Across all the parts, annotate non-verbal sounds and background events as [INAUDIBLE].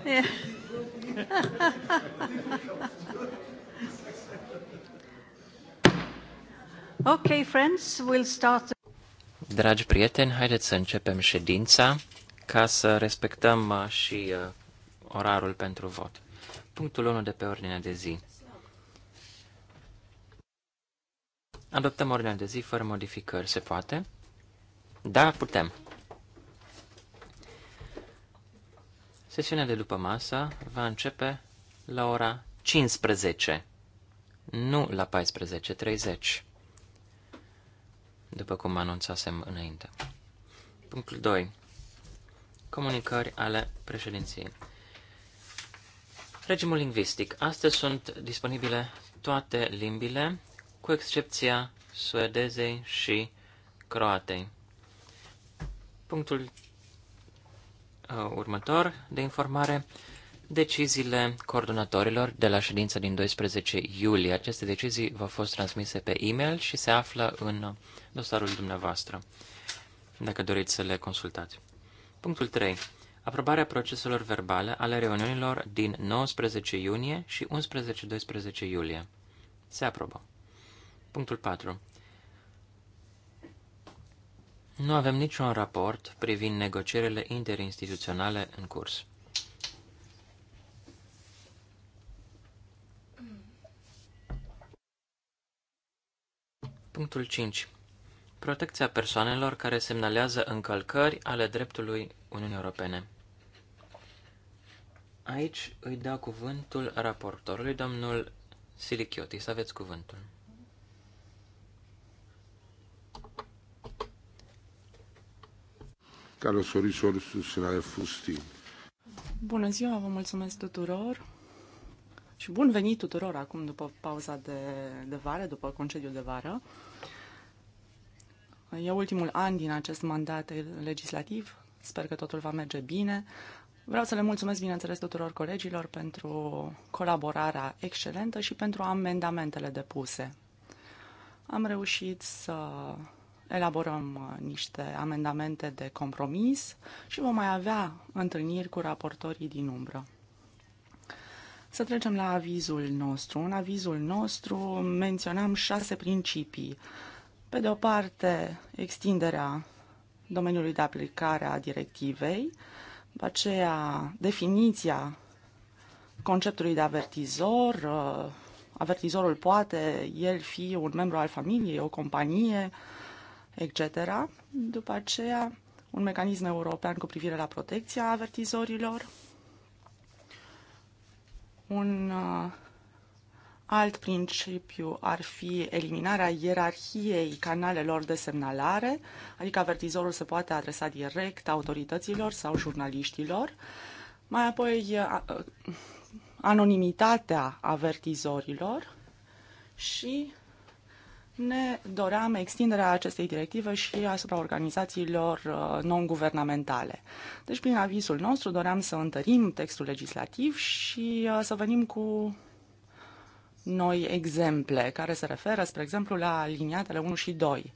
Ok, [LAUGHS] okay, friends, we'll start. Dragi prieteni, haideți să începem ședința ca să respectăm uh, și uh, orarul pentru vot. Punctul 1 de pe ordinea de zi. Adoptăm ordinea de zi fără modificări. Se poate? Da, putem. Sesiunea de după masă va începe la ora 15, nu la 14.30, după cum anunțasem înainte. Punctul 2. Comunicări ale președinției. Regimul lingvistic. Astăzi sunt disponibile toate limbile, cu excepția suedezei și croatei. Punctul Uh, următor de informare, deciziile coordonatorilor de la ședința din 12 iulie. Aceste decizii v-au fost transmise pe e-mail și se află în dosarul dumneavoastră, dacă doriți să le consultați. Punctul 3. Aprobarea proceselor verbale ale reuniunilor din 19 iunie și 11-12 iulie. Se aprobă. Punctul 4. Nu avem niciun raport privind negocierile interinstituționale în curs. Punctul 5. Protecția persoanelor care semnalează încălcări ale dreptului Uniunii Europene. Aici îi dau cuvântul raportorului, domnul Silichiotis. Aveți cuvântul. Καλωσορίσω όλους τους συναδελφούς στην. Bună ziua, vă mulțumesc tuturor și bun venit tuturor acum după pauza de, de vară, după concediul de vară. E ultimul an din acest mandat legislativ, sper că totul va merge bine. Vreau să le mulțumesc, bineînțeles, tuturor colegilor pentru colaborarea excelentă și pentru amendamentele depuse. Am reușit să elaborăm uh, niște amendamente de compromis și vom mai avea întâlniri cu raportorii din umbră. Să trecem la avizul nostru. În avizul nostru menționam șase principii. Pe de o parte, extinderea domeniului de aplicare a directivei, după aceea definiția conceptului de avertizor, uh, avertizorul poate el fi un membru al familiei, o companie, etc. După aceea, un mecanism european cu privire la protecția avertizorilor, un uh, alt principiu ar fi eliminarea ierarhiei canalelor de semnalare, adică avertizorul se poate adresa direct autorităților sau jurnaliștilor, mai apoi uh, uh, anonimitatea avertizorilor și ne doream extinderea acestei directive și asupra organizațiilor uh, non-guvernamentale. Deci, prin avizul nostru, doream să întărim textul legislativ și uh, să venim cu noi exemple care se referă, spre exemplu, la liniatele 1 și 2.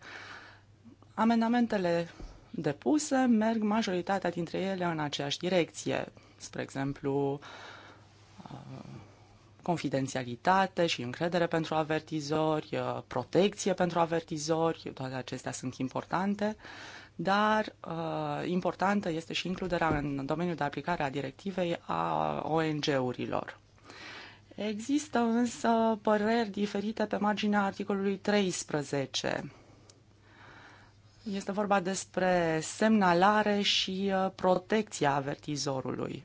Amendamentele depuse merg majoritatea dintre ele în aceeași direcție, spre exemplu, confidențialitate și încredere pentru avertizori, uh, protecție pentru avertizori, toate acestea sunt importante, dar uh, importantă este și includerea în domeniul de aplicare a directivei a ONG-urilor. Există însă păreri diferite pe marginea articolului 13. Este vorba despre semnalare și uh, protecția avertizorului.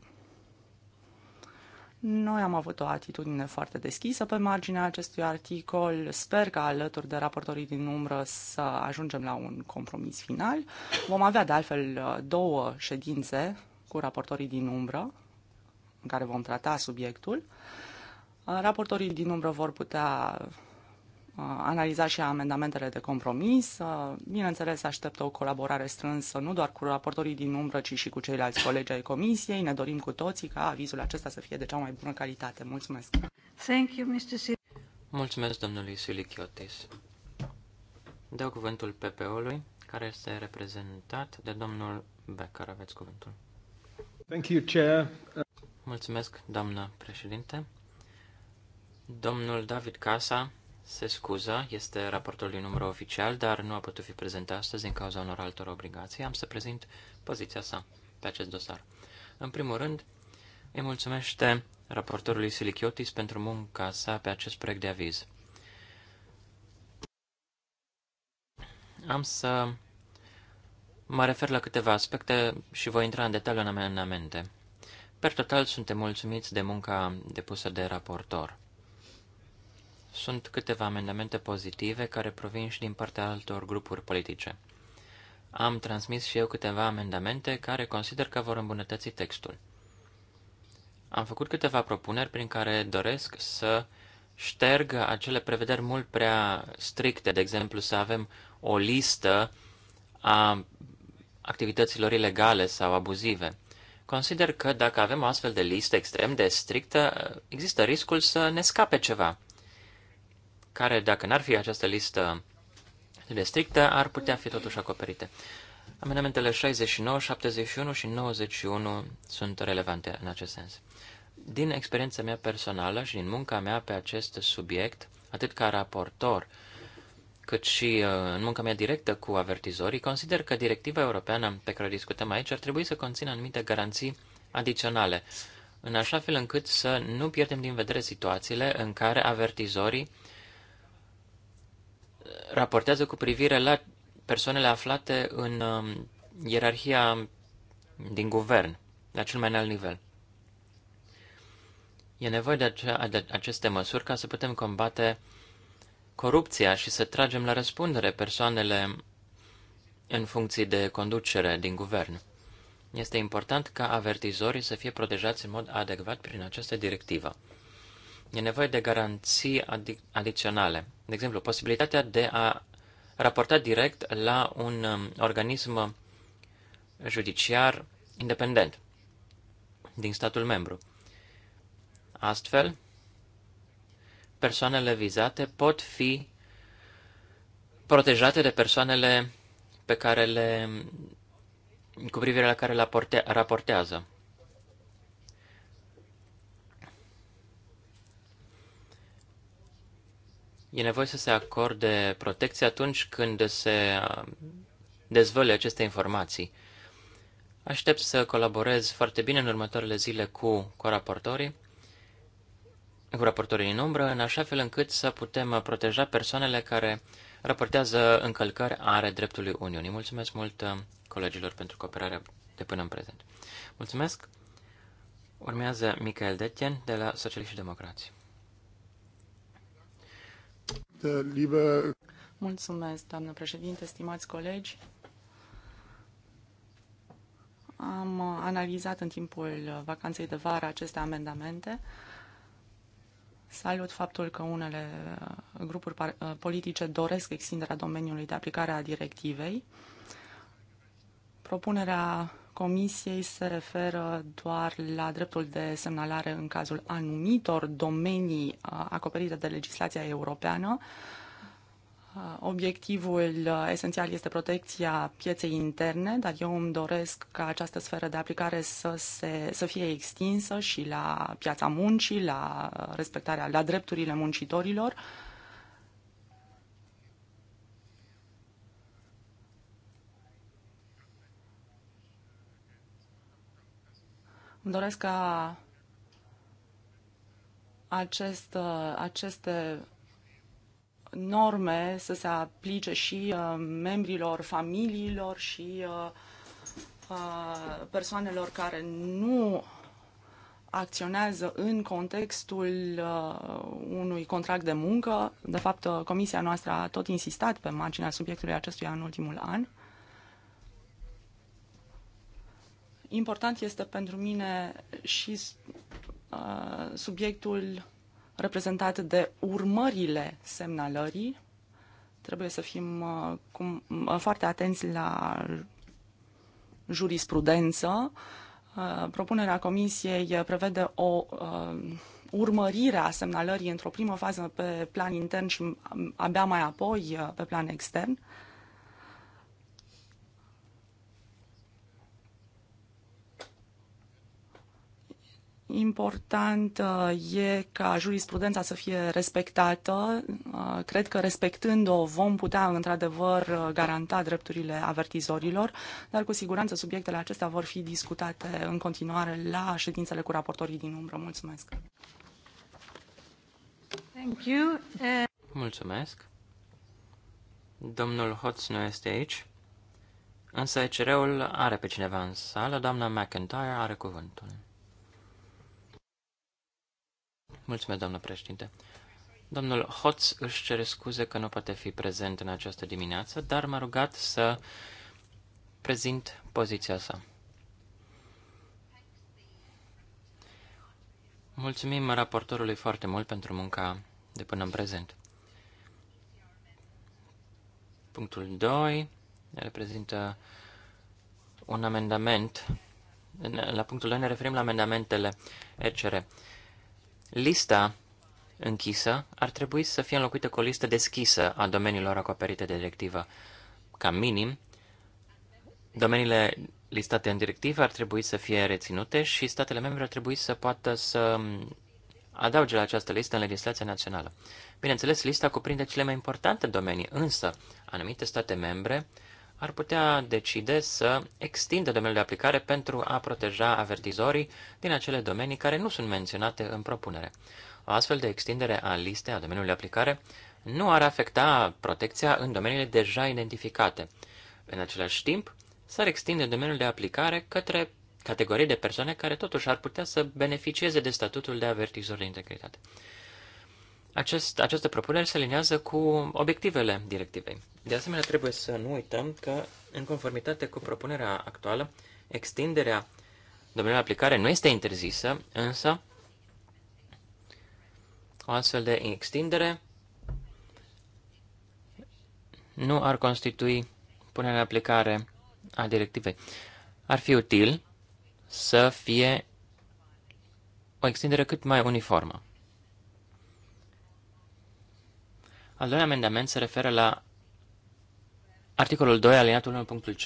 Noi am avut o atitudine foarte deschisă pe marginea acestui articol. Sper că alături de raportorii din umbră să ajungem la un compromis final. Vom avea de altfel două ședințe cu raportorii din umbră în care vom trata subiectul. Raportorii din umbră vor putea analiza și amendamentele de compromis. Bineînțeles, aștept o colaborare strânsă nu doar cu raportorii din umbră, ci și cu ceilalți colegi ai comisiei. Ne dorim cu toții ca avizul acesta să fie de cea mai bună calitate. Mulțumesc! Thank you, Mr. Sil Mulțumesc, domnului Silichiotis. Dau cuvântul PPO-ului, care este reprezentat de domnul Becker. Aveți cuvântul. Thank you, Chair. Mulțumesc, doamnă președinte. Domnul David Casa, se scuză, este raportorul din numărul oficial, dar nu a putut fi prezent astăzi din cauza unor altor obligații. Am să prezint poziția sa pe acest dosar. În primul rând, îi mulțumește raportorului Silichiotis pentru munca sa pe acest proiect de aviz. Am să mă refer la câteva aspecte și voi intra în detaliu în amendamente. Per total, suntem mulțumiți de munca depusă de raportor. Sunt câteva amendamente pozitive care provin și din partea altor grupuri politice. Am transmis și eu câteva amendamente care consider că vor îmbunătăți textul. Am făcut câteva propuneri prin care doresc să șterg acele prevederi mult prea stricte, de exemplu să avem o listă a activităților ilegale sau abuzive. Consider că dacă avem o astfel de listă extrem de strictă, există riscul să ne scape ceva care, dacă n-ar fi această listă strictă, ar putea fi totuși acoperite. Amendamentele 69, 71 și 91 sunt relevante în acest sens. Din experiența mea personală și din munca mea pe acest subiect, atât ca raportor, cât și uh, în munca mea directă cu avertizorii, consider că directiva europeană pe care o discutăm aici ar trebui să conțină anumite garanții adiționale, în așa fel încât să nu pierdem din vedere situațiile în care avertizorii raportează cu privire la persoanele aflate în um, ierarhia din guvern, la cel mai înalt nivel. E nevoie de, ace- de aceste măsuri ca să putem combate corupția și să tragem la răspundere persoanele în funcții de conducere din guvern. Este important ca avertizorii să fie protejați în mod adecvat prin această directivă e nevoie de garanții adiționale. De exemplu, posibilitatea de a raporta direct la un um, organism judiciar independent din statul membru. Astfel, persoanele vizate pot fi protejate de persoanele pe care le, cu privire la care le raportează. E nevoie să se acorde protecție atunci când se uh, dezvăluie aceste informații. Aștept să colaborez foarte bine în următoarele zile cu raportorii, cu raportorii în umbră, în așa fel încât să putem proteja persoanele care raportează încălcări are dreptului Uniunii. Mulțumesc mult uh, colegilor pentru cooperarea de până în prezent. Mulțumesc! Urmează Michael Detjen de la Socialiști și Democrații. Mulțumesc, doamnă președinte, stimați colegi. Am analizat în timpul vacanței de vară aceste amendamente. Salut faptul că unele grupuri politice doresc extinderea domeniului de aplicare a directivei. Propunerea Comisiei se referă doar la dreptul de semnalare în cazul anumitor domenii uh, acoperite de legislația europeană. Uh, obiectivul uh, esențial este protecția pieței interne, dar eu îmi doresc ca această sferă de aplicare să, se, să fie extinsă și la piața muncii, la respectarea, la drepturile muncitorilor, Îmi doresc ca acest, uh, aceste norme să se aplice și uh, membrilor familiilor și uh, persoanelor care nu acționează în contextul unui contract de muncă. De fapt, comisia noastră a tot insistat pe marginea subiectului acestuia în ultimul an. Important este pentru mine și uh, subiectul reprezentat de urmările semnalării. Trebuie să fim uh, cum, uh, foarte atenți la jurisprudență. Uh, propunerea Comisiei prevede o uh, urmărire a semnalării într-o primă fază pe plan intern și um, abia mai apoi uh, pe plan extern. important uh, e ca jurisprudența să fie respectată. Uh, cred că respectând-o vom putea, într-adevăr, uh, garanta drepturile avertizorilor, dar cu siguranță subiectele acestea vor fi discutate în continuare la ședințele cu raportorii din umbră. Mulțumesc! Thank you. Mulțumesc! Domnul Hotz nu este aici, însă ECR-ul are pe cineva în sală. Doamna McIntyre are cuvântul. Mulțumesc, doamnă președinte. Domnul Hoț își cere scuze că nu poate fi prezent în această dimineață, dar m-a rugat să prezint poziția sa. Mulțumim raportorului foarte mult pentru munca de până în prezent. Punctul 2 reprezintă un amendament. La punctul 2 ne referim la amendamentele ECR. Lista închisă ar trebui să fie înlocuită cu o listă deschisă a domeniilor acoperite de directivă. Ca minim, domeniile listate în directivă ar trebui să fie reținute și statele membre ar trebui să poată să adauge la această listă în legislația națională. Bineînțeles, lista cuprinde cele mai importante domenii, însă anumite state membre ar putea decide să extindă domeniul de aplicare pentru a proteja avertizorii din acele domenii care nu sunt menționate în propunere. O astfel de extindere a listei a domeniului de aplicare nu ar afecta protecția în domeniile deja identificate. În același timp, s-ar extinde domeniul de aplicare către categorii de persoane care totuși ar putea să beneficieze de statutul de avertizor de integritate. Acest, această propunere se alinează cu obiectivele directivei. De asemenea, trebuie să nu uităm că, în conformitate cu propunerea actuală, extinderea domeniului aplicare nu este interzisă, însă o astfel de extindere nu ar constitui punerea în aplicare a directivei. Ar fi util să fie o extindere cât mai uniformă. Al doilea amendament se referă la articolul 2, alineatul 1, punctul C.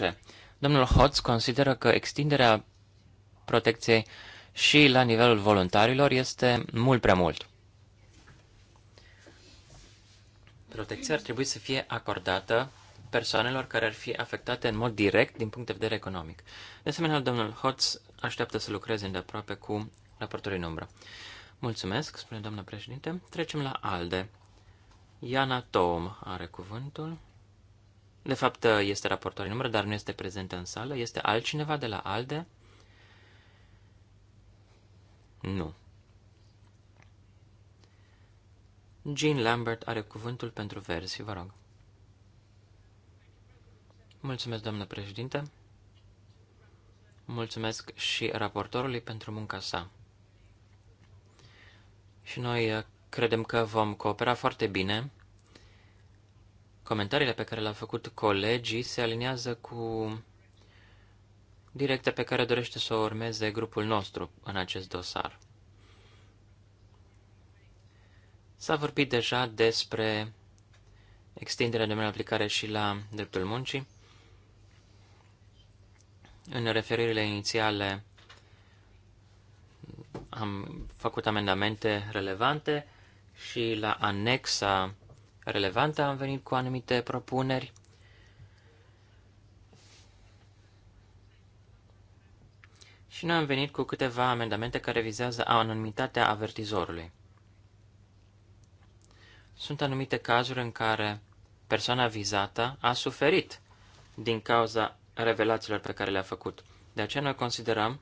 Domnul Hotz consideră că extinderea protecției și la nivelul voluntarilor este mult prea mult. Protecția ar trebui să fie acordată persoanelor care ar fi afectate în mod direct din punct de vedere economic. De asemenea, domnul Hotz așteaptă să lucreze îndeaproape cu raportorii în umbră. Mulțumesc, spune doamna președinte. Trecem la ALDE. Iana Tom are cuvântul. De fapt, este raportor număr, dar nu este prezentă în sală. Este altcineva de la ALDE? Nu. Jean Lambert are cuvântul pentru versi, vă rog. Mulțumesc, doamnă președinte. Mulțumesc și raportorului pentru munca sa. Și noi Credem că vom coopera foarte bine. Comentariile pe care le-au făcut colegii se aliniază cu direcția pe care dorește să o urmeze grupul nostru în acest dosar. S-a vorbit deja despre extinderea domeniului aplicare și la dreptul muncii. În referirile inițiale am făcut amendamente relevante și la anexa relevantă am venit cu anumite propuneri. Și noi am venit cu câteva amendamente care vizează anonimitatea avertizorului. Sunt anumite cazuri în care persoana vizată a suferit din cauza revelațiilor pe care le-a făcut. De aceea noi considerăm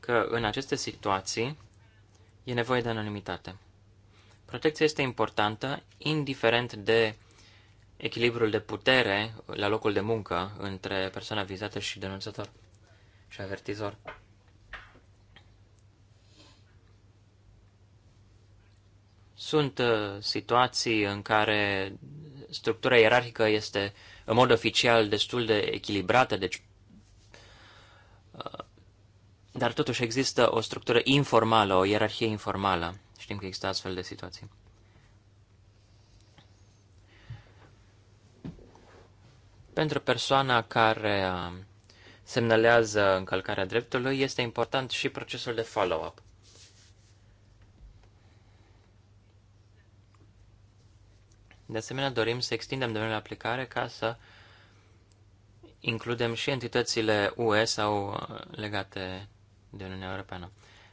că în aceste situații e nevoie de anonimitate. Protecția este importantă, indiferent de echilibrul de putere la locul de muncă între persoana vizată și denunțător și avertizor. Sunt uh, situații în care structura ierarhică este în mod oficial destul de echilibrată, deci uh, dar totuși există o structură informală, o ierarhie informală. Știm că există astfel de situații. Pentru persoana care uh, semnalează încălcarea dreptului, este important și procesul de follow-up. De asemenea, dorim să extindem domeniul aplicare ca să includem și entitățile UE sau uh, legate de Uniunea Europeană.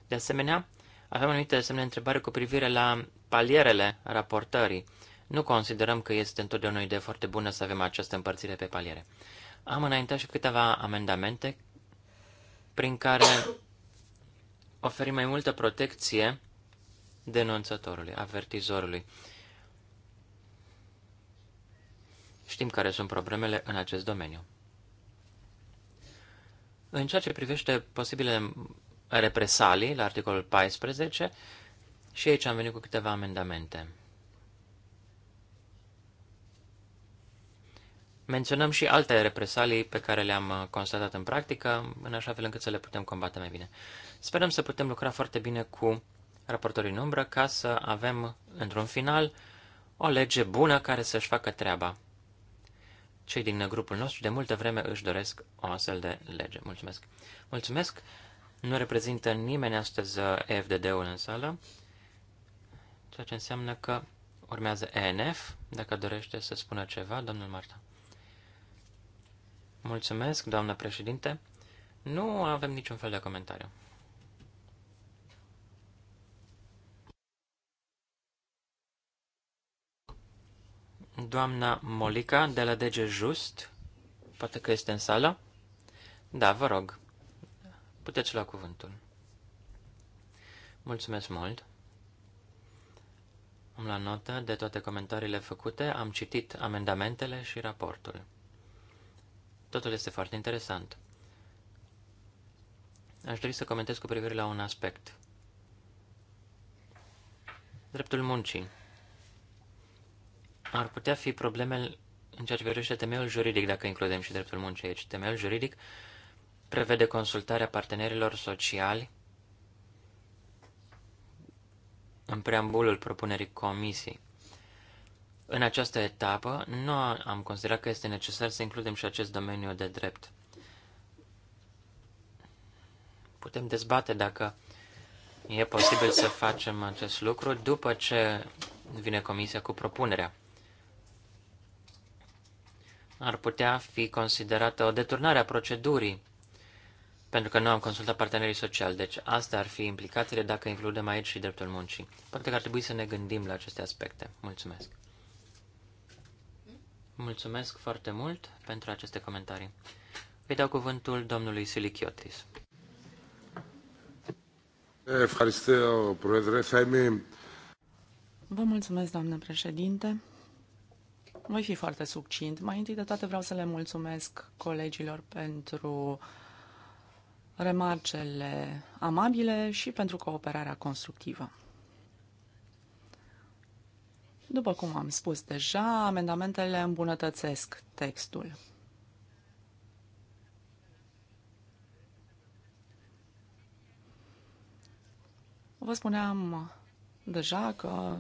De asemenea, avem anumite semne întrebare cu privire la palierele raportării. Nu considerăm că este întotdeauna o idee foarte bună să avem această împărțire pe paliere. Am înaintat și câteva amendamente prin care oferim mai multă protecție denunțătorului, avertizorului. Știm care sunt problemele în acest domeniu. În ceea ce privește posibile represalii la articolul 14 și aici am venit cu câteva amendamente. Menționăm și alte represalii pe care le-am uh, constatat în practică, în așa fel încât să le putem combate mai bine. Sperăm să putem lucra foarte bine cu raportorii în umbră ca să avem, într-un final, o lege bună care să-și facă treaba. Cei din grupul nostru de multă vreme își doresc o astfel de lege. Mulțumesc! Mulțumesc! Nu reprezintă nimeni astăzi uh, FDD-ul în sală, ceea ce înseamnă că urmează ENF, dacă dorește să spună ceva, domnul Marta. Mulțumesc, doamnă președinte. Nu avem niciun fel de comentariu. Doamna Molica de la DG Just, poate că este în sală? Da, vă rog. Puteți lua cuvântul. Mulțumesc mult! Am la notă de toate comentariile făcute, am citit amendamentele și raportul. Totul este foarte interesant. Aș dori să comentez cu privire la un aspect. Dreptul muncii. Ar putea fi probleme în ceea ce privește temeiul juridic, dacă includem și dreptul muncii aici. Temeiul juridic prevede consultarea partenerilor sociali în preambulul propunerii comisiei. În această etapă, nu am considerat că este necesar să includem și acest domeniu de drept. Putem dezbate dacă e posibil să facem acest lucru după ce vine comisia cu propunerea. Ar putea fi considerată o deturnare a procedurii pentru că nu am consultat partenerii sociali. Deci astea ar fi implicațiile dacă includem aici și dreptul muncii. Poate că ar trebui să ne gândim la aceste aspecte. Mulțumesc! Mulțumesc foarte mult pentru aceste comentarii. Îi dau cuvântul domnului Silichiotis. Vă mulțumesc, doamnă președinte. Voi fi foarte succint. Mai întâi de toate vreau să le mulțumesc colegilor pentru uh, remarcele amabile și pentru cooperarea constructivă. După cum am spus deja, amendamentele îmbunătățesc textul. Vă spuneam deja că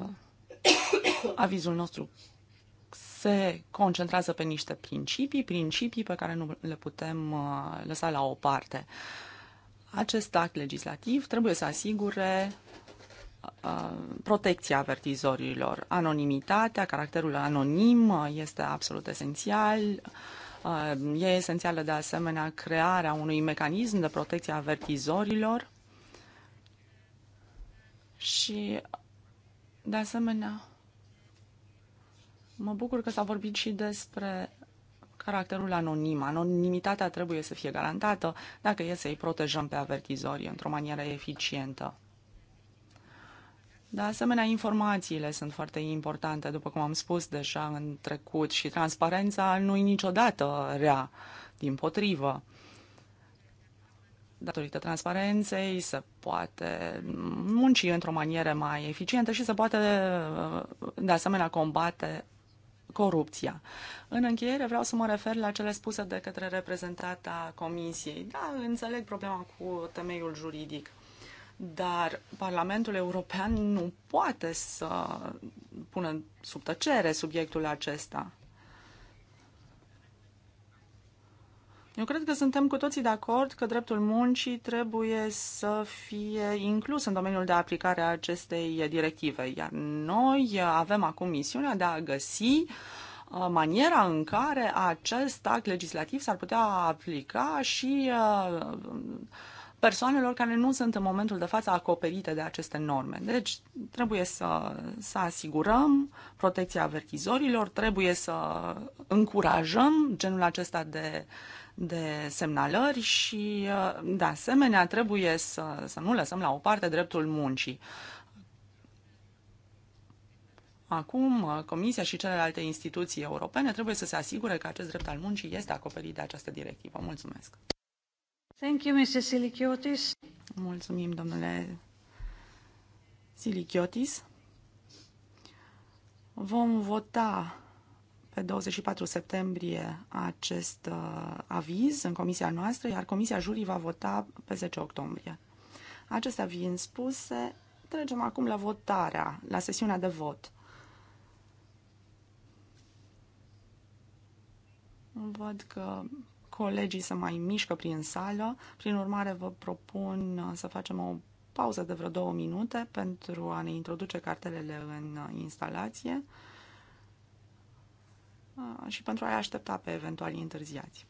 [COUGHS] avizul nostru se concentrează pe niște principii, principii pe care nu le putem uh, lăsa la o parte. Acest act legislativ trebuie să asigure uh, protecția avertizorilor. Anonimitatea, caracterul anonim uh, este absolut esențial. Uh, e esențială de asemenea crearea unui mecanism de protecție a avertizorilor și de asemenea mă bucur că s-a vorbit și despre caracterul anonim. Anonimitatea trebuie să fie garantată dacă e să-i protejăm pe avertizori într-o manieră eficientă. De asemenea, informațiile sunt foarte importante, după cum am spus deja în trecut, și transparența nu e niciodată rea, din potrivă. Datorită transparenței se poate munci într-o manieră mai eficientă și se poate, de asemenea, combate corupția. În încheiere vreau să mă refer la cele spuse de către reprezentata Comisiei. Da, înțeleg problema cu temeiul juridic, dar Parlamentul European nu poate să pună sub tăcere subiectul acesta. Eu cred că suntem cu toții de acord că dreptul muncii trebuie să fie inclus în domeniul de aplicare a acestei directive, iar noi avem acum misiunea de a găsi uh, maniera în care acest act legislativ s-ar putea aplica și uh, persoanelor care nu sunt în momentul de față acoperite de aceste norme. Deci trebuie să, să asigurăm protecția avertizorilor, trebuie să încurajăm genul acesta de, de semnalări și, uh, de asemenea, trebuie să, să nu lăsăm la o parte dreptul muncii. Acum, uh, Comisia și celelalte instituții europene trebuie să se asigure că acest drept al muncii este acoperit de această directivă. Mulțumesc! Thank you, Mr. Silichiotis. Mulțumim, domnule Silichiotis. Vom vota pe 24 septembrie acest uh, aviz în comisia noastră, iar comisia jurii va vota pe 10 octombrie. Acestea fiind spuse, trecem acum la votarea, la sesiunea de vot. Văd că colegii se mai mișcă prin sală, prin urmare vă propun uh, să facem o pauză de vreo două minute pentru a ne introduce cartelele în uh, instalație și pentru a-i aștepta pe eventualii întârziați.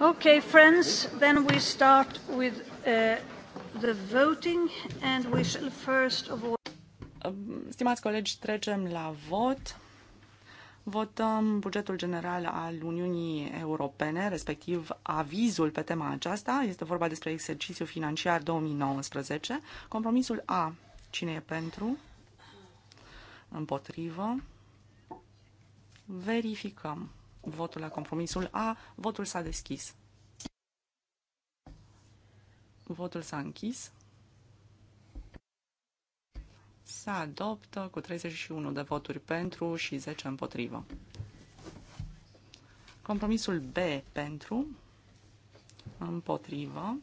Okay, friends, then we start with uh, the voting and we shall first of all... Um, stimați colegi, trecem la vot. Votăm bugetul general al Uniunii Europene, respectiv avizul pe tema aceasta. Este vorba despre exercițiul financiar 2019. Compromisul A. Cine e pentru? Împotrivă. Verificăm votul la compromisul A. Votul s-a deschis. Votul s-a închis. Se adoptă cu 31 de voturi pentru și 10 împotrivă. Compromisul B pentru, împotrivă,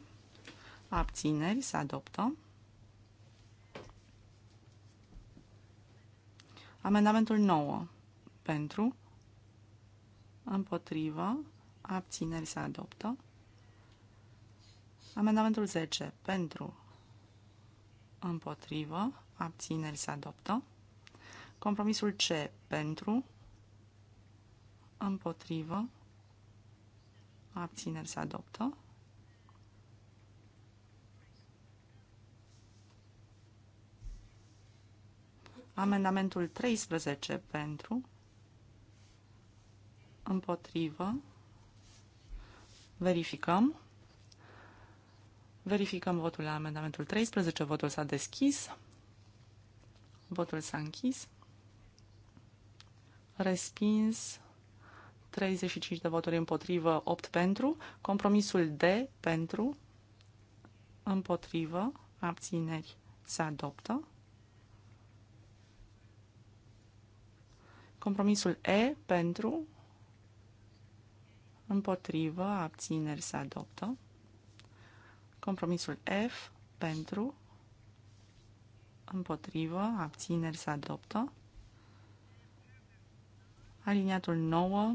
abțineri, se adoptă. Amendamentul 9 pentru, împotrivă, abțineri se adoptă. Amendamentul 10 pentru, împotrivă, abțineri se adoptă. Compromisul C pentru, împotrivă, abțineri se adoptă. Amendamentul 13 pentru, împotrivă, verificăm. Verificăm votul la amendamentul 13, votul s-a deschis, votul s-a închis, respins 35 de voturi împotrivă, 8 pentru, compromisul D pentru, împotrivă, abțineri se adoptă. Compromisul E pentru, împotrivă, abțineri se adoptă. Compromisul F pentru, împotrivă, abțineri se adoptă. Aliniatul 9,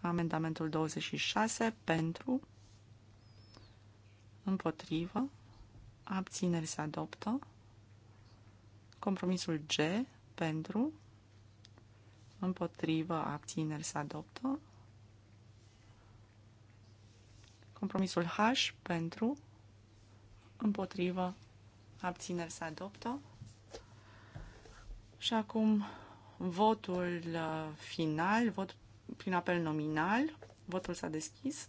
amendamentul 26 pentru, împotrivă, abțineri se adoptă. Compromisul G pentru, împotrivă, abțineri se adoptă. Compromisul H pentru, împotrivă, abțineri se adoptă. Și acum votul uh, final, vot prin apel nominal. Votul s-a deschis.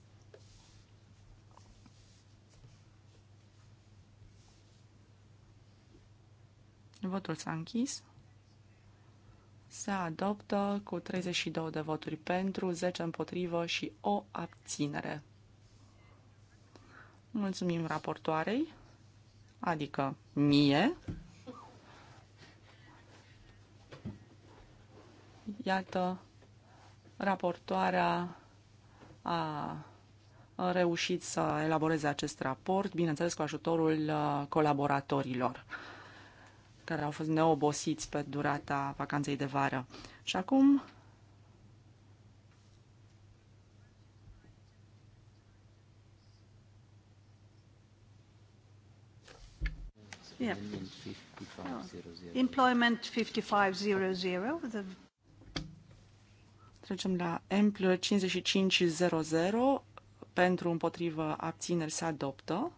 Votul s-a închis. Se adoptă cu 32 de voturi pentru, 10 împotrivă și o abținere. Mulțumim raportoarei, adică mie. Iată, raportoarea a reușit să elaboreze acest raport, bineînțeles cu ajutorul uh, colaboratorilor care au fost neobosiți pe durata vacanței de vară. Și acum Employment 5500. Trecem la Empl 5500 pentru împotrivă abțineri se adoptă.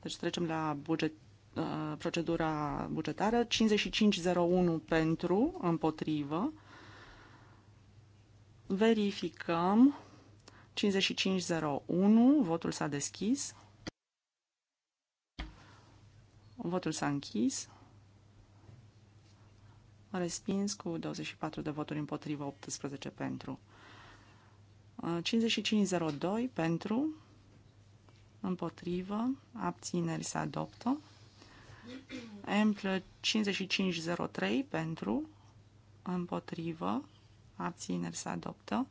Deci trecem la buget, uh, procedura bugetară. 5501 pentru împotrivă. Verificăm. 5501, votul s-a deschis. Votul s-a închis. Respins cu 24 de voturi împotrivă, 18 pentru. 5502 uh, pentru, împotrivă, abțineri se adoptă. Emplă 5503 pentru, împotrivă, abțineri se adoptă.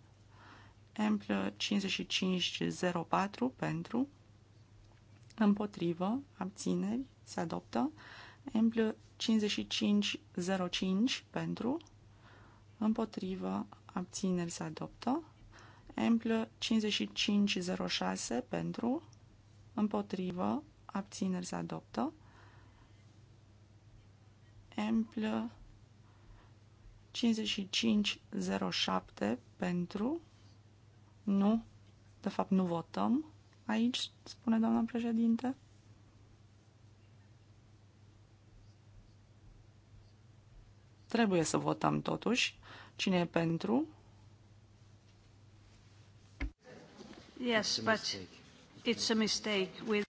Emplă 5504 pentru, împotrivă, abțineri se adoptă. Emplu 5505 pentru, împotrivă, abțineri se adoptă. Emplu 5506 pentru, împotrivă, abțineri se adoptă. Emplu 5507 pentru, nu, de fapt nu votăm aici, spune doamna președinte. Trebuie să votăm totuși. Cine e pentru? Yes, but it's a mistake with...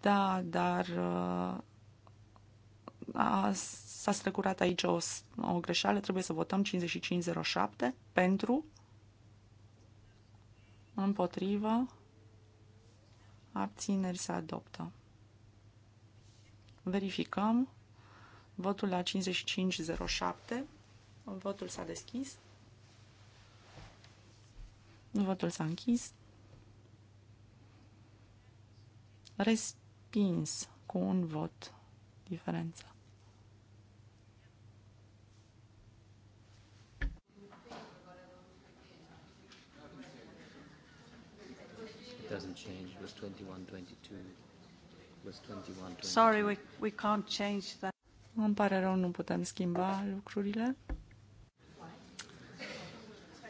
Da, dar uh, s-a strecurat aici o, o greșeală. Trebuie să votăm 5507 pentru, împotrivă, abțineri se adoptă. Verificăm. Votul la 5507. Votul s-a deschis. Votul s-a închis. Respins cu un vot diferență. doesn't change. It was 21, 22. It was 21, 22. Sorry, we, we can't change that. Îmi pare rău, nu putem schimba lucrurile.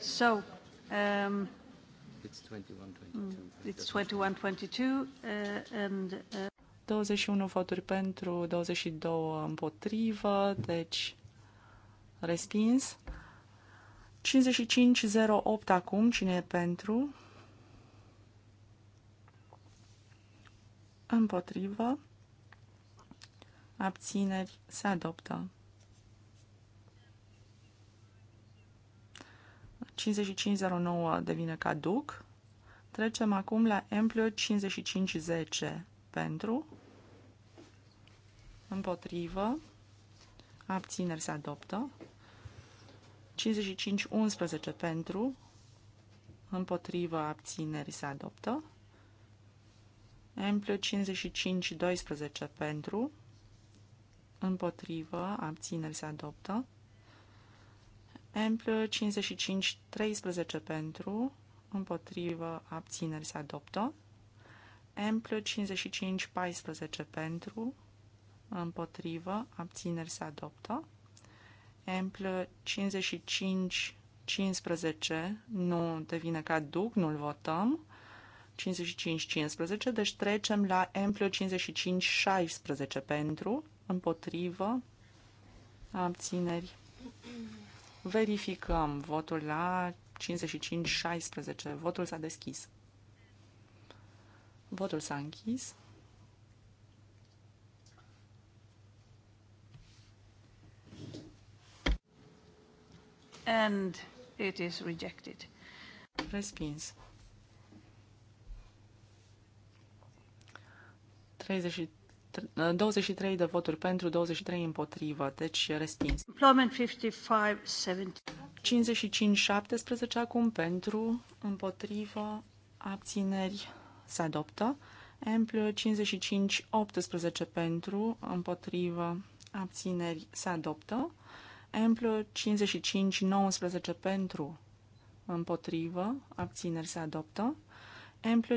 So, um, it's 21-22. Mm, it's 21-22 uh, and... Uh, 21 voturi pentru, 22 împotrivă, deci respins. 55-08 acum, cine e pentru? Împotrivă abțineri, se adoptă. 5509 devine caduc. Trecem acum la Emplio 5510 pentru, împotrivă, abțineri se adoptă, 5511 pentru, împotrivă, abțineri se adoptă, Emplio 5512 pentru, împotrivă, abțineri se adoptă. Ample 55, 13 pentru, împotrivă, abțineri se adoptă. Ample 55, 14 pentru, împotrivă, abțineri se adoptă. Ample 55, 15 nu devine ca duc, nu-l votăm. 55-15, deci trecem la Ample 55-16 pentru, împotrivă, abțineri. Verificăm votul la 55-16. Votul s-a deschis. Votul s-a închis. And it is rejected. Respins. 33 23 de voturi pentru, 23 împotrivă, deci respins. 55-17 acum pentru, împotrivă, abțineri se adoptă. Emplu 55-18 pentru, împotrivă, abțineri se adoptă. Emplu 55-19 pentru, împotrivă, abțineri se adoptă. Emplu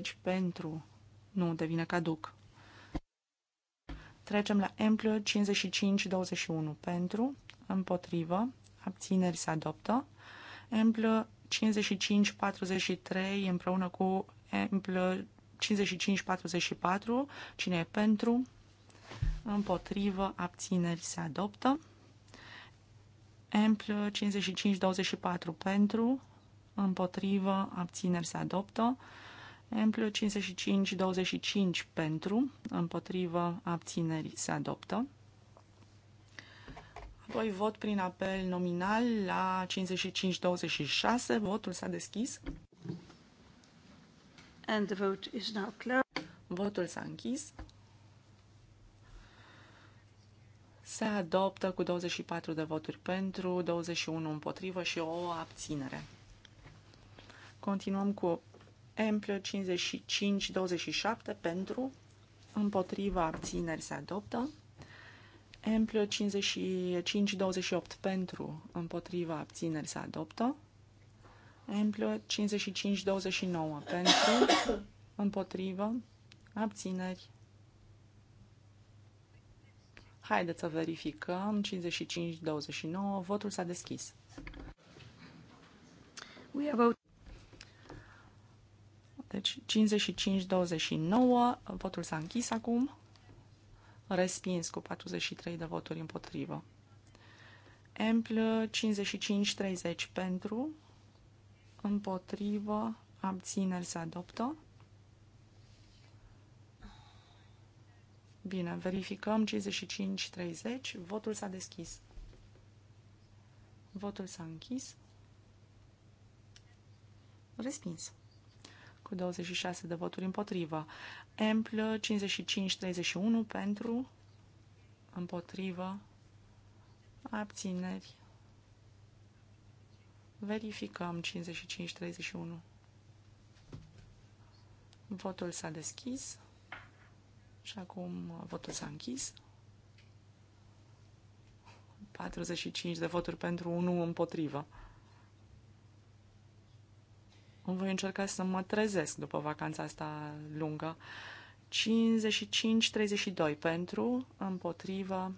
55-20 pentru, nu, devine caduc. Trecem la 55 21 pentru, împotrivă, abțineri se adoptă. 55 43 împreună cu 55 44 cine e pentru, împotrivă, abțineri se adoptă. 55 24 pentru, împotrivă, abțineri se adoptă. Exemplu 55-25 pentru, împotrivă, abținerii se adoptă. Apoi vot prin apel nominal la 55-26, votul s-a deschis. And the vote is now closed. Votul s-a închis. Se adoptă cu 24 de voturi pentru, 21 împotrivă și o abținere. Continuăm cu Ample 55-27 pentru, împotriva abțineri se adoptă. Ample 55-28 pentru, împotriva abțineri se adoptă. Ample 55-29 pentru, împotriva abțineri. Haideți să verificăm. 55-29, votul s-a deschis. We have deci 55-29, votul s-a închis acum, respins cu 43 de voturi împotrivă. Empl 55-30 pentru, împotrivă, abțineri se adoptă. Bine, verificăm 55-30, votul s-a deschis. Votul s-a închis. Respins cu 26 de voturi împotrivă. Empl 55-31 pentru, împotrivă, abțineri. Verificăm 55-31. Votul s-a deschis și acum votul s-a închis. 45 de voturi pentru 1 împotrivă. Voi încerca să mă trezesc după vacanța asta lungă. 55-32 pentru, împotrivă,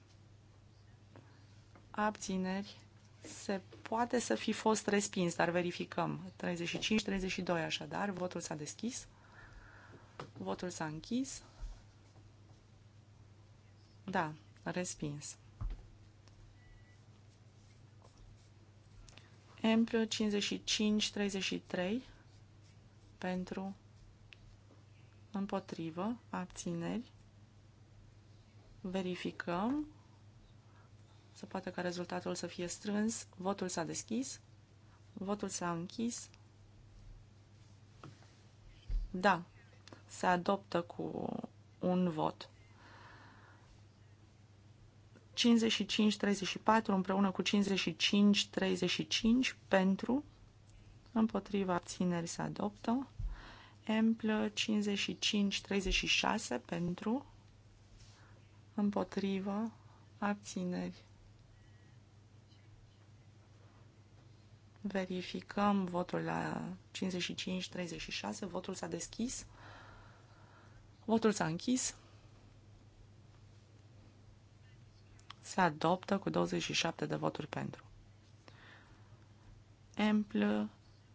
abțineri. Se poate să fi fost respins, dar verificăm. 35-32 așadar, votul s-a deschis, votul s-a închis. Da, respins. Emplu 55-33 pentru, împotrivă, abțineri. Verificăm. Se poate ca rezultatul să fie strâns. Votul s-a deschis. Votul s-a închis. Da, se adoptă cu un vot. 55-34 împreună cu 55-35 pentru împotriva abținerii se adoptă. Emplă 55-36 pentru, împotriva abțineri. Verificăm votul la 55-36, votul s-a deschis, votul s-a închis. Se adoptă cu 27 de voturi pentru. Emplă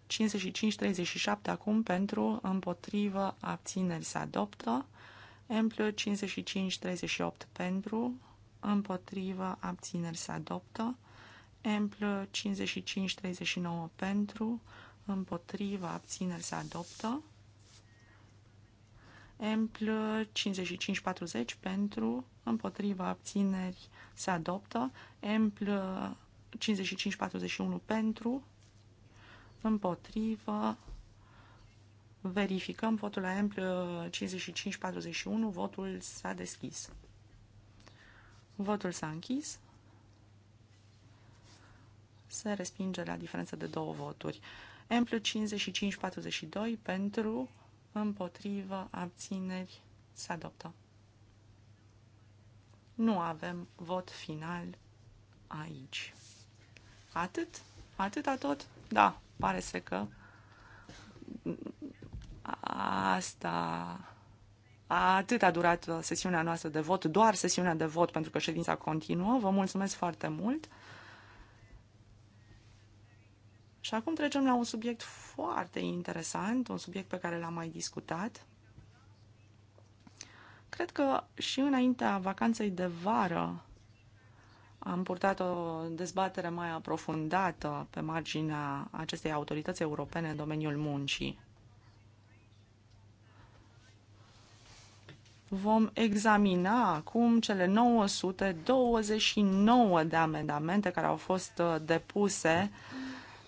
55-37 acum pentru împotrivă abțineri se adoptă. Emplă 55-38 pentru împotrivă abțineri se adoptă. Emplă 55-39 pentru împotrivă abțineri se adoptă. Emplă 55-40 pentru împotrivă abțineri se adoptă. Emplă 55-41 pentru împotrivă, verificăm votul la ampl 5541, votul s-a deschis. Votul s-a închis. Se respinge la diferență de două voturi. Ampl 5542 pentru, împotrivă, abțineri, se adoptă. Nu avem vot final aici. Atât? atât a tot? Da, Pare să că asta atât a durat uh, sesiunea noastră de vot, doar sesiunea de vot pentru că ședința continuă. Vă mulțumesc foarte mult. Și acum trecem la un subiect foarte interesant, un subiect pe care l-am mai discutat. Cred că și înaintea vacanței de vară am purtat o dezbatere mai aprofundată pe marginea acestei autorități europene în domeniul muncii. Vom examina acum cele 929 de amendamente care au fost uh, depuse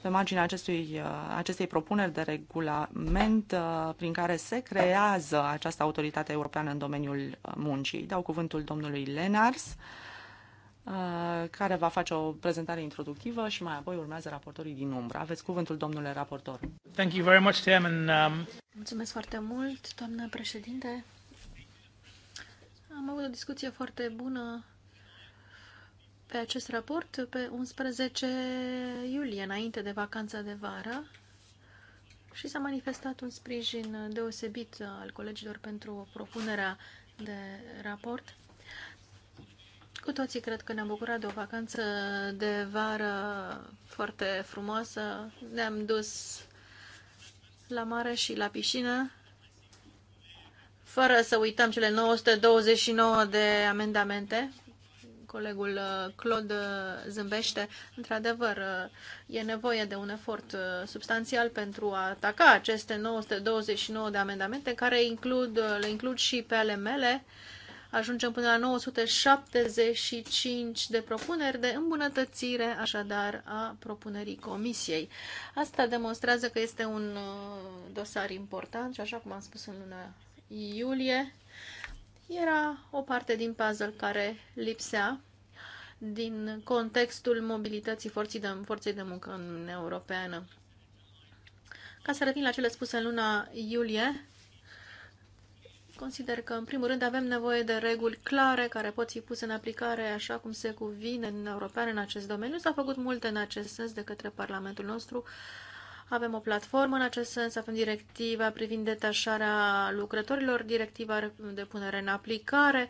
pe marginea acestui, uh, acestei propuneri de regulament uh, prin care se creează această autoritate europeană în domeniul muncii. Dau cuvântul domnului Lenars Uh, care va face o prezentare introductivă și mai apoi urmează raportorii din umbră. Aveți cuvântul, domnule raportor. Thank you very much, Tim, and, um... Mulțumesc foarte mult, doamnă președinte. Am avut o discuție foarte bună pe acest raport pe 11 iulie, înainte de vacanța de vară și s-a manifestat un sprijin deosebit al colegilor pentru propunerea de raport cu toții cred că ne-am bucurat de o vacanță de vară foarte frumoasă. Ne-am dus la mare și la piscină, fără să uităm cele 929 de amendamente. Colegul uh, Claude uh, zâmbește. Într-adevăr, uh, e nevoie de un efort substanțial pentru a ataca aceste 929 de amendamente, care includ, le includ și pe ale mele. Uh, Ajungem până la 975 de propuneri de îmbunătățire, așadar, a propunerii comisiei. Asta demonstrează că este un uh, dosar important și, așa cum am spus în luna iulie, era o parte din puzzle care lipsea din contextul mobilității forței de, forței de muncă în Europeană. Ca să revin la cele spuse în luna iulie, Consider că, în primul rând, avem nevoie de reguli clare care pot fi puse în aplicare așa cum se cuvine în european în acest domeniu. S-a făcut multe în acest sens de către Parlamentul nostru. Avem o platformă în acest sens, avem directiva privind detașarea lucrătorilor, directiva de punere în aplicare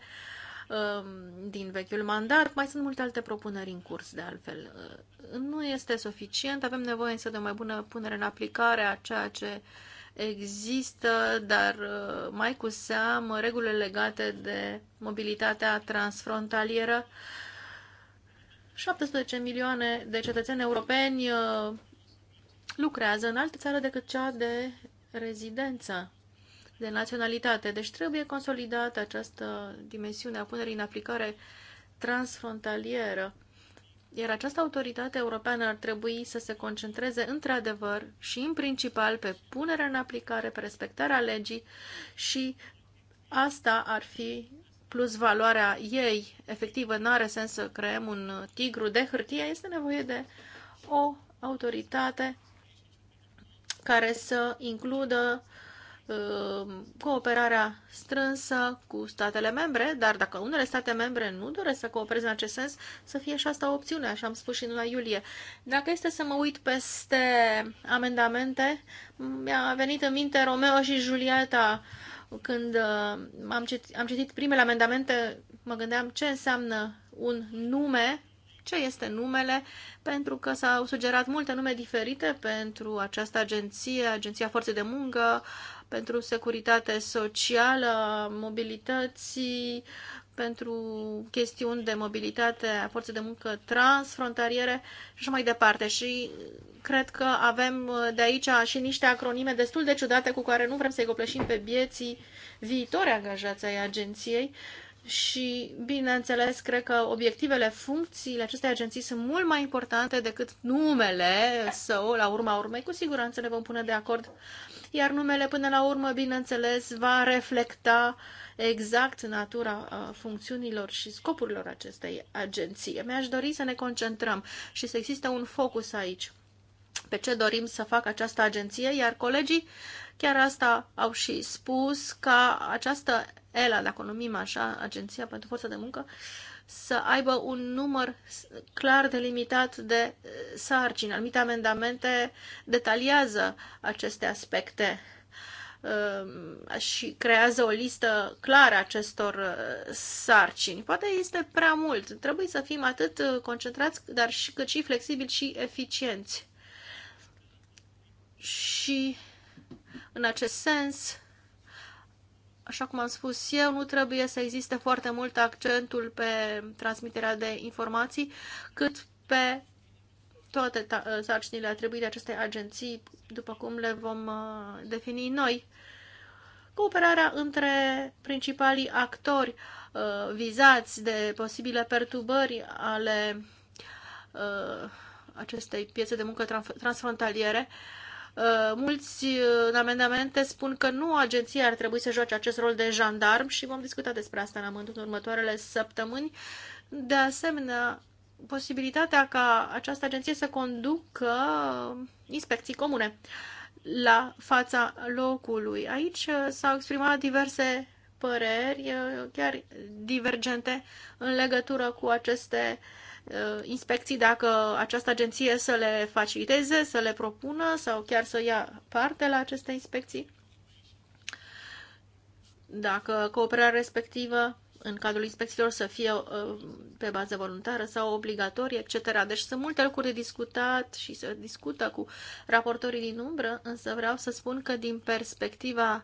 um, din vechiul mandat. Mai sunt multe alte propuneri în curs, de altfel. Uh, nu este suficient, avem nevoie însă de o mai bună punere în aplicare a ceea ce uh, există, dar uh, mai cu seamă regulile legate de mobilitatea transfrontalieră. 17 milioane de cetățeni europeni uh, lucrează în altă țară decât cea de rezidență, de naționalitate. Deci trebuie consolidată această dimensiune a punerii în aplicare transfrontalieră iar această autoritate europeană ar trebui să se concentreze într-adevăr și în principal pe punerea în aplicare, pe respectarea legii și asta ar fi plus valoarea ei efectivă. Nu are sens să creăm un tigru de hârtie, este nevoie de o autoritate care să includă Uh, cooperarea strânsă cu statele membre, dar dacă unele state membre nu doresc să coopereze în acest sens, să fie și asta o opțiune, așa am spus și în luna iulie. Dacă este să mă uit peste amendamente, mi-a venit în minte Romeo și Julieta. Când uh, am citit, am citit primele amendamente, mă gândeam ce înseamnă un nume ce este numele, pentru că s-au sugerat multe nume diferite pentru această agenție, Agenția Forței de Muncă, pentru securitate socială, mobilității, pentru chestiuni de mobilitate a forței de muncă transfrontaliere și așa mai departe. Și cred că avem de aici și niște acronime destul de ciudate cu care nu vrem să-i copleșim pe bieții viitori angajați ai agenției. Și, bineînțeles, cred că obiectivele, funcțiile acestei agenții sunt mult mai importante decât numele său, la urma urmei. Cu siguranță ne vom pune de acord iar numele până la urmă, bineînțeles, va reflecta exact natura uh, funcțiunilor și scopurilor acestei agenții. Mi-aș dori să ne concentrăm și să existe un focus aici pe ce dorim să facă această agenție, iar colegii chiar asta au și spus, ca această ELA, dacă o numim așa, Agenția pentru Forța de Muncă, uh, să aibă un număr clar delimitat de eh, sarcini. Anumite amendamente detaliază aceste aspecte eh, și creează o listă clară acestor eh, sarcini. Poate este prea mult. Trebuie să fim atât concentrați, dar și cât și flexibili și eficienți. Și în acest sens, așa cum am spus eu, nu trebuie să existe foarte mult accentul pe transmiterea de informații, cât pe toate ă, sarcinile atribuite acestei agenții, după cum le vom ă, defini noi. Cooperarea între principalii actori ă, vizați de posibile perturbări ale acestei piețe de muncă transfrontaliere Uh, mulți uh, în amendamente spun că nu agenția ar trebui să joace acest rol de jandarm și vom discuta despre asta în amândut în următoarele săptămâni. De asemenea, posibilitatea ca această agenție să conducă uh, inspecții comune la fața locului. Aici s-au exprimat diverse păreri, chiar divergente, în legătură cu aceste uh, Uh, inspecții dacă această agenție să le faciliteze, să le propună sau chiar să ia parte la aceste inspecții. Dacă cooperarea respectivă în cadrul inspecțiilor să fie uh, pe bază voluntară sau obligatorie, etc. Deci sunt multe lucruri de discutat și se discută cu raportorii din umbră, însă vreau să spun că din perspectiva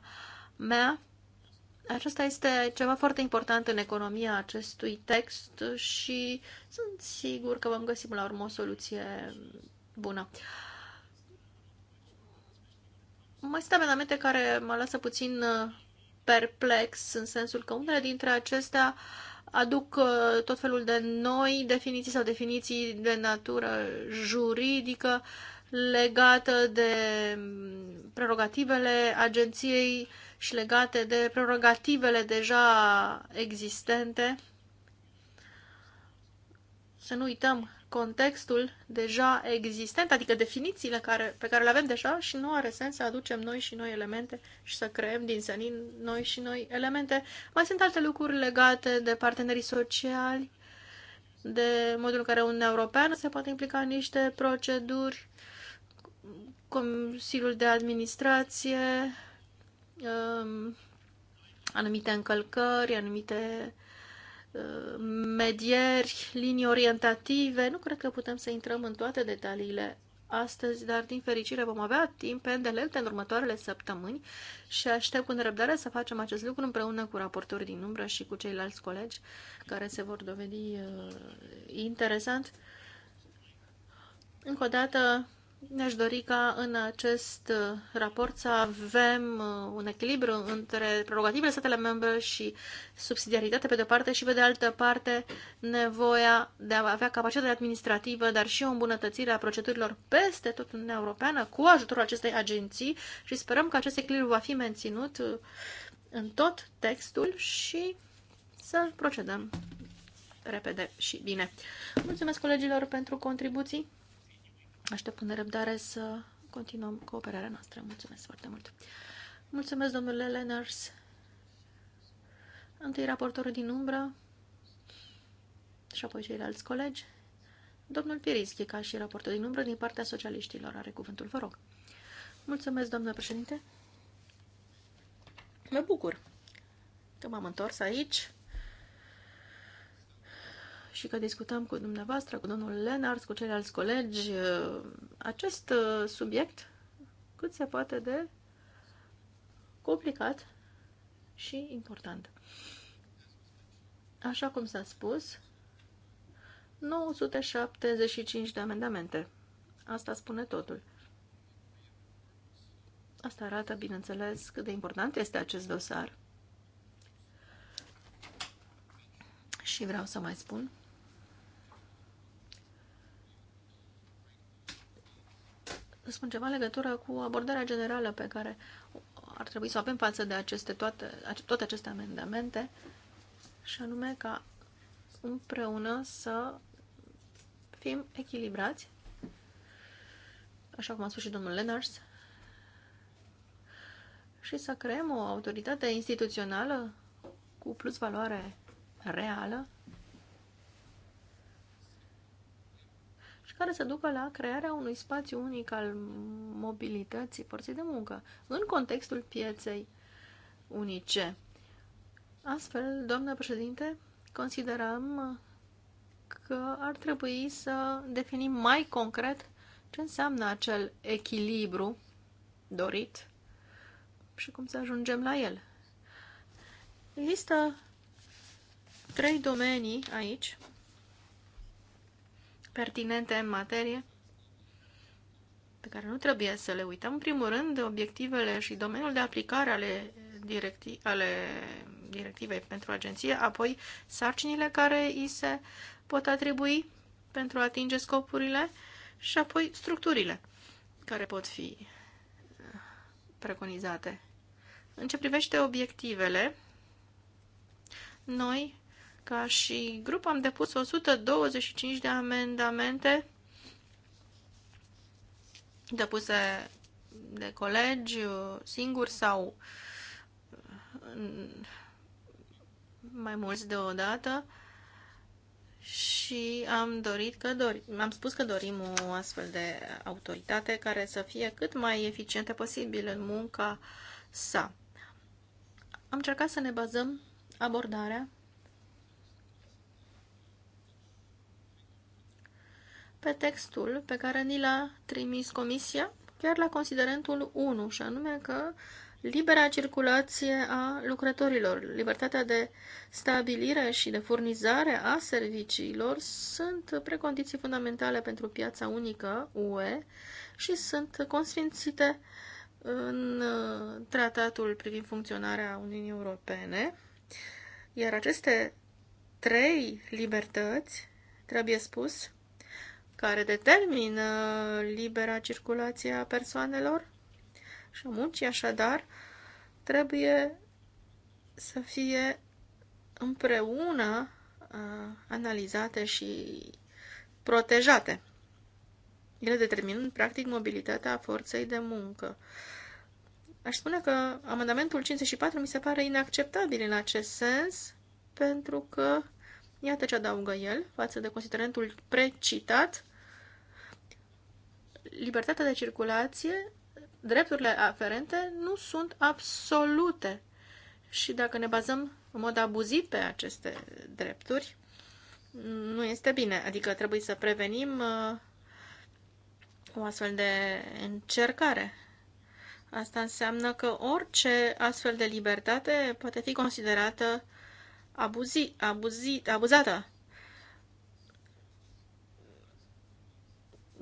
mea, acesta este ceva foarte important în economia acestui text și sunt sigur că vom găsi la urmă o soluție bună. Mai sunt amendamente care mă lasă puțin uh, perplex în sensul că unele dintre acestea aduc uh, tot felul de noi definiții sau definiții de natură juridică legată de mm, prerogativele agenției și legate de prerogativele deja existente. Să nu uităm contextul deja existent, adică definițiile care, pe care le avem deja și nu are sens să aducem noi și noi elemente și să creăm din senin noi și noi elemente. Mai sunt alte lucruri legate de partenerii sociali, de modul în care Uniunea Europeană se poate implica în niște proceduri, Consiliul de Administrație, anumite încălcări, anumite uh, medieri, linii orientative. Nu cred că putem să intrăm în toate detaliile astăzi, dar din fericire vom avea timp îndelete în următoarele săptămâni și aștept cu nerăbdare să facem acest lucru împreună cu raportori din umbră și cu ceilalți colegi care se vor dovedi uh, interesant. Încă o dată, ne-aș dori ca în acest uh, raport să avem uh, un echilibru între prerogativele statele membre și subsidiaritate pe de-o parte și pe de altă parte nevoia de a avea capacitate administrativă, dar și o îmbunătățire a procedurilor peste tot în Uniunea Europeană cu ajutorul acestei agenții și sperăm că acest echilibru va fi menținut uh, în tot textul și să procedăm repede și bine. Mulțumesc colegilor pentru contribuții. Aștept cu nerăbdare să continuăm cooperarea noastră. Mulțumesc foarte mult! Mulțumesc, domnule Lenars. Întâi raportorul din umbră și apoi ceilalți colegi. Domnul Pirischi, ca și raportor din umbră din partea socialiștilor, are cuvântul, vă rog. Mulțumesc, domnule președinte. Mă bucur că m-am întors aici și că discutam cu dumneavoastră, cu domnul Lenars, cu ceilalți colegi, uh, acest uh, subiect cât se poate de complicat și important. Așa cum s-a spus, 975 de amendamente. Asta spune totul. Asta arată, bineînțeles, cât de important este acest dosar. Și vreau să mai spun spun ceva în legătură cu abordarea generală pe care ar trebui să o avem față de aceste, toate, toate aceste amendamente, și anume ca împreună să fim echilibrați, așa cum a spus și domnul Lenars, și să creăm o autoritate instituțională cu plus valoare reală și care să ducă la crearea unui spațiu unic al mobilității forței de muncă în contextul pieței unice. Astfel, doamnă președinte, considerăm că ar trebui să definim mai concret ce înseamnă acel echilibru dorit și cum să ajungem la el. Există trei domenii aici pertinente în materie, pe care nu trebuie să le uităm. În primul rând, obiectivele și domeniul de aplicare ale, directi ale directivei pentru agenție, apoi sarcinile care îi se pot atribui pentru a atinge scopurile și apoi structurile care pot fi uh, preconizate. În ce privește obiectivele, noi ca și grup am depus 125 de amendamente depuse de colegi uh, singuri sau uh, mai mulți deodată și am dorit că dorim, am spus că dorim o astfel de autoritate care să fie cât mai eficientă posibil în munca sa. Am încercat să ne bazăm abordarea pe textul pe care ni l-a trimis Comisia, chiar la considerentul 1, și anume că libera circulație a lucrătorilor, libertatea de stabilire și de furnizare a serviciilor sunt precondiții fundamentale pentru piața unică UE și sunt consfințite în uh, tratatul privind funcționarea Uniunii Europene, iar aceste trei libertăți, trebuie spus, care determină libera circulație a persoanelor și a muncii, așadar, trebuie să fie împreună analizate și protejate. Ele determinând, practic, mobilitatea forței de muncă. Aș spune că amendamentul 54 mi se pare inacceptabil în acest sens, pentru că, iată ce adaugă el, față de considerentul precitat, libertatea de circulație, drepturile aferente nu sunt absolute. Și dacă ne bazăm în mod abuziv pe aceste drepturi, nu este bine. Adică trebuie să prevenim uh, o astfel de încercare. Asta înseamnă că orice astfel de libertate poate fi considerată abuzi, abuzi, abuzată.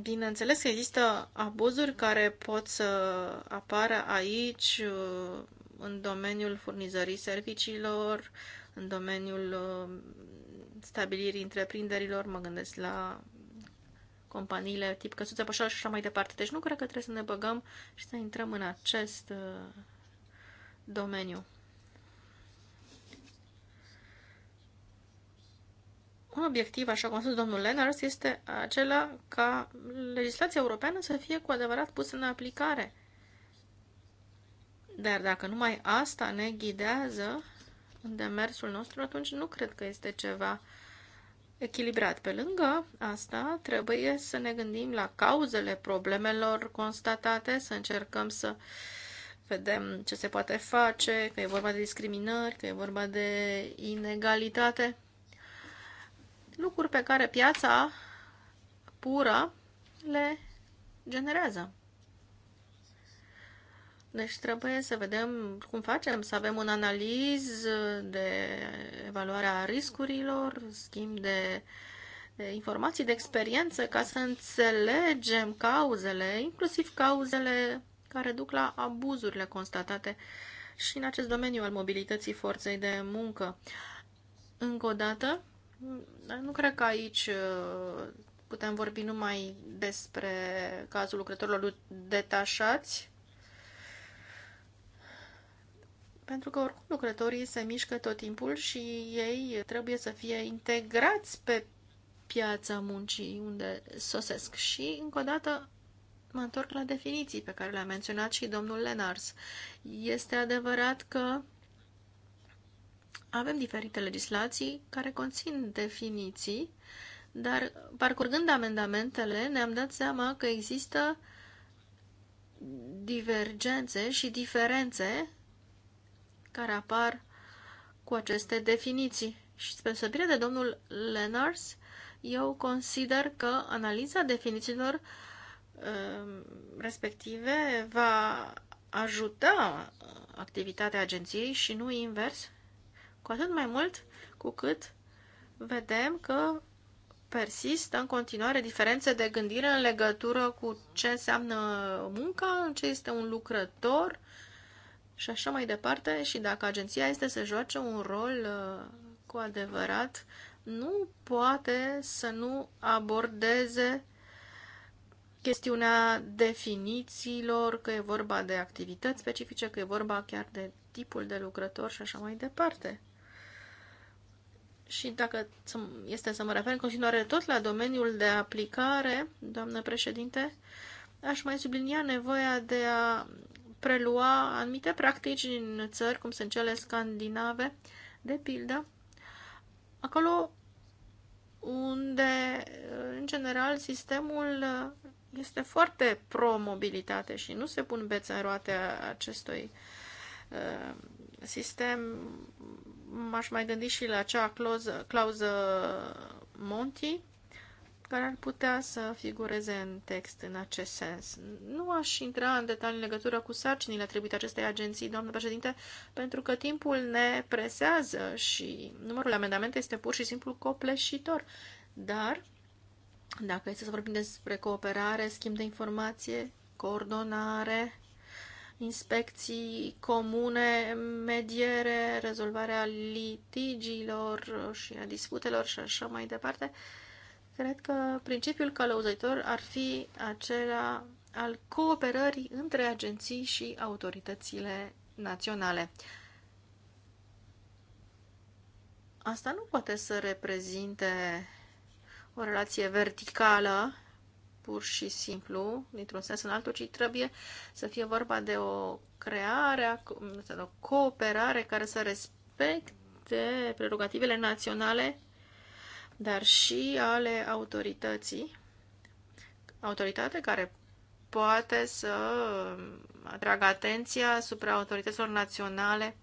Bineînțeles că există abuzuri care pot să apară aici uh, în domeniul furnizării serviciilor, în domeniul uh, stabilirii întreprinderilor, mă gândesc la companiile tip căsuțe pășal și așa mai departe. Deci nu cred că trebuie să ne băgăm și să intrăm în acest uh, domeniu. un obiectiv, așa cum a spus domnul Lenars, este acela ca legislația europeană să fie cu adevărat pusă în aplicare. Dar dacă numai asta ne ghidează în demersul nostru, atunci nu cred că este ceva echilibrat. Pe lângă asta, trebuie să ne gândim la cauzele problemelor constatate, să încercăm să vedem ce se poate face, că e vorba de discriminări, că e vorba de inegalitate lucruri pe care piața pură le generează. Deci trebuie să vedem cum facem, să avem un analiz de evaluarea riscurilor, schimb de informații, de experiență, ca să înțelegem cauzele, inclusiv cauzele care duc la abuzurile constatate și în acest domeniu al mobilității forței de muncă. Încă o dată, nu cred că aici uh, putem vorbi numai despre cazul lucrătorilor detașați, pentru că oricum lucrătorii se mișcă tot timpul și ei trebuie să fie integrați pe piața muncii unde sosesc. Și, încă o dată, mă întorc la definiții pe care le-a menționat și domnul Lenars. Este adevărat că avem diferite legislații care conțin definiții, dar parcurgând amendamentele ne-am dat seama că există divergențe și diferențe care apar cu aceste definiții. Și spre deosebire de domnul Lenars, eu consider că analiza definițiilor um, respective va ajuta activitatea agenției și nu invers cu atât mai mult cu cât vedem că persistă în continuare diferențe de gândire în legătură cu ce înseamnă munca, ce este un lucrător și așa mai departe și dacă agenția este să joace un rol uh, cu adevărat, nu poate să nu abordeze chestiunea definițiilor, că e vorba de activități specifice, că e vorba chiar de tipul de lucrător și așa mai departe și dacă este să mă refer în continuare tot la domeniul de aplicare, doamnă președinte, aș mai sublinia nevoia de a prelua anumite practici în țări, cum sunt cele scandinave, de pildă, acolo unde, în general, sistemul este foarte pro-mobilitate și nu se pun bețe în roate acestui uh, sistem m-aș mai gândi și la acea clauză, clauză Monti, care ar putea să figureze în text în acest sens. Nu aș intra în detalii în legătură cu sarcinile atribuite acestei agenții, doamnă președinte, pentru că timpul ne presează și numărul amendamente este pur și simplu copleșitor. Dar, dacă este să vorbim despre cooperare, schimb de informație, coordonare, inspecții comune, mediere, rezolvarea litigiilor și a disputelor și așa mai departe, cred că principiul călăuzitor ar fi acela al cooperării între agenții și autoritățile naționale. Asta nu poate să reprezinte o relație verticală pur și simplu, dintr-un sens în altul, ci trebuie să fie vorba de o creare, de o cooperare care să respecte prerogativele naționale, dar și ale autorității. Autoritate care poate să atragă atenția asupra autorităților naționale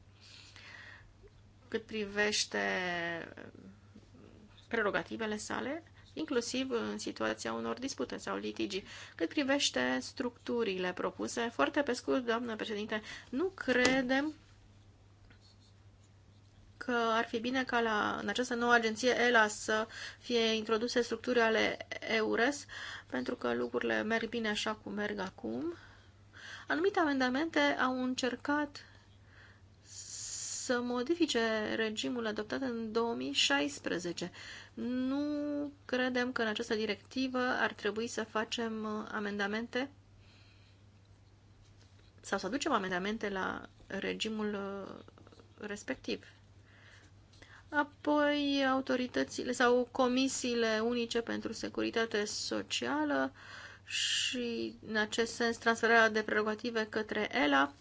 cât privește prerogativele sale inclusiv în situația unor dispute sau litigi. Cât privește structurile propuse, foarte pe scurt, doamnă președinte, nu credem că ar fi bine ca la, în această nouă agenție ELA să fie introduse structuri ale EURES, pentru că lucrurile merg bine așa cum merg acum. Anumite amendamente au încercat să modifice regimul adoptat în 2016. Nu credem că în această directivă ar trebui să facem uh, amendamente sau să aducem amendamente la regimul uh, respectiv. Apoi autoritățile sau comisiile unice pentru securitate socială și, în acest sens, transferarea de prerogative către ELA.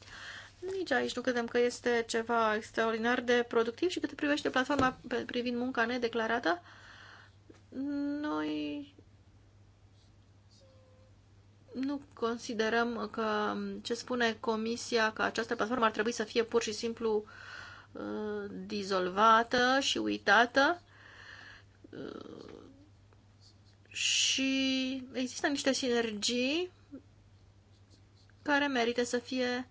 Nici aici nu credem că este ceva extraordinar de productiv și cât privește platforma privind munca nedeclarată, noi nu considerăm că ce spune Comisia că această platformă ar trebui să fie pur și simplu uh, dizolvată și uitată. Uh, și există niște sinergii care merită să fie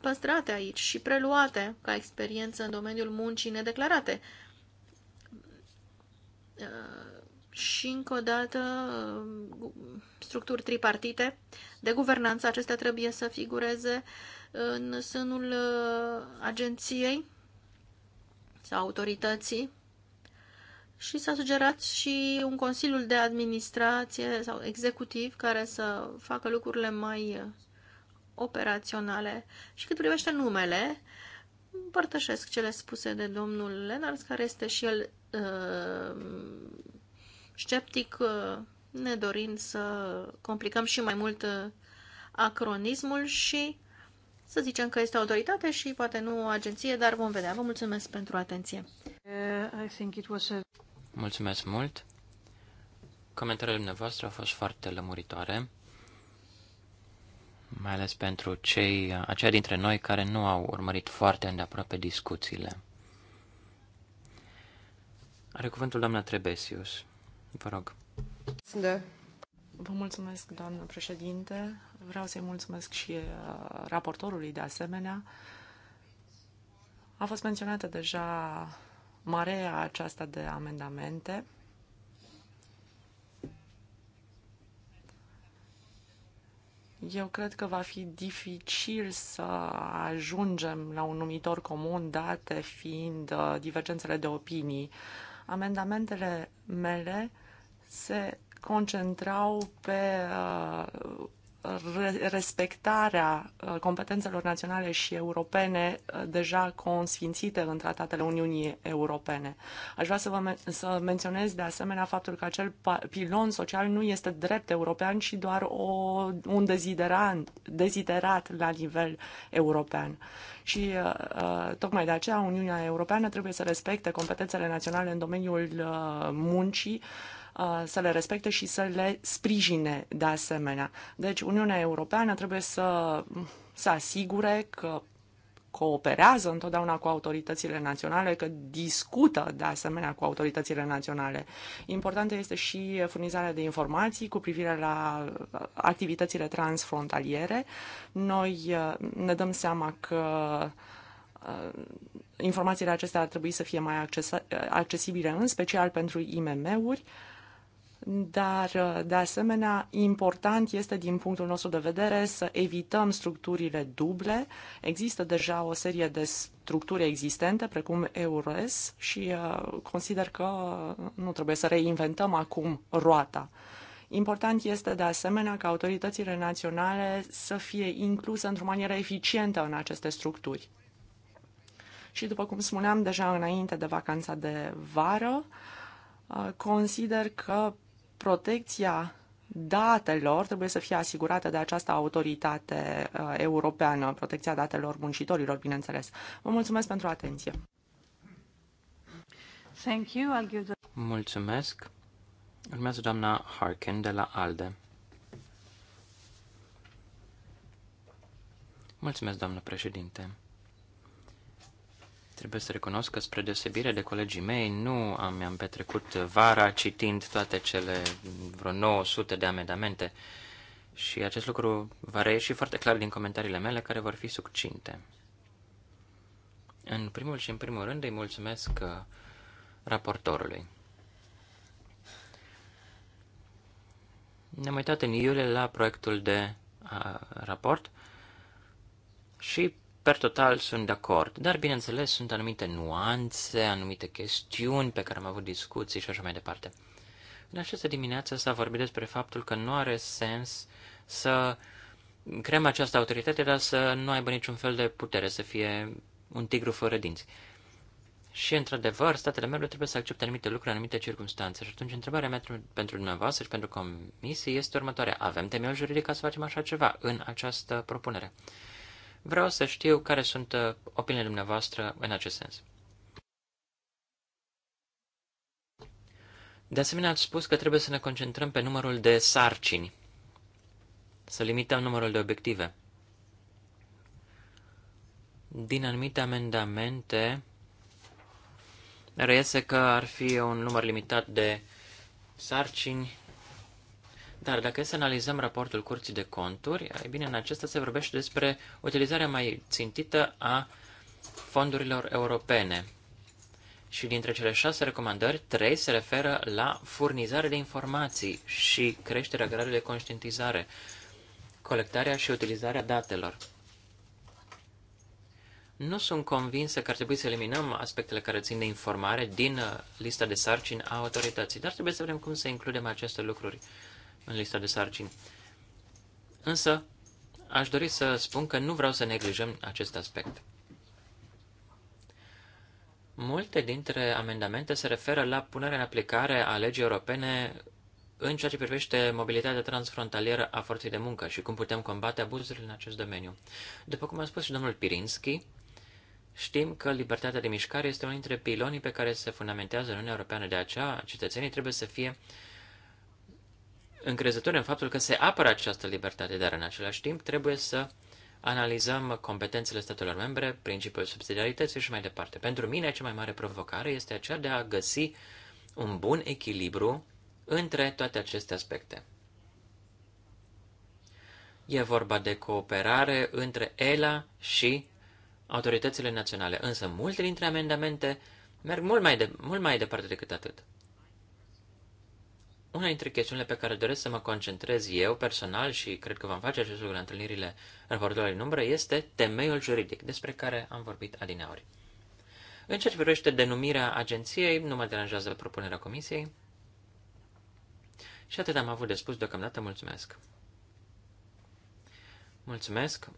păstrate aici și preluate ca experiență în domeniul muncii nedeclarate. Uh, și încă o dată, uh, structuri tripartite de guvernanță, acestea trebuie să figureze în sânul uh, agenției sau autorității și s-a sugerat și un consiliul de administrație sau executiv care să facă lucrurile mai operaționale. Și cât privește numele, împărtășesc cele spuse de domnul Lenars, care este și el uh, sceptic, uh, nedorind să complicăm și mai mult uh, acronismul și să zicem că este autoritate și poate nu o agenție, dar vom vedea. Vă mulțumesc pentru atenție. Uh, I think it was a... Mulțumesc mult. Comentariile dumneavoastră au fost foarte lămuritoare mai ales pentru cei, aceia dintre noi care nu au urmărit foarte îndeaproape discuțiile. Are cuvântul doamna Trebesius. Vă rog. Da. Vă mulțumesc, doamnă președinte. Vreau să-i mulțumesc și uh, raportorului de asemenea. A fost menționată deja marea aceasta de amendamente. Eu cred că va fi dificil să ajungem la un numitor comun, date fiind uh, divergențele de opinii. Amendamentele mele se concentrau pe uh, respectarea uh, competențelor naționale și europene uh, deja consfințite în tratatele Uniunii Europene. Aș vrea să, vă men- să menționez de asemenea faptul că acel pilon social nu este drept european, ci doar o, un deziderant, deziderat la nivel european. Și uh, uh, tocmai de aceea Uniunea Europeană trebuie să respecte competențele naționale în domeniul uh, muncii, uh, Uh, să le respecte și să le sprijine de asemenea. Deci Uniunea Europeană trebuie să, să asigure că cooperează întotdeauna cu autoritățile naționale, că discută de asemenea cu autoritățile naționale. Importantă este și furnizarea de informații cu privire la activitățile transfrontaliere. Noi uh, ne dăm seama că uh, informațiile acestea ar trebui să fie mai accesibile, în special pentru IMM-uri dar uh, de asemenea important este din punctul nostru de vedere să evităm structurile duble. Există deja o serie de structuri existente, precum EURES, și uh, consider că nu trebuie să reinventăm acum roata. Important este de asemenea ca autoritățile naționale să fie incluse într-o manieră eficientă în aceste structuri. Și după cum spuneam deja înainte de vacanța de vară, uh, consider că protecția datelor trebuie să fie asigurată de această autoritate uh, europeană, protecția datelor muncitorilor, bineînțeles. Vă mulțumesc pentru atenție. Thank you. I'll give the... Mulțumesc. Urmează doamna Harkin de la ALDE. Mulțumesc, doamnă președinte. Trebuie să recunosc că, spre deosebire de colegii mei, nu am, am petrecut vara citind toate cele vreo 900 de amendamente și acest lucru va reieși foarte clar din comentariile mele, care vor fi succinte. În primul și în primul rând îi mulțumesc uh, raportorului. Ne-am uitat în iulie la proiectul de a, uh, raport și Per total sunt de acord, dar bineînțeles sunt anumite nuanțe, anumite chestiuni pe care am avut discuții și așa mai departe. În această dimineață s-a vorbit despre faptul că nu are sens să creăm această autoritate, dar să nu aibă niciun fel de putere, să fie un tigru fără dinți. Și, într-adevăr, statele membre trebuie să accepte anumite lucruri, în anumite circunstanțe. Și atunci, întrebarea mea pentru dumneavoastră și pentru comisie este următoarea. Avem temeiul juridic ca să facem așa ceva în această propunere? Vreau să știu care sunt uh, opiniile dumneavoastră în acest sens. De asemenea, ați spus că trebuie să ne concentrăm pe numărul de sarcini, să limităm numărul de obiective. Din anumite amendamente reiese că ar fi un număr limitat de sarcini dar dacă să analizăm raportul Curții de Conturi, e bine, în acesta se vorbește despre utilizarea mai țintită a fondurilor europene. Și dintre cele șase recomandări, trei se referă la furnizare de informații și creșterea gradului de conștientizare, colectarea și utilizarea datelor. Nu sunt convinsă că ar trebui să eliminăm aspectele care țin de informare din uh, lista de sarcini a autorității, dar trebuie să vedem cum să includem aceste lucruri în lista de sarcini. Însă, aș dori să spun că nu vreau să neglijăm acest aspect. Multe dintre amendamente se referă la punerea în aplicare a legii europene în ceea ce privește mobilitatea transfrontalieră a forței de muncă și cum putem combate abuzurile în acest domeniu. După cum a spus și domnul Pirinski, știm că libertatea de mișcare este unul dintre pilonii pe care se fundamentează Uniunea Europeană, de aceea cetățenii trebuie să fie uh, încrezători în faptul că se apără această libertate, dar în același timp trebuie să analizăm competențele statelor membre, principiul subsidiarității și mai departe. Pentru mine, cea mai mare provocare este aceea de a găsi un bun echilibru între toate aceste aspecte. E vorba de cooperare între ELA și autoritățile naționale, însă multe dintre amendamente merg mult mai, de, mult mai departe decât atât. Una dintre chestiunile pe care doresc să mă concentrez eu personal și cred că vom face acest lucru în întâlnirile în raportorilor în umbră este temeiul juridic, despre care am vorbit adineauri. În ceea ce privește denumirea agenției, nu mă deranjează propunerea comisiei. Și atât am avut de spus deocamdată, mulțumesc. Mulțumesc.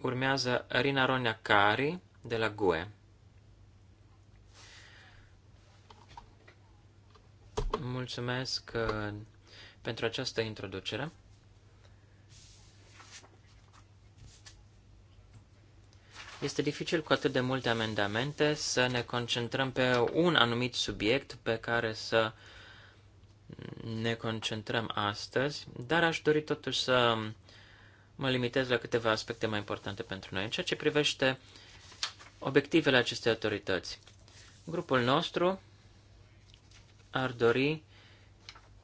Urmează Rina Ronia Cari de la GUE. Mulțumesc uh, pentru această introducere. Este dificil cu atât de multe amendamente să ne concentrăm pe un anumit subiect pe care să ne concentrăm astăzi, dar aș dori totuși să mă limitez la câteva aspecte mai importante pentru noi. În ceea ce privește obiectivele acestei autorități, grupul nostru ar dori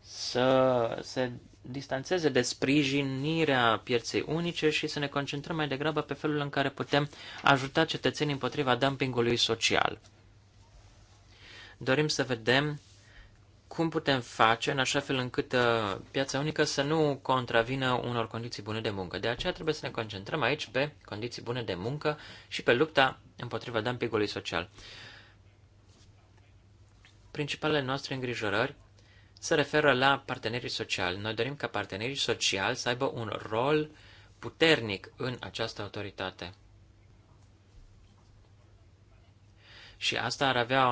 să se distanțeze de sprijinirea pieței unice și să ne concentrăm mai degrabă pe felul în care putem ajuta cetățenii împotriva dumpingului social. Dorim să vedem cum putem face în așa fel încât uh, piața unică să nu contravină unor condiții bune de muncă. De aceea trebuie să ne concentrăm aici pe condiții bune de muncă și pe lupta împotriva dumpingului social. Principalele noastre îngrijorări se referă la partenerii sociali. Noi dorim ca partenerii sociali să aibă un rol puternic în această autoritate. Și asta ar avea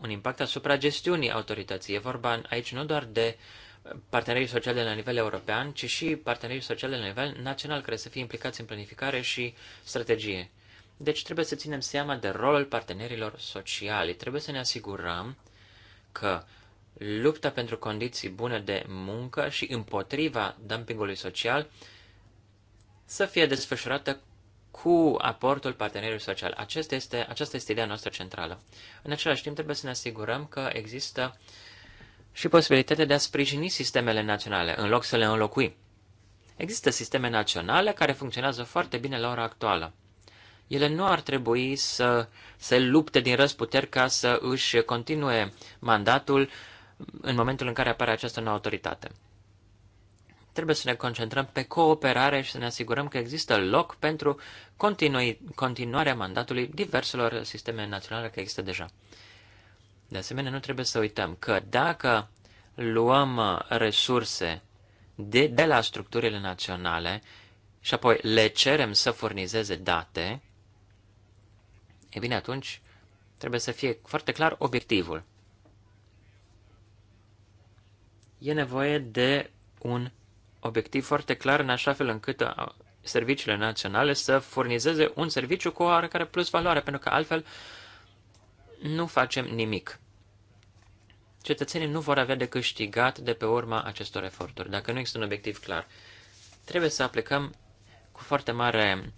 un impact asupra gestiunii autorității. E vorba aici nu doar de partenerii sociale la nivel european, ci și partenerii sociale la nivel național, care să fie implicați în planificare și strategie. Deci trebuie să ținem seama de rolul partenerilor sociali. Trebuie să ne asigurăm că lupta pentru condiții bune de muncă și împotriva dumpingului social să fie desfășurată cu aportul partenerului social. Acesta este, aceasta este ideea noastră centrală. În același timp, trebuie să ne asigurăm că există și posibilitatea de a sprijini sistemele naționale, în loc să le înlocui. Există sisteme naționale care funcționează foarte bine la ora actuală ele nu ar trebui să se lupte din răzputeri ca să își continue mandatul în momentul în care apare această nouă autoritate. Trebuie să ne concentrăm pe cooperare și să ne asigurăm că există loc pentru continui, continuarea mandatului diverselor sisteme naționale care există deja. De asemenea, nu trebuie să uităm că dacă luăm resurse de, de la structurile naționale și apoi le cerem să furnizeze date, E bine, atunci trebuie să fie foarte clar obiectivul. E nevoie de un obiectiv foarte clar în așa fel încât uh, serviciile naționale să furnizeze un serviciu cu o oarecare plus valoare, pentru că altfel nu facem nimic. Cetățenii nu vor avea de câștigat de pe urma acestor eforturi, dacă nu există un obiectiv clar. Trebuie să aplicăm cu foarte mare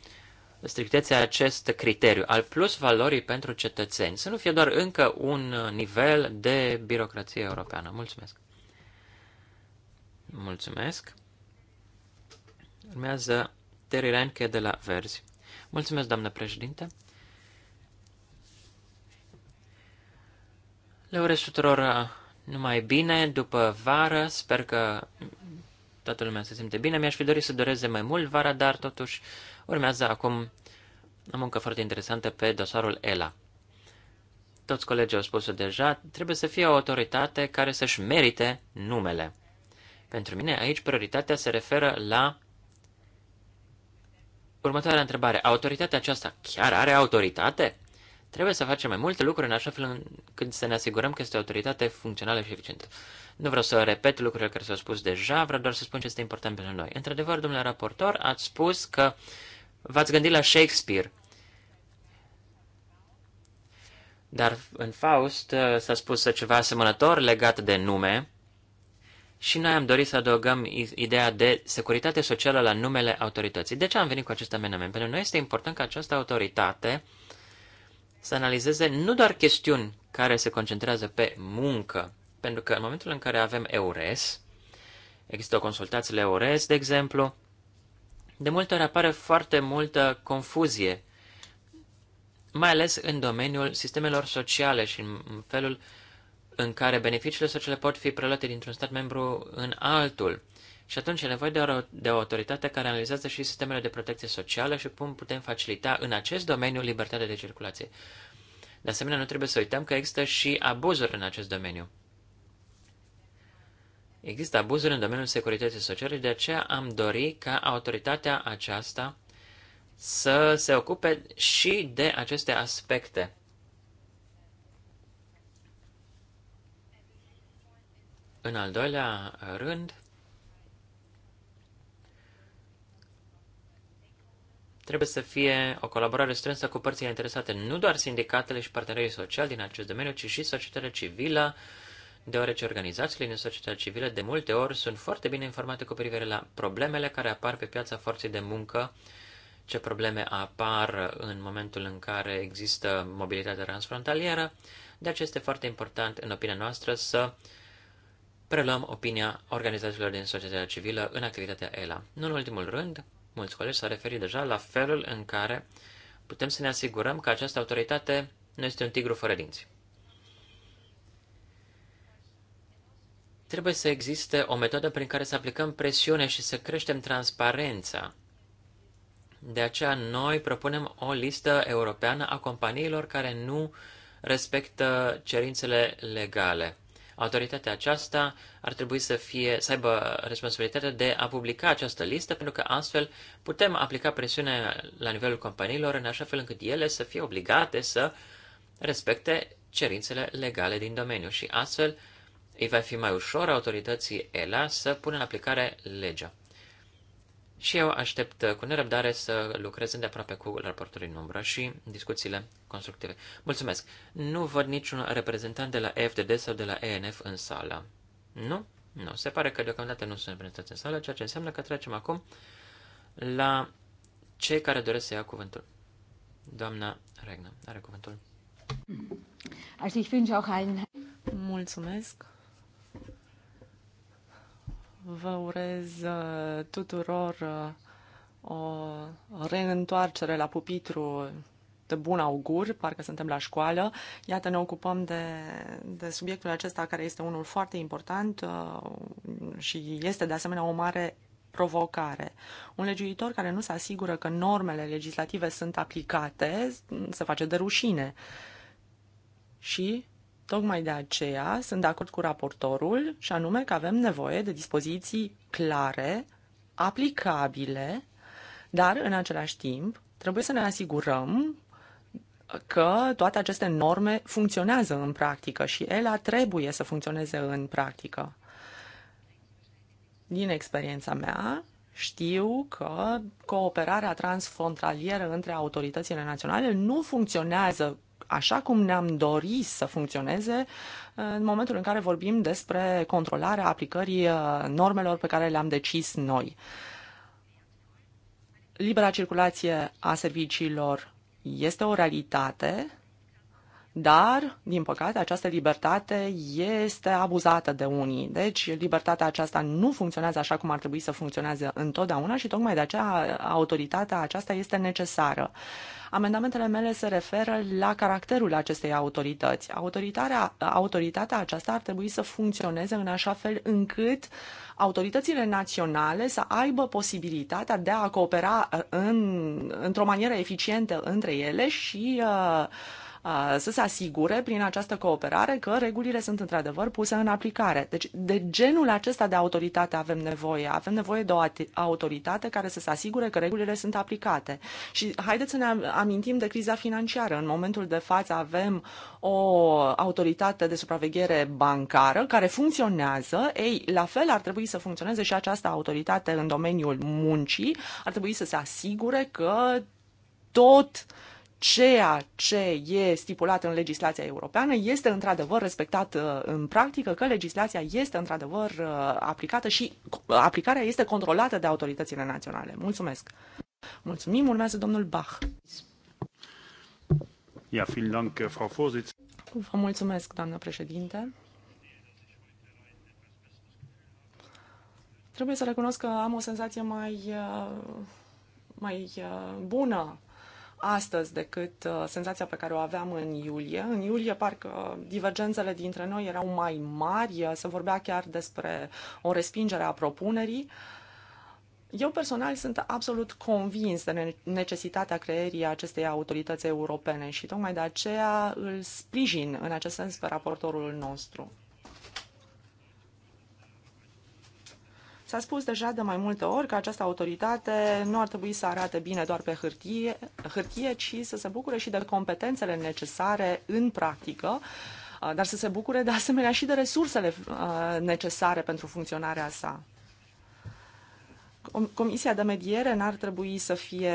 strictețe acest criteriu al plus valorii pentru cetățeni, să nu fie doar încă un nivel de birocrație europeană. Mulțumesc! Mulțumesc! Urmează Terry Reinke de la Verzi. Mulțumesc, doamnă președinte! Le urez tuturor numai bine după vară, sper că toată lumea se simte bine. Mi-aș fi dorit să doreze mai mult vara, dar totuși urmează acum o muncă foarte interesantă pe dosarul ELA. Toți colegii au spus deja, trebuie să fie o autoritate care să-și merite numele. Pentru mine, aici prioritatea se referă la următoarea întrebare. Autoritatea aceasta chiar are autoritate? Trebuie să facem mai multe lucruri în așa fel încât să ne asigurăm că este o autoritate funcțională și eficientă. Nu vreau să repet lucrurile care s-au spus deja, vreau doar să spun ce este important pentru noi. Într-adevăr, domnule raportor, ați spus că v-ați gândit la Shakespeare. Dar în Faust uh, s-a spus ceva asemănător legat de nume și noi am dorit să adăugăm ideea de securitate socială la numele autorității. De ce am venit cu acest amendament? Pentru noi este important ca această autoritate să analizeze nu doar chestiuni care se concentrează pe muncă, pentru că în momentul în care avem EURES, există la EURES, de exemplu, de multe ori apare foarte multă confuzie, mai ales în domeniul sistemelor sociale și în felul în care beneficiile sociale pot fi preluate dintr-un stat membru în altul. Și atunci e nevoie de o, de o autoritate care analizează și sistemele de protecție socială și cum putem facilita în acest domeniu libertatea de circulație. De asemenea, nu trebuie să uităm că există și abuzuri în acest domeniu. Există abuzuri în domeniul securității sociale, de aceea am dori ca autoritatea aceasta să se ocupe și de aceste aspecte. În al doilea rând, trebuie să fie o colaborare strânsă cu părțile interesate, nu doar sindicatele și partenerii sociali din acest domeniu, ci și societatea civilă, deoarece organizațiile din societatea civilă de multe ori sunt foarte bine informate cu privire la problemele care apar pe piața forței de muncă, ce probleme apar în momentul în care există mobilitatea transfrontalieră. De aceea este foarte important, în opinia noastră, să preluăm opinia organizațiilor din societatea civilă în activitatea ELA. Nu în ultimul rând, mulți colegi s a referit deja la felul în care putem să ne asigurăm că această autoritate nu este un tigru fără dinți. Trebuie să existe o metodă prin care să aplicăm presiune și să creștem transparența. De aceea noi propunem o listă europeană a companiilor care nu respectă cerințele legale. Autoritatea aceasta ar trebui să, fie, să aibă responsabilitatea de a publica această listă, pentru că astfel putem aplica presiune la nivelul companiilor în așa fel încât ele să fie obligate să respecte cerințele legale din domeniu și astfel îi va fi mai ușor autorității ELA să pună în aplicare legea. Și eu aștept cu nerăbdare să lucrez îndeaproape cu raportul în umbră și discuțiile constructive. Mulțumesc! Nu văd niciun reprezentant de la FDD sau de la ENF în sală. Nu? Nu. Se pare că deocamdată nu sunt reprezentați în sală, ceea ce înseamnă că trecem acum la cei care doresc să ia cuvântul. Doamna Regna are cuvântul. Mulțumesc! Vă urez uh, tuturor uh, o reîntoarcere la pupitru de bun augur, parcă suntem la școală. Iată, ne ocupăm de, de subiectul acesta care este unul foarte important uh, și este de asemenea o mare provocare. Un legiuitor care nu se asigură că normele legislative sunt aplicate se face de rușine. Și Tocmai de aceea sunt de acord cu raportorul și anume că avem nevoie de dispoziții clare, aplicabile, dar în același timp trebuie să ne asigurăm că toate aceste norme funcționează în practică și ele trebuie să funcționeze în practică. Din experiența mea, știu că cooperarea transfrontalieră între autoritățile naționale nu funcționează așa cum ne-am dorit să funcționeze uh, în momentul în care vorbim despre controlarea aplicării uh, normelor pe care le-am decis noi. Libera circulație a serviciilor este o realitate, dar, din păcate, această libertate este abuzată de unii. Deci, libertatea aceasta nu funcționează așa cum ar trebui să funcționeze întotdeauna și tocmai de aceea autoritatea aceasta este necesară. Amendamentele mele se referă la caracterul acestei autorități. Autoritarea, autoritatea aceasta ar trebui să funcționeze în așa fel încât autoritățile naționale să aibă posibilitatea de a coopera în, într-o manieră eficientă între ele și uh, să se asigure prin această cooperare că regulile sunt într-adevăr puse în aplicare. Deci de genul acesta de autoritate avem nevoie. Avem nevoie de o autoritate care să se asigure că regulile sunt aplicate. Și haideți să ne amintim de criza financiară. În momentul de față avem o autoritate de supraveghere bancară care funcționează. Ei, la fel ar trebui să funcționeze și această autoritate în domeniul muncii. Ar trebui să se asigure că tot ceea ce e stipulat în legislația europeană este într-adevăr respectat uh, în practică, că legislația este într-adevăr uh, aplicată și uh, aplicarea este controlată de autoritățile naționale. Mulțumesc! Mulțumim, urmează domnul Bach. Ja, vielen Dank, Frau Vorsitz. Vă mulțumesc, doamnă președinte. Trebuie să recunosc că am o senzație mai, mai bună astăzi decât uh, senzația pe care o aveam în iulie. În iulie parcă divergențele dintre noi erau mai mari, uh, se vorbea chiar despre o respingere a propunerii. Eu personal sunt absolut convins de necesitatea creierii acestei autorități europene și tocmai de aceea îl sprijin în acest sens pe raportorul nostru. S-a spus deja de mai multe ori că această autoritate nu ar trebui să arate bine doar pe hârtie, hârtie ci să se bucure și de competențele necesare în practică, uh, dar să se bucure de asemenea și de resursele uh, necesare pentru funcționarea sa. Comisia de mediere n-ar trebui să fie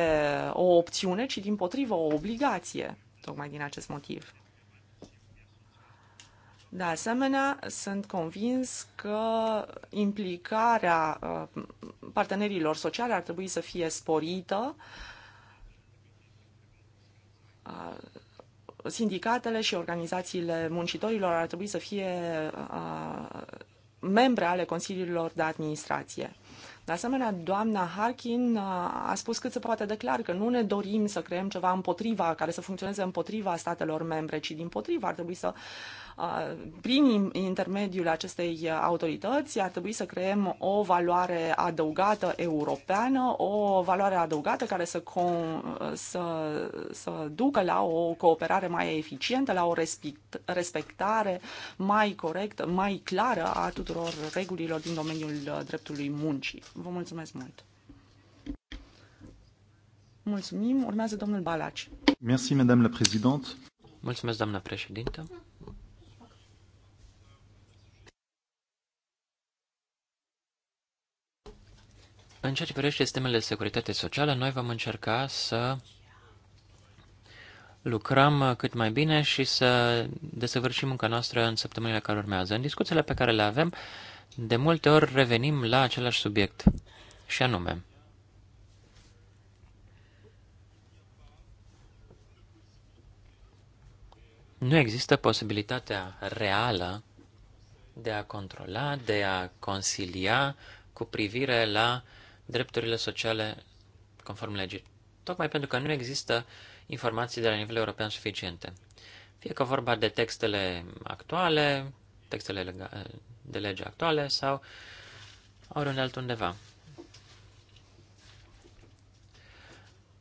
o opțiune, ci din potrivă o obligație, tocmai din acest motiv. De asemenea, sunt convins că implicarea uh, partenerilor sociale ar trebui să fie sporită. Uh, sindicatele și organizațiile muncitorilor ar trebui să fie uh, membre ale consiliilor de administrație. De asemenea, doamna Harkin a spus cât se poate de clar că nu ne dorim să creăm ceva împotriva, care să funcționeze împotriva statelor membre, ci din potriva ar trebui să uh, prin intermediul acestei autorități ar trebui să creăm o valoare adăugată europeană, o valoare adăugată care să, con- să, să ducă la o cooperare mai eficientă, la o respect- respectare mai corectă, mai clară a tuturor regulilor din domeniul uh, dreptului muncii. Vă mulțumesc mult! Mulțumim. Urmează domnul Balaci. Mulțumesc, doamnă președintă. În ceea ce privește sistemele de securitate socială, noi vom încerca să lucrăm cât mai bine și să desăvârșim munca noastră în săptămânile care urmează. În discuțiile pe care le avem, de multe ori revenim la același subiect, și anume. Nu există posibilitatea reală de a controla, de a consilia cu privire la drepturile sociale conform legii, tocmai pentru că nu există informații de la nivel european suficiente. Fie că vorba de textele actuale, textele de lege actuale sau oriunde altundeva.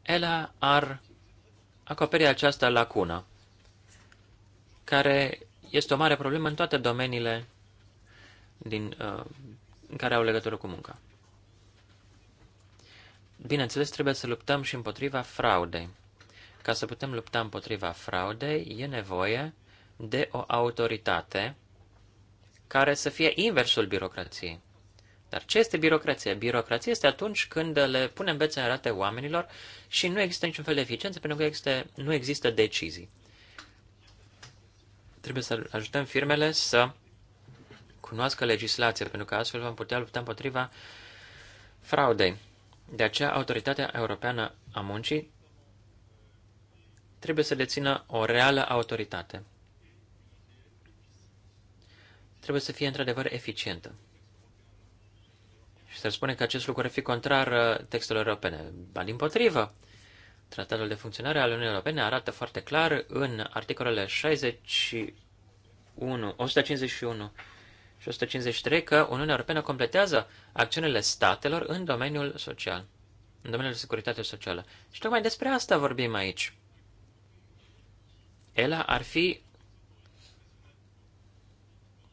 Ela ar acoperi această lacună, care este o mare problemă în toate domeniile din, uh, în care au legătură cu munca. Bineînțeles, trebuie să luptăm și împotriva fraudei. Ca să putem lupta împotriva fraudei, e nevoie de o autoritate care să fie inversul birocrației. Dar ce este birocrația? Birocrație este atunci când le punem bețe în rate oamenilor și nu există niciun fel de eficiență pentru că există, nu există decizii. Trebuie să ajutăm firmele să cunoască legislația, pentru că astfel vom putea lupta împotriva fraudei. De aceea, Autoritatea Europeană a Muncii trebuie să dețină o reală autoritate. Trebuie să fie într-adevăr eficientă. Și se spune că acest lucru ar fi contrar uh, textelor europene. Ba din potrivă, Tratatul de funcționare al Uniunii Europene arată foarte clar în articolele 61, 151 și 153 că Uniunea Europeană completează acțiunile statelor în domeniul social, în domeniul securității socială. Și tocmai despre asta vorbim aici. Ela ar fi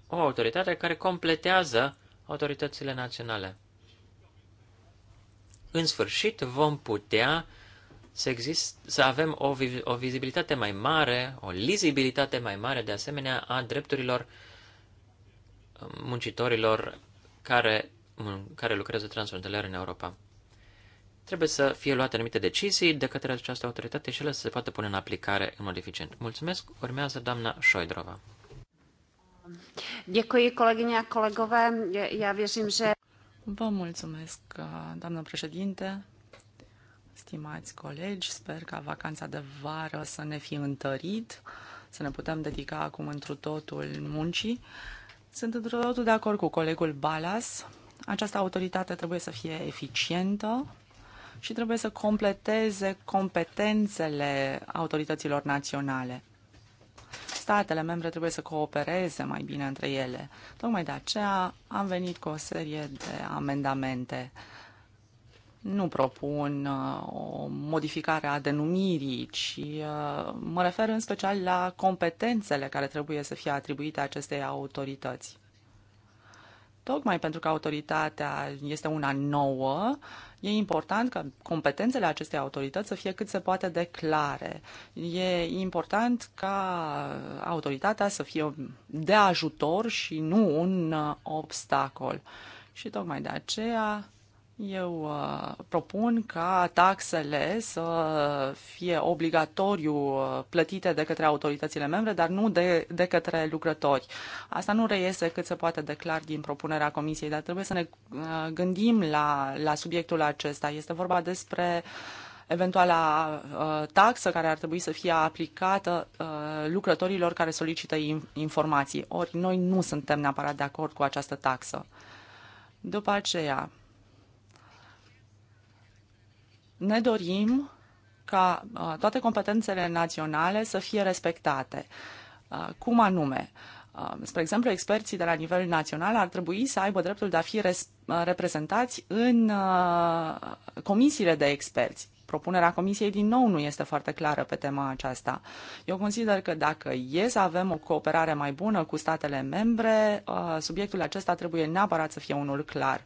o autoritate care completează autoritățile naționale. În sfârșit vom putea să, exist, să avem o, o vizibilitate mai mare, o lizibilitate mai mare de asemenea a drepturilor uh, muncitorilor care, care lucrează transfrontalier în Europa. Trebuie să fie luate anumite decizii de către această autoritate și ele să se poată pune în aplicare în mod eficient. Mulțumesc. Urmează doamna Șoidrova. Vă mulțumesc, doamnă președinte, stimați colegi. Sper ca vacanța de vară să ne fie întărit, să ne putem dedica acum întru totul muncii. Sunt într totul de acord cu colegul Balas. Această autoritate trebuie să fie eficientă și trebuie să completeze competențele autorităților naționale. Statele membre trebuie să coopereze mai bine între ele. Tocmai de aceea am venit cu o serie de amendamente uh, nu propun uh, o modificare a denumirii, ci uh, mă refer în special la competențele care trebuie să fie atribuite acestei autorități. Tocmai pentru că autoritatea este una nouă, e important ca competențele acestei autorități să fie cât se poate de clare. E important ca autoritatea să fie de ajutor și nu un uh, obstacol. Și tocmai de aceea eu uh, propun ca taxele să fie obligatoriu uh, plătite de către autoritățile membre, dar nu de, de către lucrători. Asta nu reiese cât se poate declar din propunerea Comisiei, dar trebuie să ne uh, gândim la, la subiectul acesta. Este vorba despre eventuala taxă care ar trebui să fie aplicată lucrătorilor care solicită informații. Ori noi nu suntem neapărat de acord cu această taxă. După aceea, ne dorim ca uh, toate competențele naționale să fie respectate. Uh, cum anume? Uh, spre exemplu, experții de la nivel național ar trebui să aibă dreptul de a fi reprezentați în comisiile de experți. Propunerea comisiei din nou nu este foarte clară pe tema aceasta. Eu consider că dacă e să avem o cooperare mai bună cu statele membre, subiectul acesta trebuie neapărat să fie unul clar.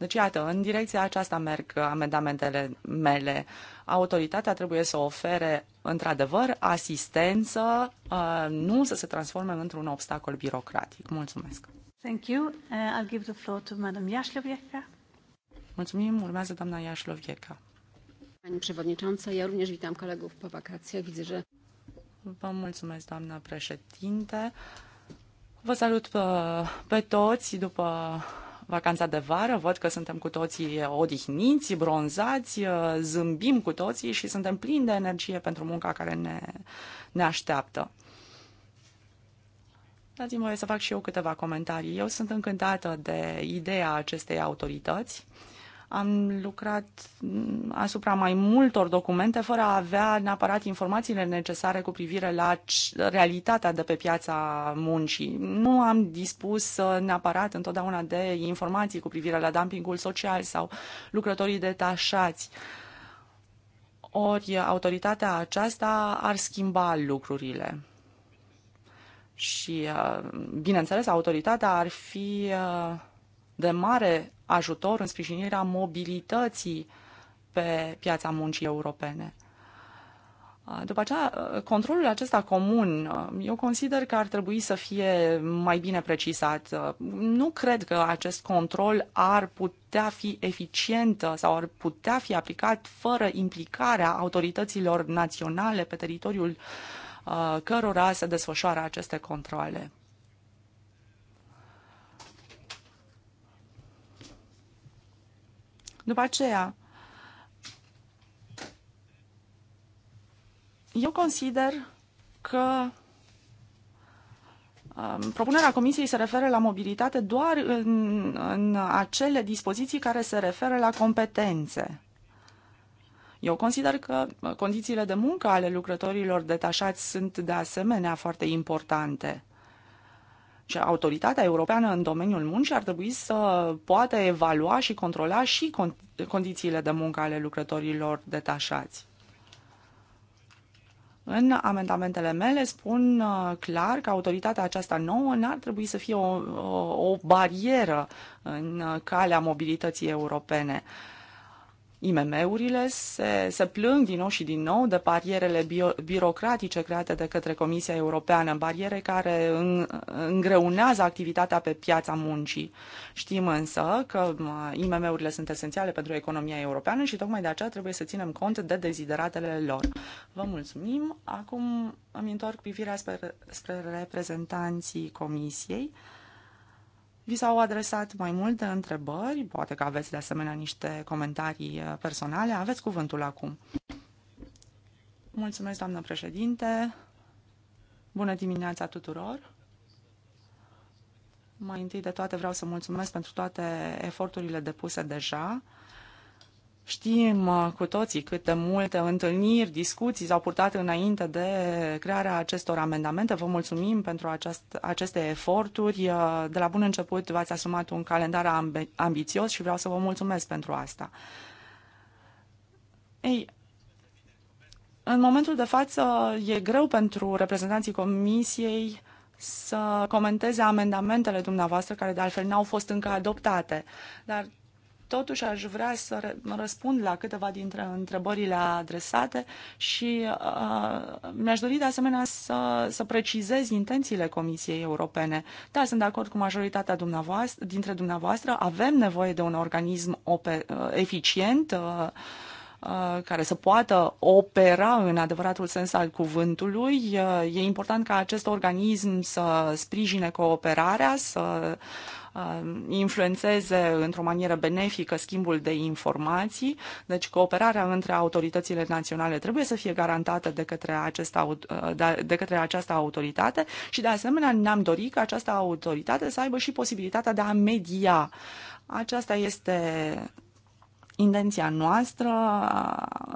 Deci, iată, în direcția aceasta merg amendamentele mele. Autoritatea trebuie să ofere, într-adevăr, asistență, uh, nu să se transforme într-un obstacol birocratic. Mulțumesc! Thank you. Uh, I'll give the floor to Madam Jaślowiecka. Mulțumim. Urmează doamna Jaślowiecka. Pani Przewodnicząca, ja również witam kolegów po wakacjach. Widzę, że... Vă mulțumesc, doamna președinte. Vă salut pe, uh, pe toți după vacanța de vară, văd că suntem cu toții odihniți, bronzați, uh, zâmbim cu toții și suntem plini de energie pentru munca care ne, ne așteaptă. Dați-mi voie să fac și eu câteva comentarii. Eu sunt încântată de ideea acestei autorități. Am lucrat asupra mai multor documente fără a avea neapărat informațiile necesare cu privire la realitatea de pe piața muncii. Nu am dispus uh, neapărat întotdeauna de informații cu privire la dumpingul social sau lucrătorii detașați. Ori autoritatea aceasta ar schimba lucrurile. Și, uh, bineînțeles, autoritatea ar fi uh, de mare ajutor în sprijinirea mobilității pe piața muncii europene. După aceea, controlul acesta comun, eu consider că ar trebui să fie mai bine precisat. Nu cred că acest control ar putea fi eficient sau ar putea fi aplicat fără implicarea autorităților naționale pe teritoriul uh, cărora se desfășoară aceste controle. După aceea, eu consider că um, Propunerea Comisiei se referă la mobilitate doar în, în acele dispoziții care se referă la competențe. Eu consider că condițiile de muncă ale lucrătorilor detașați sunt de asemenea foarte importante autoritatea europeană în domeniul muncii ar trebui să poată evalua și controla și con- condițiile de muncă ale lucrătorilor detașați. În amendamentele mele spun uh, clar că autoritatea aceasta nouă n-ar trebui să fie o, o, o barieră în uh, calea mobilității europene. Uh, IMM-urile se, se plâng din nou și din nou de barierele bio, birocratice create de către Comisia Europeană, bariere care în, îngreunează activitatea pe piața muncii. Știm însă că IMM-urile sunt esențiale pentru economia europeană și tocmai de aceea trebuie să ținem cont de dezideratele lor. Vă mulțumim. Acum îmi întorc privirea spre, spre reprezentanții Comisiei. Vi s-au adresat mai multe întrebări, poate că aveți de asemenea niște comentarii uh, personale. Aveți cuvântul acum. Mulțumesc, doamnă președinte. Bună dimineața tuturor. Mai întâi de toate vreau să mulțumesc pentru toate eforturile depuse deja. Știm uh, cu toții câte multe întâlniri, discuții s-au purtat înainte de crearea acestor amendamente. Vă mulțumim pentru aceast, aceste eforturi. Uh, de la bun început v-ați asumat un calendar ambi- ambițios și vreau să vă mulțumesc pentru asta. Ei, în momentul de față e greu pentru reprezentanții Comisiei să comenteze amendamentele dumneavoastră, care de altfel n-au fost încă adoptate. Dar Totuși aș vrea să răspund la câteva dintre întrebările adresate și uh, mi-aș dori de asemenea să, să precizez intențiile Comisiei Europene. Da, sunt de acord cu majoritatea dumneavoastră, dintre dumneavoastră. Avem nevoie de un organism uh, eficient uh, uh, care să poată opera în adevăratul sens al cuvântului. Uh, e important ca acest organism să sprijine cooperarea, să Uh, influențeze într-o manieră benefică schimbul de informații, deci cooperarea între autoritățile naționale trebuie să fie garantată de către, acest, uh, de către această autoritate și de asemenea ne-am dorit ca această autoritate să aibă și posibilitatea de a media. Aceasta este intenția noastră,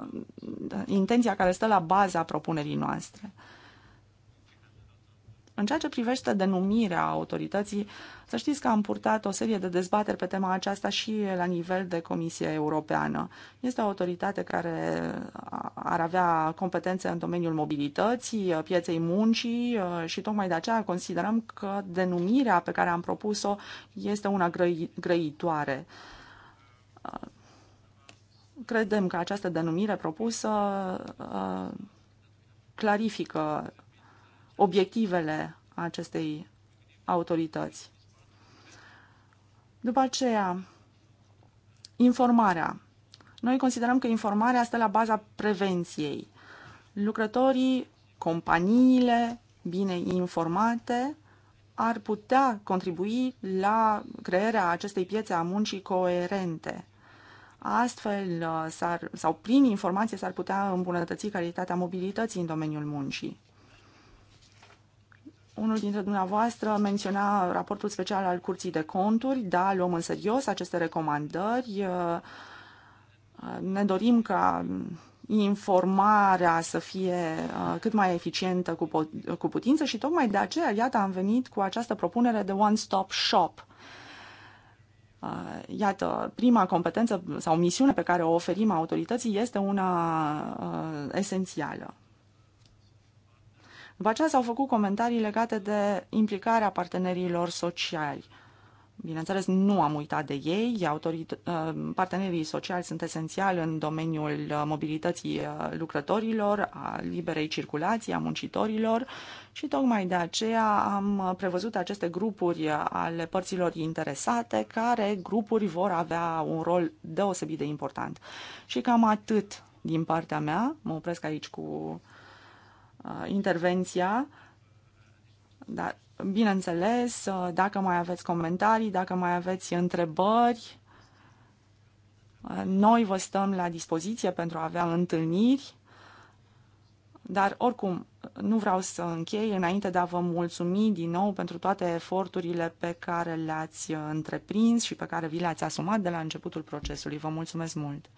uh, intenția care stă la baza propunerii noastre. În ceea ce privește denumirea autorității, să știți că am purtat o serie de dezbateri pe tema aceasta și la nivel de Comisie Europeană. Este o autoritate care ar avea competențe în domeniul mobilității, pieței muncii uh, și tocmai de aceea considerăm că denumirea pe care am propus-o este una grăi, grăitoare uh, credem că această denumire propusă uh, clarifică obiectivele acestei autorități. După aceea, informarea. Noi considerăm că informarea stă la baza prevenției. Lucrătorii, companiile bine informate ar putea contribui la crearea acestei piețe a muncii coerente. Astfel, uh, sau prin informație, s-ar putea îmbunătăți calitatea mobilității în domeniul muncii. Unul dintre dumneavoastră menționa raportul special al Curții de Conturi. Da, luăm în serios aceste recomandări. Ne dorim ca informarea să fie uh, cât mai eficientă cu, putință și tocmai de aceea, iată, am venit cu această propunere de one-stop shop. Uh, iată, prima competență sau misiune pe care o oferim autorității este una uh, esențială. După aceea s-au făcut comentarii legate de implicarea partenerilor sociali. Bineînțeles, nu am uitat de ei. Autorit- uh, partenerii sociali sunt esențiali în domeniul uh, mobilității uh, lucrătorilor, a liberei circulații, a muncitorilor și tocmai de aceea am prevăzut aceste grupuri ale părților interesate, care grupuri vor avea un rol deosebit de important. Și cam atât din partea mea. Mă opresc aici cu Uh, intervenția. Dar, bineînțeles, uh, dacă mai aveți comentarii, dacă mai aveți întrebări, uh, noi vă stăm la dispoziție pentru a avea întâlniri, dar oricum nu vreau să închei înainte de a vă mulțumi din nou pentru toate eforturile pe care le-ați întreprins și pe care vi le-ați asumat de la începutul procesului. Vă mulțumesc mult!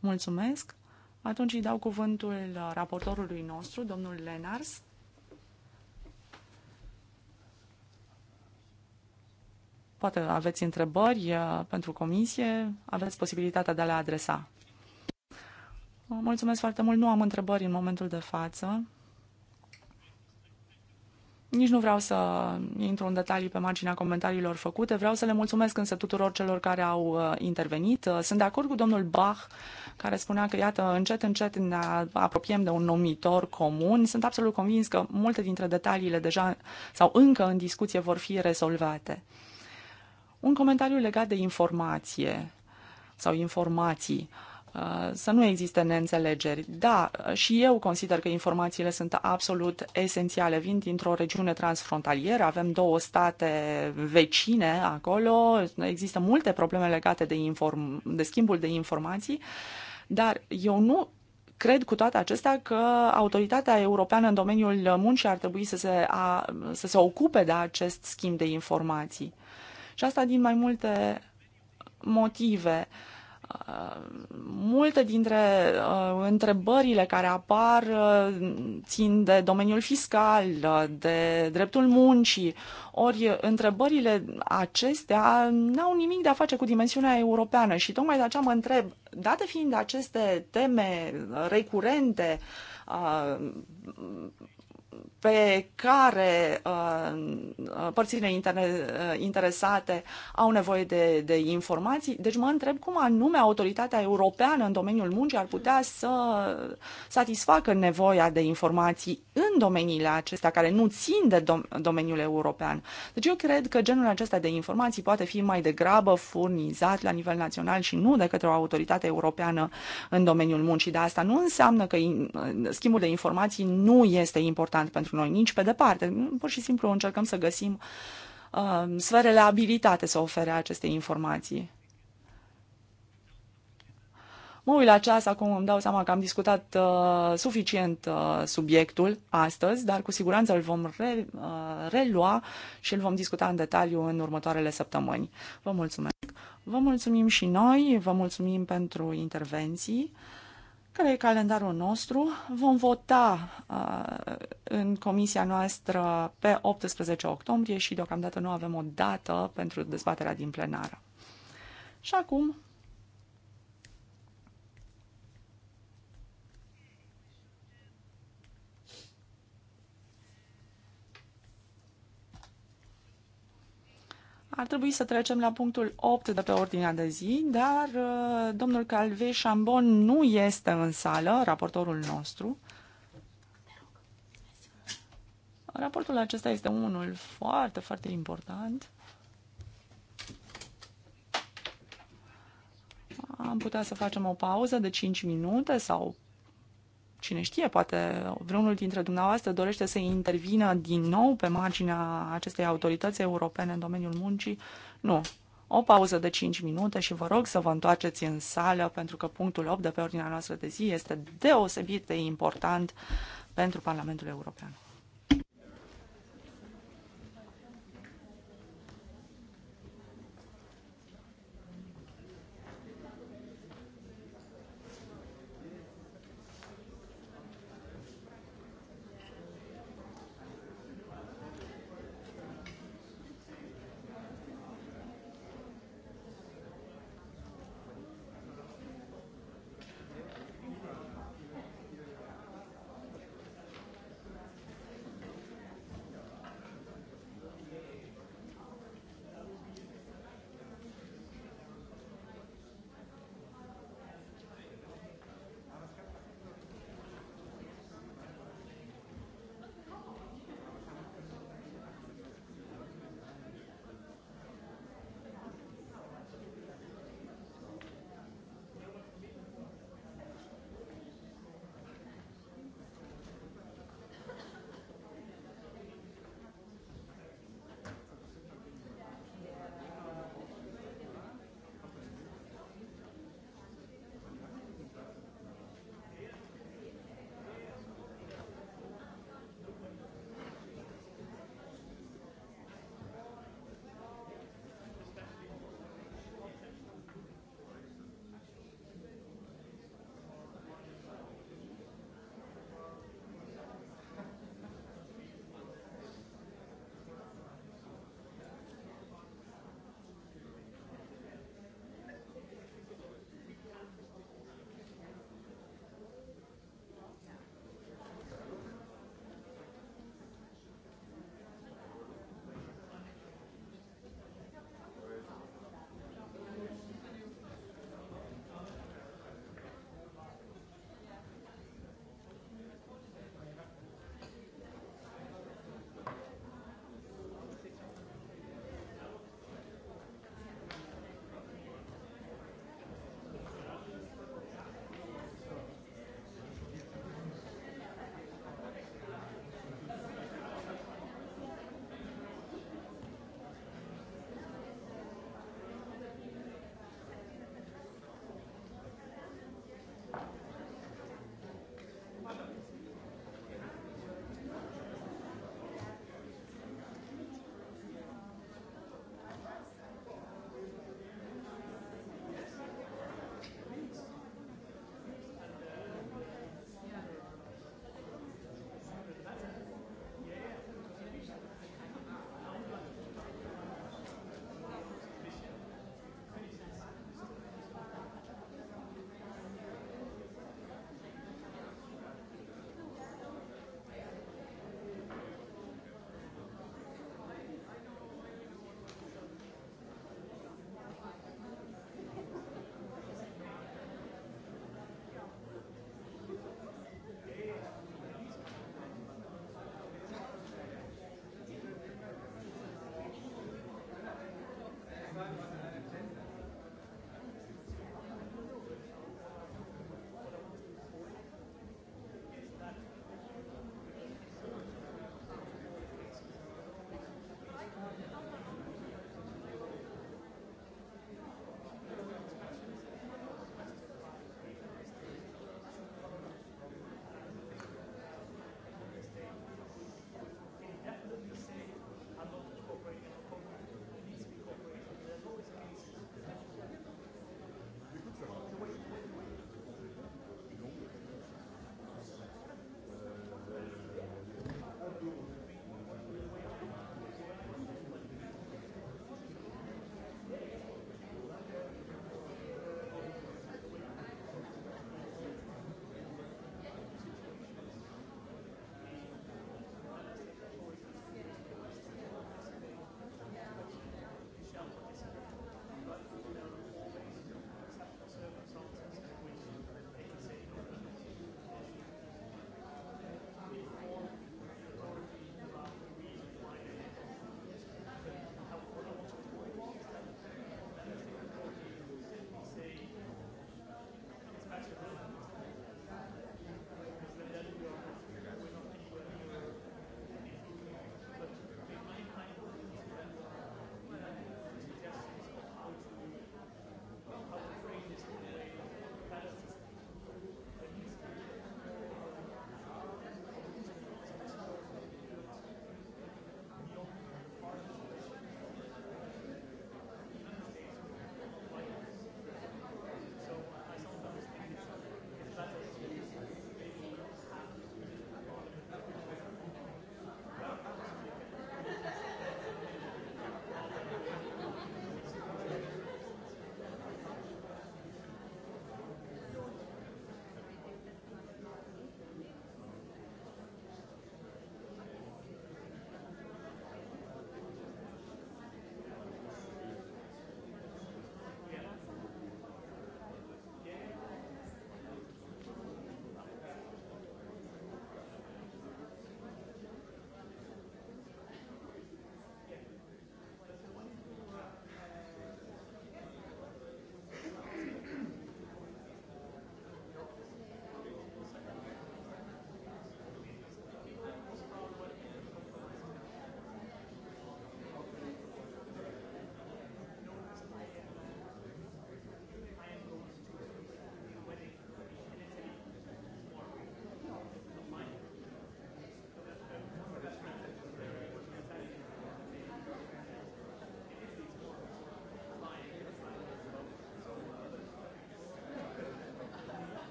Mulțumesc! Atunci îi dau cuvântul uh, raportorului nostru, domnul Lenars. Poate aveți întrebări uh, pentru comisie, aveți posibilitatea de a le adresa. Mulțumesc foarte mult, nu am întrebări în momentul de față. Nici nu vreau să intru în detalii pe marginea comentariilor făcute. Vreau să le mulțumesc însă tuturor celor care au uh, intervenit. Uh, sunt de acord cu domnul Bach, care spunea că, iată, încet, încet ne apropiem de un numitor comun. Sunt absolut convins că multe dintre detaliile deja sau încă în discuție vor fi rezolvate. Un comentariu legat de informație sau informații. Uh, Uh, să nu existe neînțelegeri. Da, uh, și eu consider că informațiile sunt absolut esențiale. Vin dintr-o regiune transfrontalieră, avem două state vecine acolo, există multe probleme legate de, inform- de schimbul de informații, dar eu nu cred cu toate acestea că autoritatea europeană în domeniul muncii ar trebui să se, a, să se ocupe de acest schimb de informații. Și asta din mai multe motive. Uh, Uh, multe dintre uh, întrebările care apar uh, țin de domeniul fiscal, uh, de dreptul muncii, ori întrebările acestea n-au nimic de a face cu dimensiunea europeană și tocmai de aceea mă întreb, date fiind aceste teme recurente, uh, pe care uh, părțile uh, interesate au nevoie de, de informații. Deci mă întreb cum anume autoritatea europeană în domeniul muncii ar putea să satisfacă nevoia de informații în domeniile acestea care nu țin de dom- domeniul european. Deci eu cred că genul acesta de informații poate fi mai degrabă furnizat la nivel național și nu de către o autoritate europeană în domeniul muncii. Dar asta nu înseamnă că schimbul de informații nu este important pentru pentru noi, nici pe departe. Pur și simplu încercăm să găsim uh, sferele abilitate să ofere aceste informații. Mă uit la ceas, acum îmi dau seama că am discutat uh, suficient uh, subiectul astăzi, dar cu siguranță îl vom re, uh, relua și îl vom discuta în detaliu în următoarele săptămâni. Vă mulțumesc! Vă mulțumim și noi, vă mulțumim pentru intervenții care e calendarul nostru. Vom vota uh, în comisia noastră pe 18 octombrie și deocamdată nu avem o dată pentru dezbaterea din plenară. Și acum Ar trebui să trecem la punctul 8 de pe ordinea de zi, dar uh, domnul Calve Șambon nu este în sală, raportorul nostru. Raportul acesta este unul foarte, foarte important. Am putea să facem o pauză de 5 minute sau Cine știe, poate vreunul dintre dumneavoastră dorește să intervină din nou pe marginea acestei autorități europene în domeniul muncii. Nu. O pauză de 5 minute și vă rog să vă întoarceți în sală, pentru că punctul 8 de pe ordinea noastră de zi este deosebit de important pentru Parlamentul European.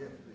Yeah.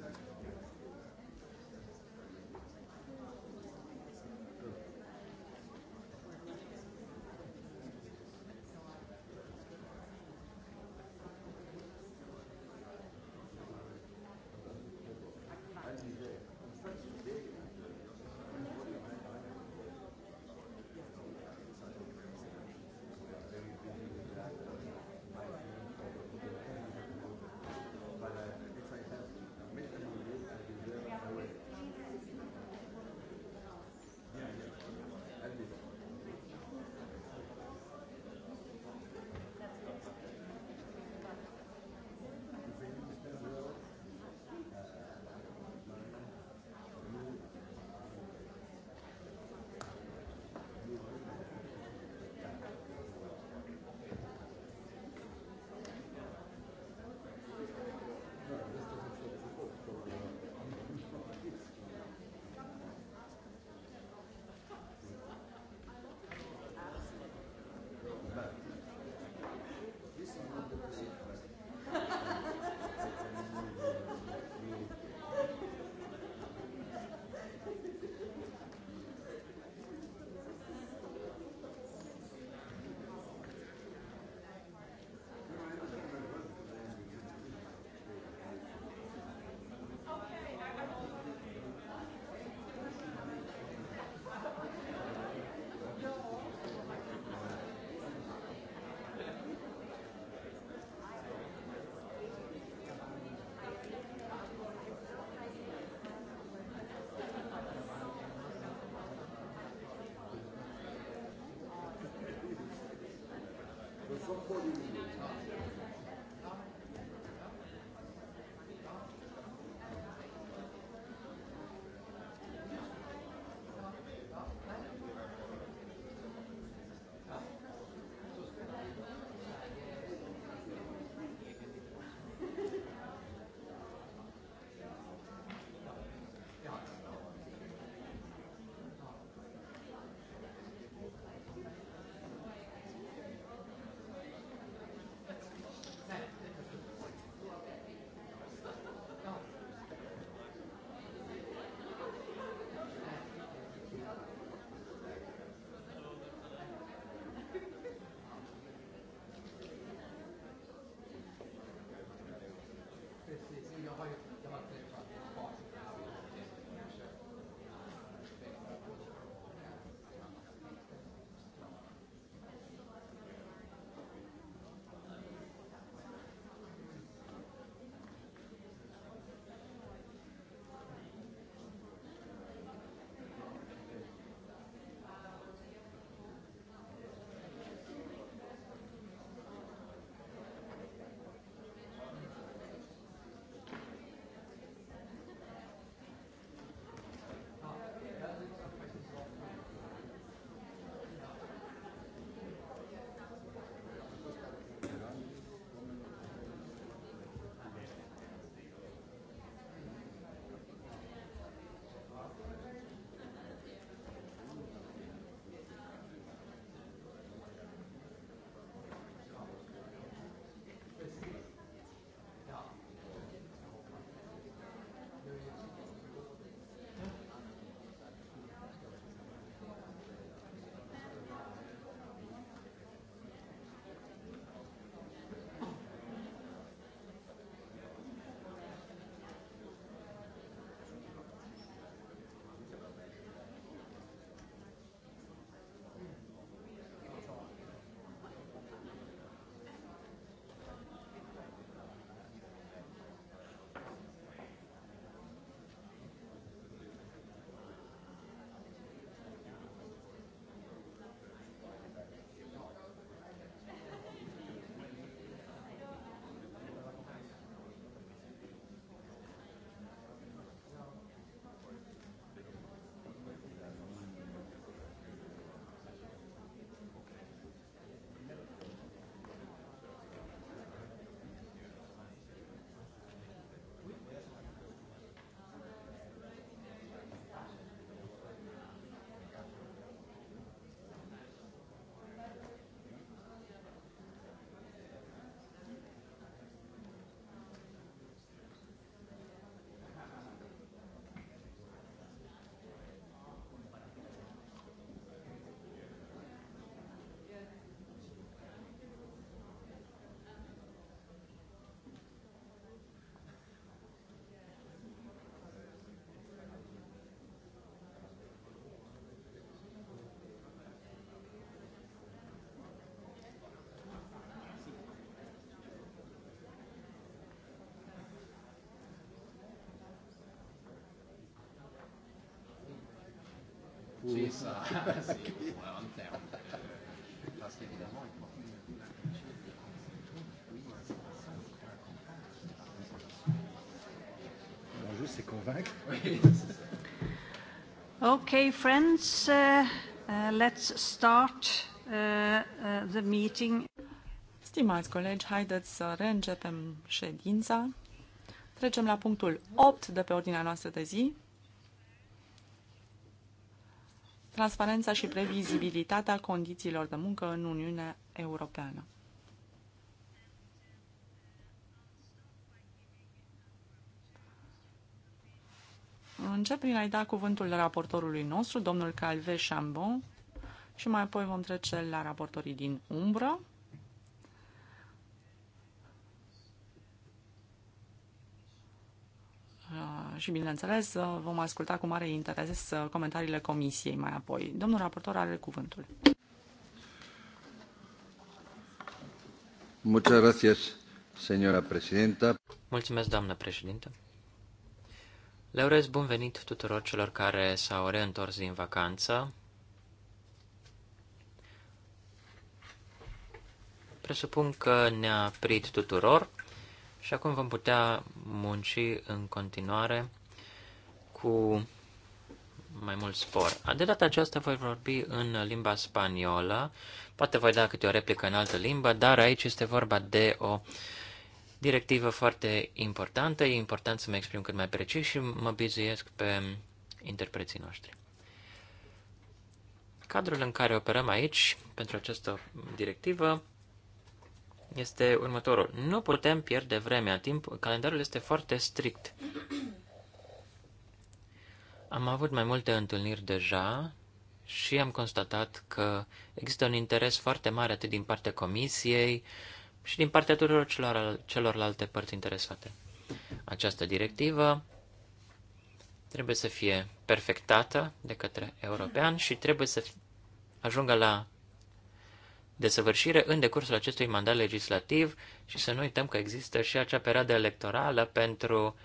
from podium. pour... ça, c'est terme. Parce qu'évidemment, il porte L'enjeu, c'est convaincre. Oui, c'est ça. Okay, friends, uh, uh, let's start uh, uh, the meeting. Stimați colegi, haideți să reîncepem ședința. Trecem la punctul 8 de pe ordinea noastră de zi. transparența și previzibilitatea condițiilor de muncă în Uniunea Europeană. Încep prin a-i da cuvântul raportorului nostru, domnul Calve Chambon, și mai apoi vom trece la raportorii din umbră. și, bineînțeles, vom asculta cu mare interes comentariile comisiei mai apoi. Domnul raportor are cuvântul. Muchas gracias, señora presidenta. Mulțumesc, doamnă președintă. Le urez bun venit tuturor celor care s-au reîntors din vacanță. Presupun că ne-a prit tuturor. Și acum vom putea munci în continuare cu mai mult spor. De data aceasta voi vorbi în limba spaniolă, poate voi da câte o replică în altă limbă, dar aici este vorba de o directivă foarte importantă, e important să mă exprim cât mai precis și mă bizuiesc pe interpreții noștri. Cadrul în care operăm aici, pentru această directivă, este următorul. Nu putem pierde vremea. Timp, calendarul este foarte strict. Am avut mai multe întâlniri deja și am constatat că există un interes foarte mare atât din partea comisiei și din partea tuturor celor, celorlalte părți interesate. Această directivă trebuie să fie perfectată de către european și trebuie să ajungă la desăvârșire în decursul acestui mandat legislativ și să nu uităm că există și acea perioadă electorală pentru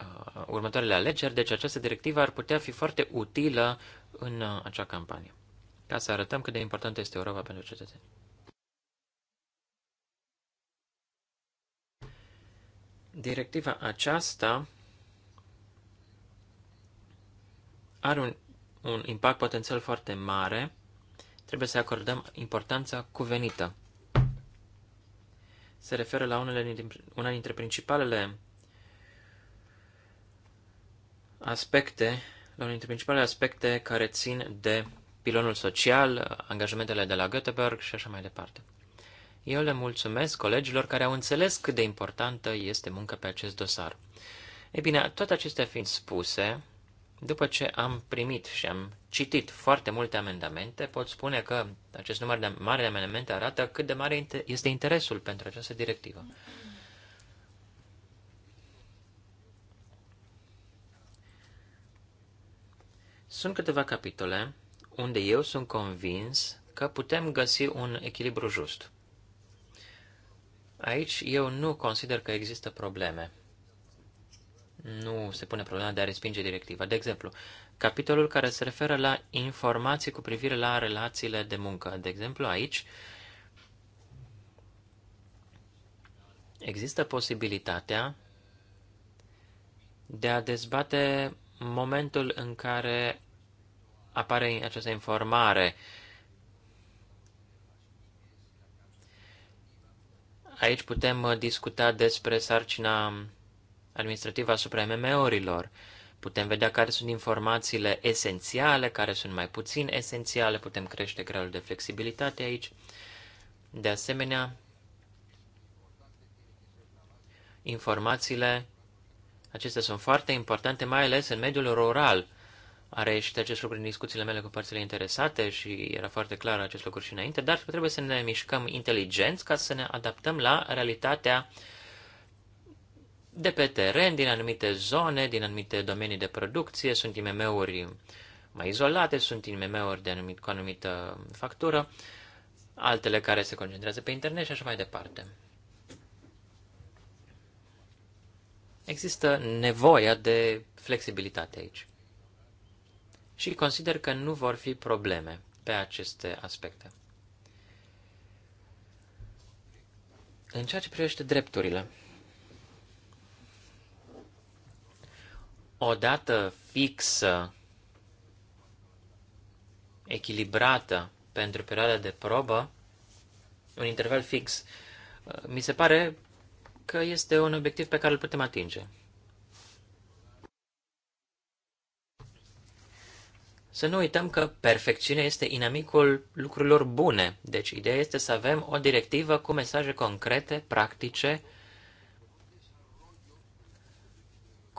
uh, următoarele alegeri, deci această directivă ar putea fi foarte utilă în uh, acea campanie, ca să arătăm cât de importantă este Europa pentru cetățeni. Directiva aceasta are un un impact potențial foarte mare, trebuie să acordăm importanța cuvenită. Se referă la unele dintre, una dintre principalele aspecte, la unul dintre principalele aspecte care țin de pilonul social, angajamentele de la Göteborg și așa mai departe. Eu le mulțumesc colegilor care au înțeles cât de importantă este munca pe acest dosar. Ei bine, toate acestea fiind spuse, după ce am primit și am citit foarte multe amendamente, pot spune că acest număr de mare de amendamente arată cât de mare este interesul pentru această directivă. Sunt câteva capitole unde eu sunt convins că putem găsi un echilibru just. Aici eu nu consider că există probleme nu se pune problema de a respinge directiva. De exemplu, capitolul care se referă la informații cu privire la relațiile de muncă. De exemplu, aici există posibilitatea de a dezbate momentul în care apare această informare. Aici putem discuta despre sarcina administrativ asupra MMO-urilor. Putem vedea care sunt informațiile esențiale, care sunt mai puțin esențiale, putem crește gradul de flexibilitate aici. De asemenea, informațiile acestea sunt foarte importante, mai ales în mediul rural. Are reieșit acest lucru în discuțiile mele cu părțile interesate și era foarte clar acest lucru și înainte, dar trebuie să ne mișcăm inteligenți ca să ne adaptăm la realitatea uh, de pe teren, din anumite zone, din anumite domenii de producție, sunt IMM-uri mai izolate, sunt IMM-uri de anumit, cu anumită factură, altele care se concentrează pe internet și așa mai departe. Există nevoia de flexibilitate aici. Și consider că nu vor fi probleme pe aceste aspecte. În ceea ce privește drepturile, O dată fixă, echilibrată pentru perioada de probă, un interval fix, mi se pare că este un obiectiv pe care îl putem atinge. Să nu uităm că perfecțiunea este inamicul lucrurilor bune, deci ideea este să avem o directivă cu mesaje concrete, practice,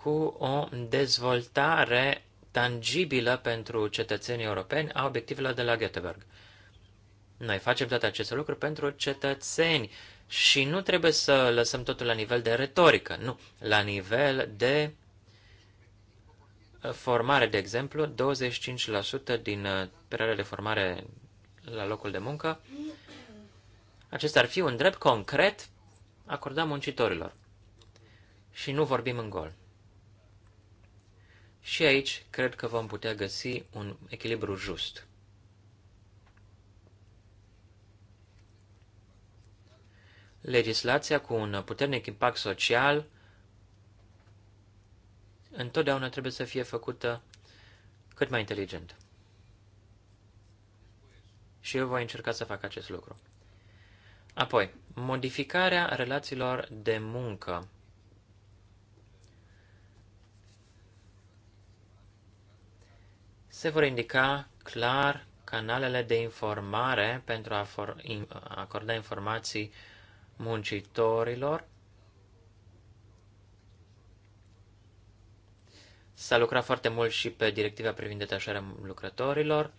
cu o dezvoltare tangibilă pentru cetățenii europeni a obiectivelor de la Göteborg. Noi facem toate aceste lucruri pentru cetățeni și nu trebuie să lăsăm totul la nivel de retorică, nu, la nivel de formare, de exemplu, 25% din uh, perioada de formare la locul de muncă, acesta ar fi un drept concret acordat muncitorilor. Și nu vorbim în gol. Și aici cred că vom putea găsi un echilibru just. Legislația cu un puternic impact social întotdeauna trebuie să fie făcută cât mai inteligent. Și eu voi încerca să fac acest lucru. Apoi, modificarea relațiilor de muncă se vor indica clar canalele de informare pentru a acorda informații muncitorilor. S-a lucrat foarte mult și pe directiva privind detașarea lucrătorilor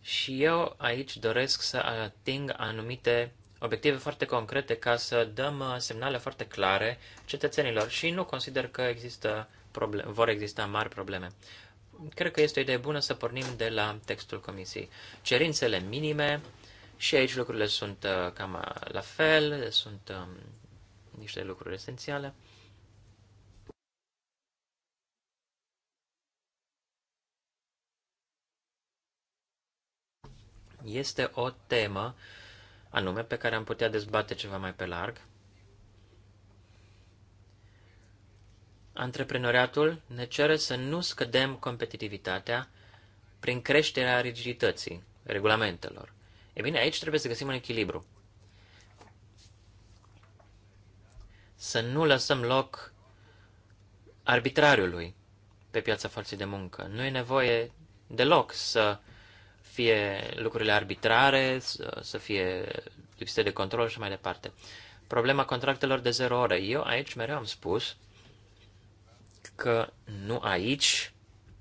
și eu aici doresc să ating anumite obiective foarte concrete ca să dăm uh, semnale foarte clare cetățenilor și nu consider că există problem, vor exista mari probleme. Cred că este o idee bună să pornim de la textul comisiei. Cerințele minime, și aici lucrurile sunt uh, cam uh, la fel, sunt um, niște lucruri esențiale. Este o temă anume pe care am putea dezbate ceva mai pe larg. antreprenoriatul ne cere să nu scădem competitivitatea prin creșterea rigidității regulamentelor. E bine, aici trebuie să găsim un echilibru. Să nu lăsăm loc arbitrariului pe piața forței de muncă. Nu e nevoie deloc să fie lucrurile arbitrare, să fie lipsite de control și mai departe. Problema contractelor de zero ore. Eu aici mereu am spus că nu aici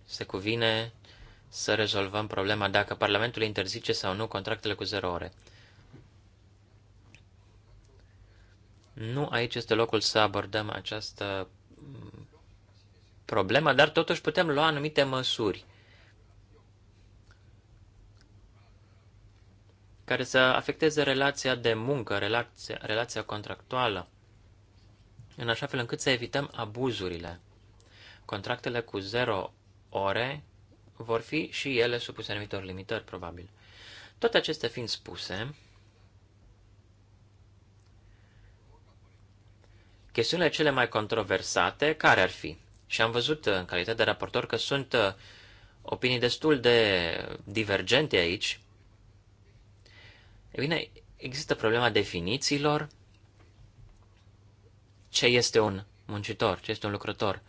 se cuvine să rezolvăm problema dacă Parlamentul interzice sau nu contractele cu zero ore. Nu aici este locul să abordăm această mm, problemă, dar totuși putem lua anumite măsuri care să afecteze relația de muncă, relația, relația contractuală, în așa fel încât să evităm abuzurile. Contractele cu zero ore vor fi și ele supuse anumitor limitări, probabil. Toate acestea fiind spuse, chestiunile cele mai controversate, care ar fi? Și am văzut în calitate de raportor că sunt uh, opinii destul de divergente aici. E bine, există problema definițiilor. Ce este un muncitor? Ce este un lucrător?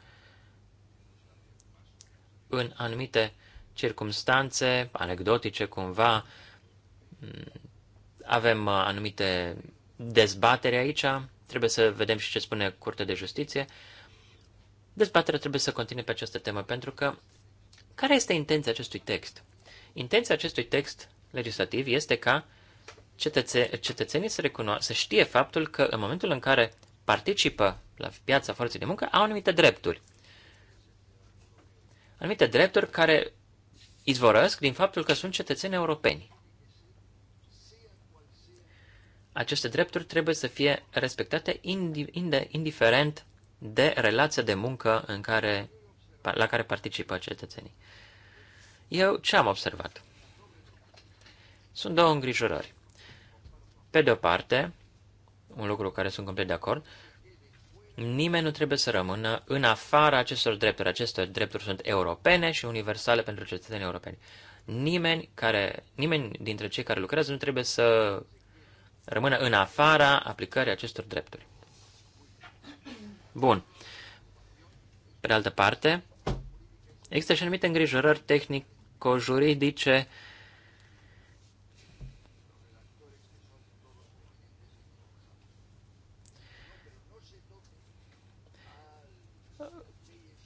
în anumite circumstanțe anecdotice cumva, mm, avem uh, anumite dezbatere aici, trebuie să vedem și ce spune Curtea de Justiție. Dezbaterea trebuie să continue pe această temă, pentru că care este intenția acestui text? Intenția acestui text legislativ este ca cetățe- cetățenii să, recuno- să știe faptul că în momentul în care participă la piața forței de muncă au anumite drepturi anumite drepturi care izvorăsc din faptul că sunt cetățeni europeni. Aceste drepturi trebuie să fie respectate indiferent de relația de muncă în care, la care participă cetățenii. Eu ce am observat? Sunt două îngrijorări. Pe de o parte, un lucru cu care sunt complet de acord, Nimeni nu trebuie să rămână în afara acestor drepturi. Aceste drepturi sunt europene și universale pentru cetățenii europeni. Nimeni, care, nimeni dintre cei care lucrează nu trebuie să rămână în afara aplicării acestor drepturi. Bun. Pe de altă parte, există și anumite îngrijorări tehnico-juridice uh,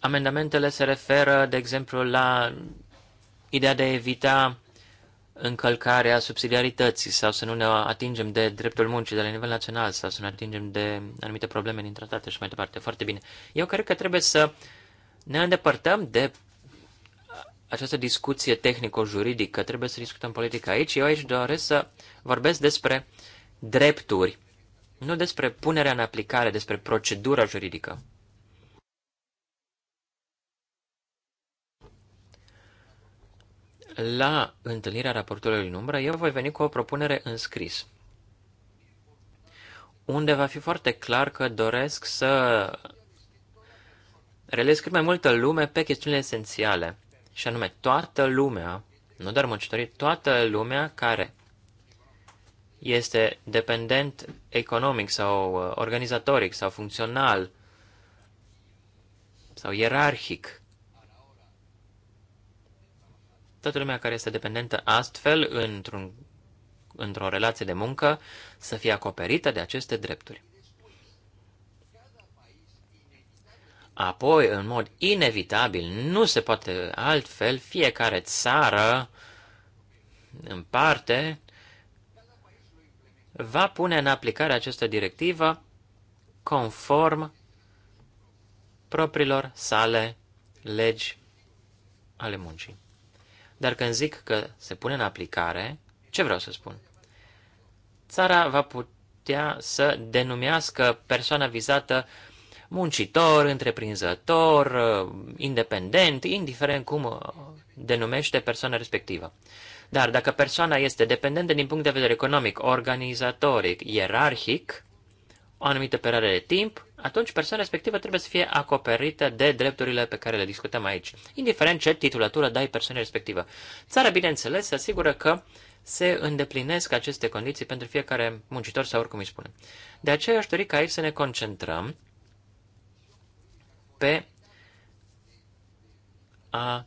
Amendamentele se referă, de exemplu, la ideea de a evita încălcarea subsidiarității sau să nu ne atingem de dreptul muncii de la nivel național sau să ne atingem de anumite probleme din tratate și mai departe. Foarte bine. Eu cred că trebuie să ne îndepărtăm de această discuție tehnico-juridică, trebuie să discutăm politică aici. Eu aici doresc să vorbesc despre drepturi, nu despre punerea în aplicare, despre procedura juridică. La întâlnirea raportului în umbră, eu voi veni cu o propunere în scris, unde va fi foarte clar că doresc să relez cât mai multă lume pe chestiunile esențiale, și anume toată lumea, nu doar muncitorii, toată lumea care este dependent economic sau uh, organizatoric sau funcțional sau ierarhic toată lumea care este dependentă astfel într-un, într-o relație de muncă să fie acoperită de aceste drepturi. Apoi, în mod inevitabil, nu se poate altfel, fiecare țară în parte va pune în aplicare această directivă conform propriilor sale legi ale muncii. Dar când zic că se pune în aplicare, ce vreau să spun? Țara va putea să denumească persoana vizată muncitor, întreprinzător, uh, independent, indiferent cum uh, denumește persoana respectivă. Dar dacă persoana este dependentă din punct de vedere economic, organizatoric, ierarhic, o anumită perioadă de timp, atunci persoana respectivă trebuie să fie acoperită de drepturile pe care le discutăm aici, indiferent ce titulatură dai persoanei respectivă. Țara, bineînțeles, se asigură că se îndeplinesc aceste condiții pentru fiecare muncitor sau oricum îi spune. De aceea aș dori ca aici să ne concentrăm pe a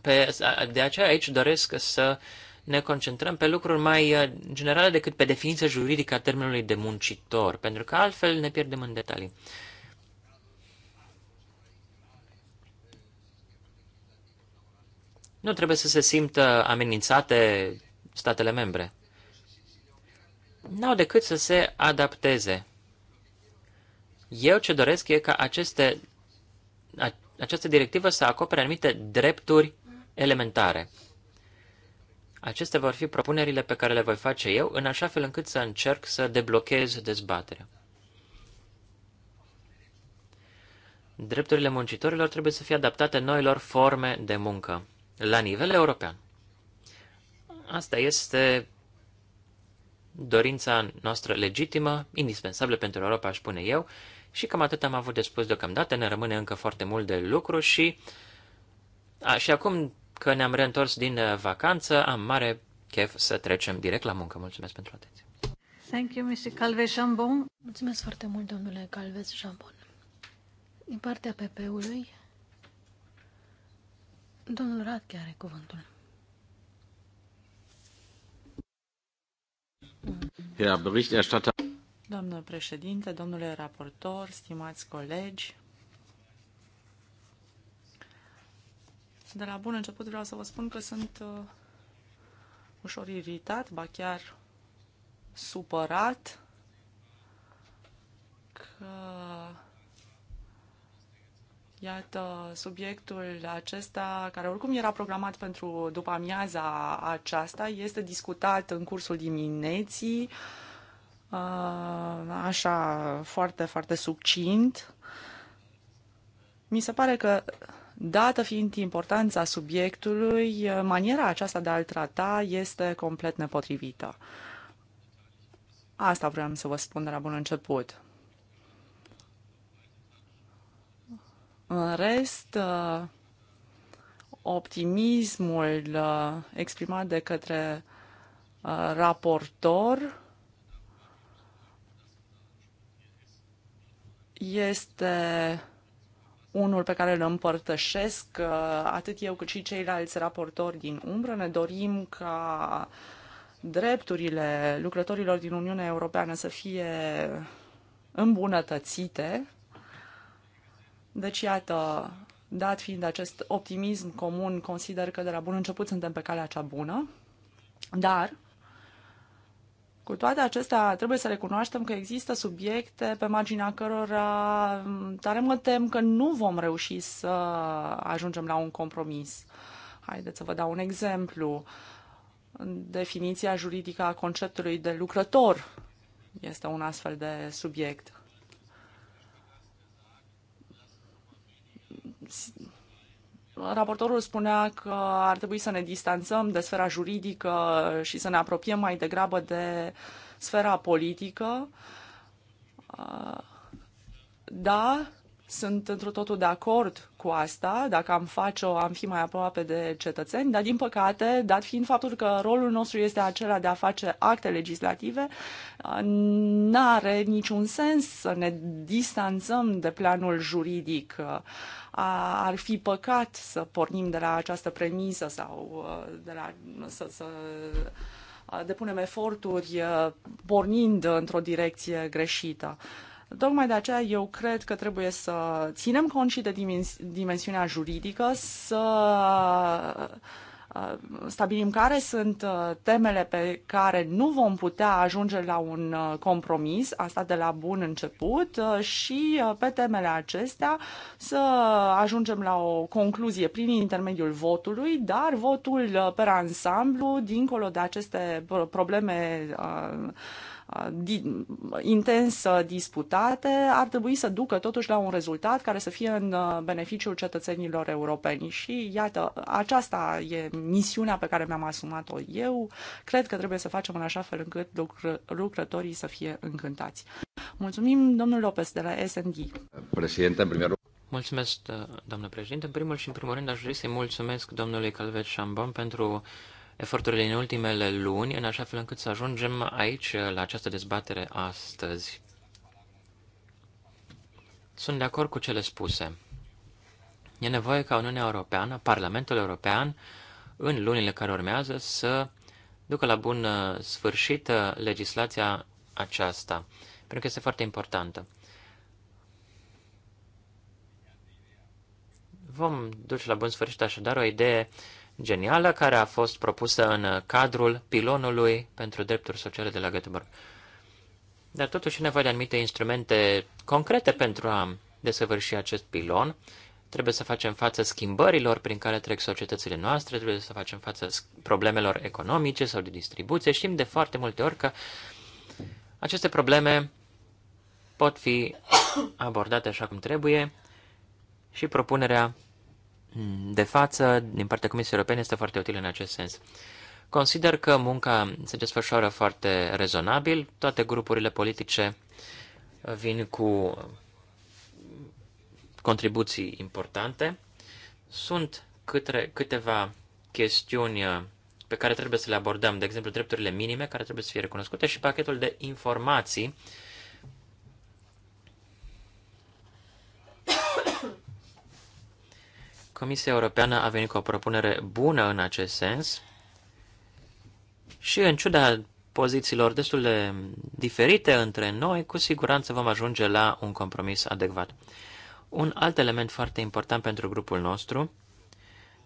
pe, de aceea aici doresc să uh, ne concentrăm pe lucruri mai uh, generale decât pe definiția juridică a termenului de muncitor, pentru că altfel ne pierdem în detalii. Nu trebuie să se simtă amenințate statele membre. N-au decât să se adapteze. Eu ce doresc e ca aceste, a, această directivă să acopere anumite drepturi elementare. Acestea vor fi propunerile pe care le voi face eu, în așa fel încât să încerc să deblochez dezbaterea. Drepturile muncitorilor trebuie să fie adaptate noilor forme de muncă, la nivel european. Asta este dorința noastră legitimă, indispensabilă pentru Europa, aș spune eu, și cam atât am avut de spus deocamdată, ne rămâne încă foarte mult de lucru și a, și acum că ne-am reîntors din uh, vacanță, am mare chef să trecem direct la muncă. Mulțumesc pentru atenție. Thank you, Mr. Calves Jambon. Mulțumesc foarte mult, domnule Calves Jambon. Din partea PP-ului, domnul Radke are cuvântul. Herr Berichterstatter. Doamnă președinte, domnule raportor, stimați colegi, De la bun început vreau să vă spun că sunt uh, ușor iritat, ba chiar supărat că Iată, subiectul acesta, care oricum era programat pentru după amiaza aceasta, este discutat în cursul dimineții, uh, așa foarte, foarte succint. Mi se pare că Dată fiind importanța subiectului, maniera aceasta de a-l trata este complet nepotrivită. Asta vreau să vă spun de la bun început. În rest, optimismul uh, exprimat de către uh, raportor este unul pe care îl împărtășesc uh, atât eu cât și ceilalți raportori din umbră. Ne dorim ca drepturile lucrătorilor din Uniunea Europeană să fie îmbunătățite. Deci, iată, dat fiind acest optimism comun, consider că de la bun început suntem pe calea cea bună, dar cu toate acestea, trebuie să recunoaștem că există subiecte pe marginea cărora mm, tare mă tem că nu vom reuși să ajungem la un compromis. Haideți să vă dau un exemplu. Definiția juridică a conceptului de lucrător este un astfel de subiect. Raportorul spunea că ar trebui să ne distanțăm de sfera juridică și să ne apropiem mai degrabă de sfera politică. Ah, da, sunt într totul de acord cu asta, dacă am face-o am fi mai aproape de cetățeni, dar din păcate, dat fiind faptul că rolul nostru este acela de a face acte legislative, uh, n-are niciun sens să ne distanțăm de planul juridic. Uh, ar fi păcat să pornim de la această premisă sau uh, de la, să, să depunem eforturi pornind într-o direcție greșită. Tocmai de aceea eu cred că trebuie să ținem cont și de dimensiunea juridică, să uh, stabilim care sunt uh, temele pe care nu vom putea ajunge la un uh, compromis, asta de la bun început, și pe temele acestea să ajungem la o concluzie prin intermediul votului, dar votul per ansamblu, dincolo de aceste probleme Uh, intens disputate ar trebui să ducă totuși la un rezultat care să fie în uh, beneficiul cetățenilor europeni. Și iată, aceasta e misiunea pe care mi-am asumat-o eu. Cred că trebuie să facem în așa fel încât lucr- lucrătorii să fie încântați. Mulțumim, domnul Lopez de la SND. Președinte, în primul Mulțumesc, doamnă președinte. În primul și în primul rând aș vrea să-i mulțumesc domnului Calvet Șambon pentru eforturile în ultimele luni, în așa fel încât să ajungem aici, la această dezbatere astăzi. Sunt de acord cu cele spuse. E nevoie ca Uniunea Europeană, Parlamentul European, în lunile care urmează, să ducă la bun uh, sfârșit uh, legislația aceasta, pentru că este foarte importantă. Vom duce la bun sfârșit așadar o idee uh, genială care a fost propusă în cadrul pilonului pentru drepturi sociale de la Göteborg. Dar totuși e nevoie de anumite instrumente concrete pentru a desăvârși acest pilon. Trebuie să facem față schimbărilor prin care trec societățile noastre, trebuie să facem față problemelor economice sau de distribuție. Știm de foarte multe ori că aceste probleme pot fi abordate așa cum trebuie și propunerea de față din partea Comisiei Europene este foarte util în acest sens. Consider că munca se desfășoară foarte rezonabil, toate grupurile politice vin cu contribuții importante. Sunt câtre, câteva chestiuni uh, pe care trebuie să le abordăm, de exemplu drepturile minime care trebuie să fie recunoscute și pachetul de informații uh, Comisia Europeană a venit cu o propunere bună în acest sens și în ciuda pozițiilor destul de diferite între noi, cu siguranță vom ajunge la un compromis adecvat. Un alt element foarte important pentru grupul nostru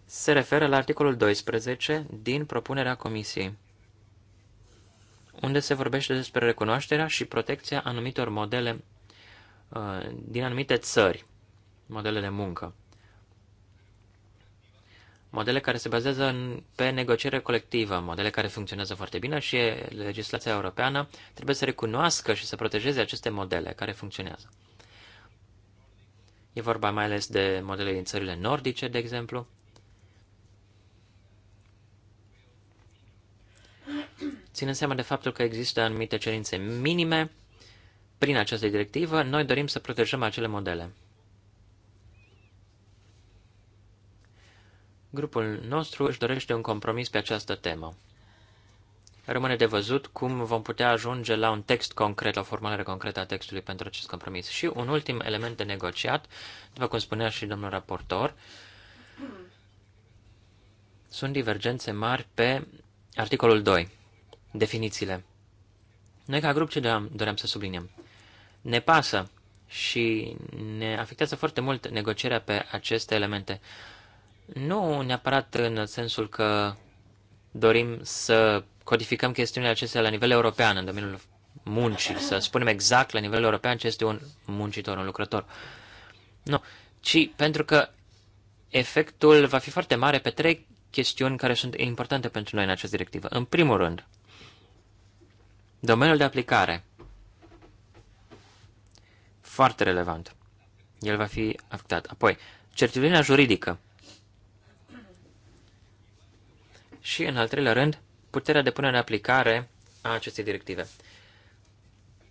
se referă la articolul 12 din propunerea Comisiei, unde se vorbește despre recunoașterea și protecția anumitor modele uh, din anumite țări, modele de muncă modele care se bazează în, pe negociere colectivă, modele care funcționează foarte bine și legislația europeană trebuie să recunoască și să protejeze aceste modele care funcționează. E vorba mai ales de modele din țările nordice, de exemplu. Ținând seama de faptul că există anumite cerințe minime, prin această directivă, noi dorim să protejăm acele modele. Grupul nostru își dorește un compromis pe această temă. Rămâne de văzut cum vom putea ajunge la un text concret, la o formulare concretă a textului pentru acest compromis. Și un ultim element de negociat, după cum spunea și domnul raportor, sunt divergențe mari pe articolul 2, definițiile. Noi ca grup ce doream, doream să subliniem? Ne pasă și ne afectează foarte mult negocierea pe aceste elemente. Nu neapărat în sensul că dorim să codificăm chestiunile acestea la nivel european, în domeniul muncii, să spunem exact la nivel european ce este un muncitor, un lucrător. Nu, ci pentru că efectul va fi foarte mare pe trei chestiuni care sunt importante pentru noi în această directivă. În primul rând, domeniul de aplicare. Foarte relevant. El va fi afectat. Apoi, certitudinea juridică. și, în al treilea rând, puterea de pune în aplicare a acestei directive.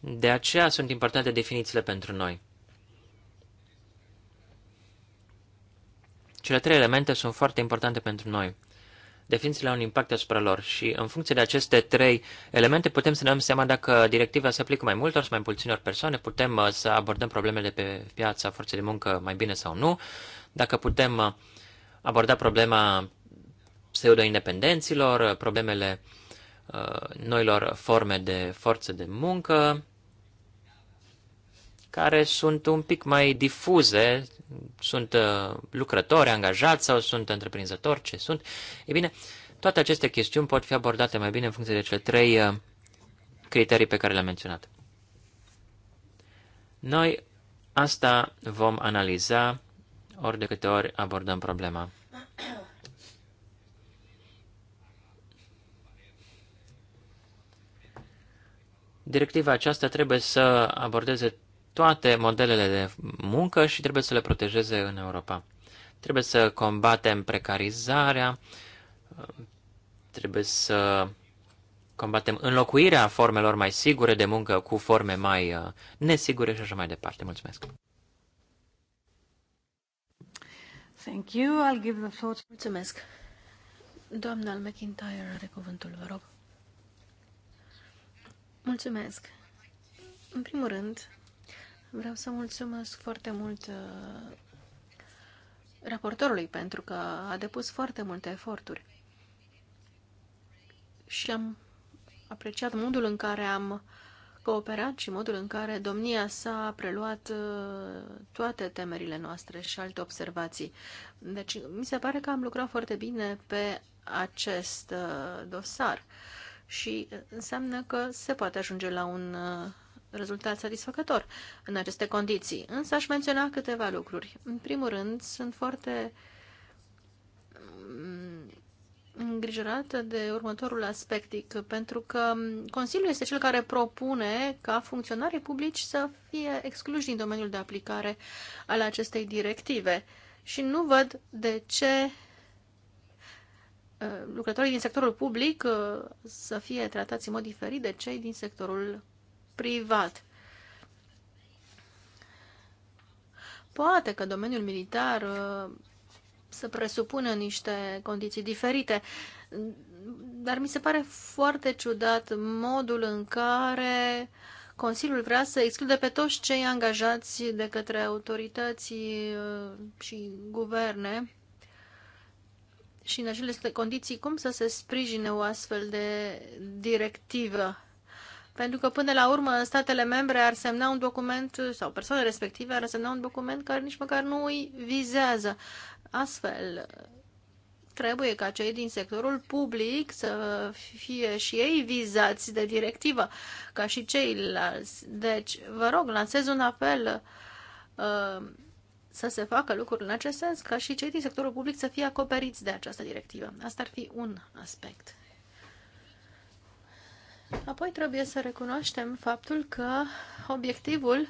De aceea sunt importante definițiile pentru noi. Cele trei elemente sunt foarte importante pentru noi. Definițiile au un impact asupra lor și în funcție de aceste trei elemente putem să ne dăm seama dacă directiva se aplică mai multor sau mai puținor persoane, putem uh, să abordăm problemele pe piața forței de muncă mai bine sau nu, dacă putem uh, aborda problema pseudo-independenților, problemele uh, noilor forme de forță de muncă, care sunt un pic mai difuze, sunt uh, lucrători, angajați sau sunt întreprinzători, ce sunt. E bine, toate aceste chestiuni pot fi abordate mai bine în funcție de cele trei uh, criterii pe care le-am menționat. Noi asta vom analiza ori de câte ori abordăm problema. Directiva aceasta trebuie să abordeze toate modelele de muncă și trebuie să le protejeze în Europa. Trebuie să combatem precarizarea, trebuie să combatem înlocuirea formelor mai sigure de muncă cu forme mai uh, nesigure și așa mai departe. Mulțumesc! Thank you. I'll give the floor to... Mulțumesc. Doamna McIntyre are cuvântul, vă rog. Mulțumesc! În primul rând, vreau să mulțumesc foarte mult uh, raportorului pentru că a depus foarte multe eforturi și am apreciat modul în care am cooperat și modul în care domnia sa a preluat uh, toate temerile noastre și alte observații. Deci, mi se pare că am lucrat foarte bine pe acest uh, dosar și înseamnă că se poate ajunge la un uh, rezultat satisfăcător în aceste condiții. Însă aș menționa câteva lucruri. În primul rând, sunt foarte mm, îngrijorată de următorul aspect, adică pentru că Consiliul este cel care propune ca funcționarii publici să fie excluși din domeniul de aplicare al acestei directive și nu văd de ce Uh, lucrătorii din sectorul public uh, să fie tratați în mod diferit de cei din sectorul privat. Poate că domeniul militar uh, să presupună niște condiții diferite, dar mi se pare foarte ciudat modul în care Consiliul vrea să exclude pe toți cei angajați de către autorității și guverne și în aceste condiții cum să se sprijine o astfel de directivă. Pentru că până la urmă statele membre ar semna un document sau persoanele respective ar semna un document care nici măcar nu îi vizează. Astfel, trebuie ca cei din sectorul public să fie și ei vizați de directivă, ca și ceilalți. Deci, vă rog, lansez un apel uh, să se facă lucruri în acest sens, ca și cei din sectorul public să fie acoperiți de această directivă. Asta ar fi un aspect. Apoi trebuie să recunoaștem faptul că obiectivul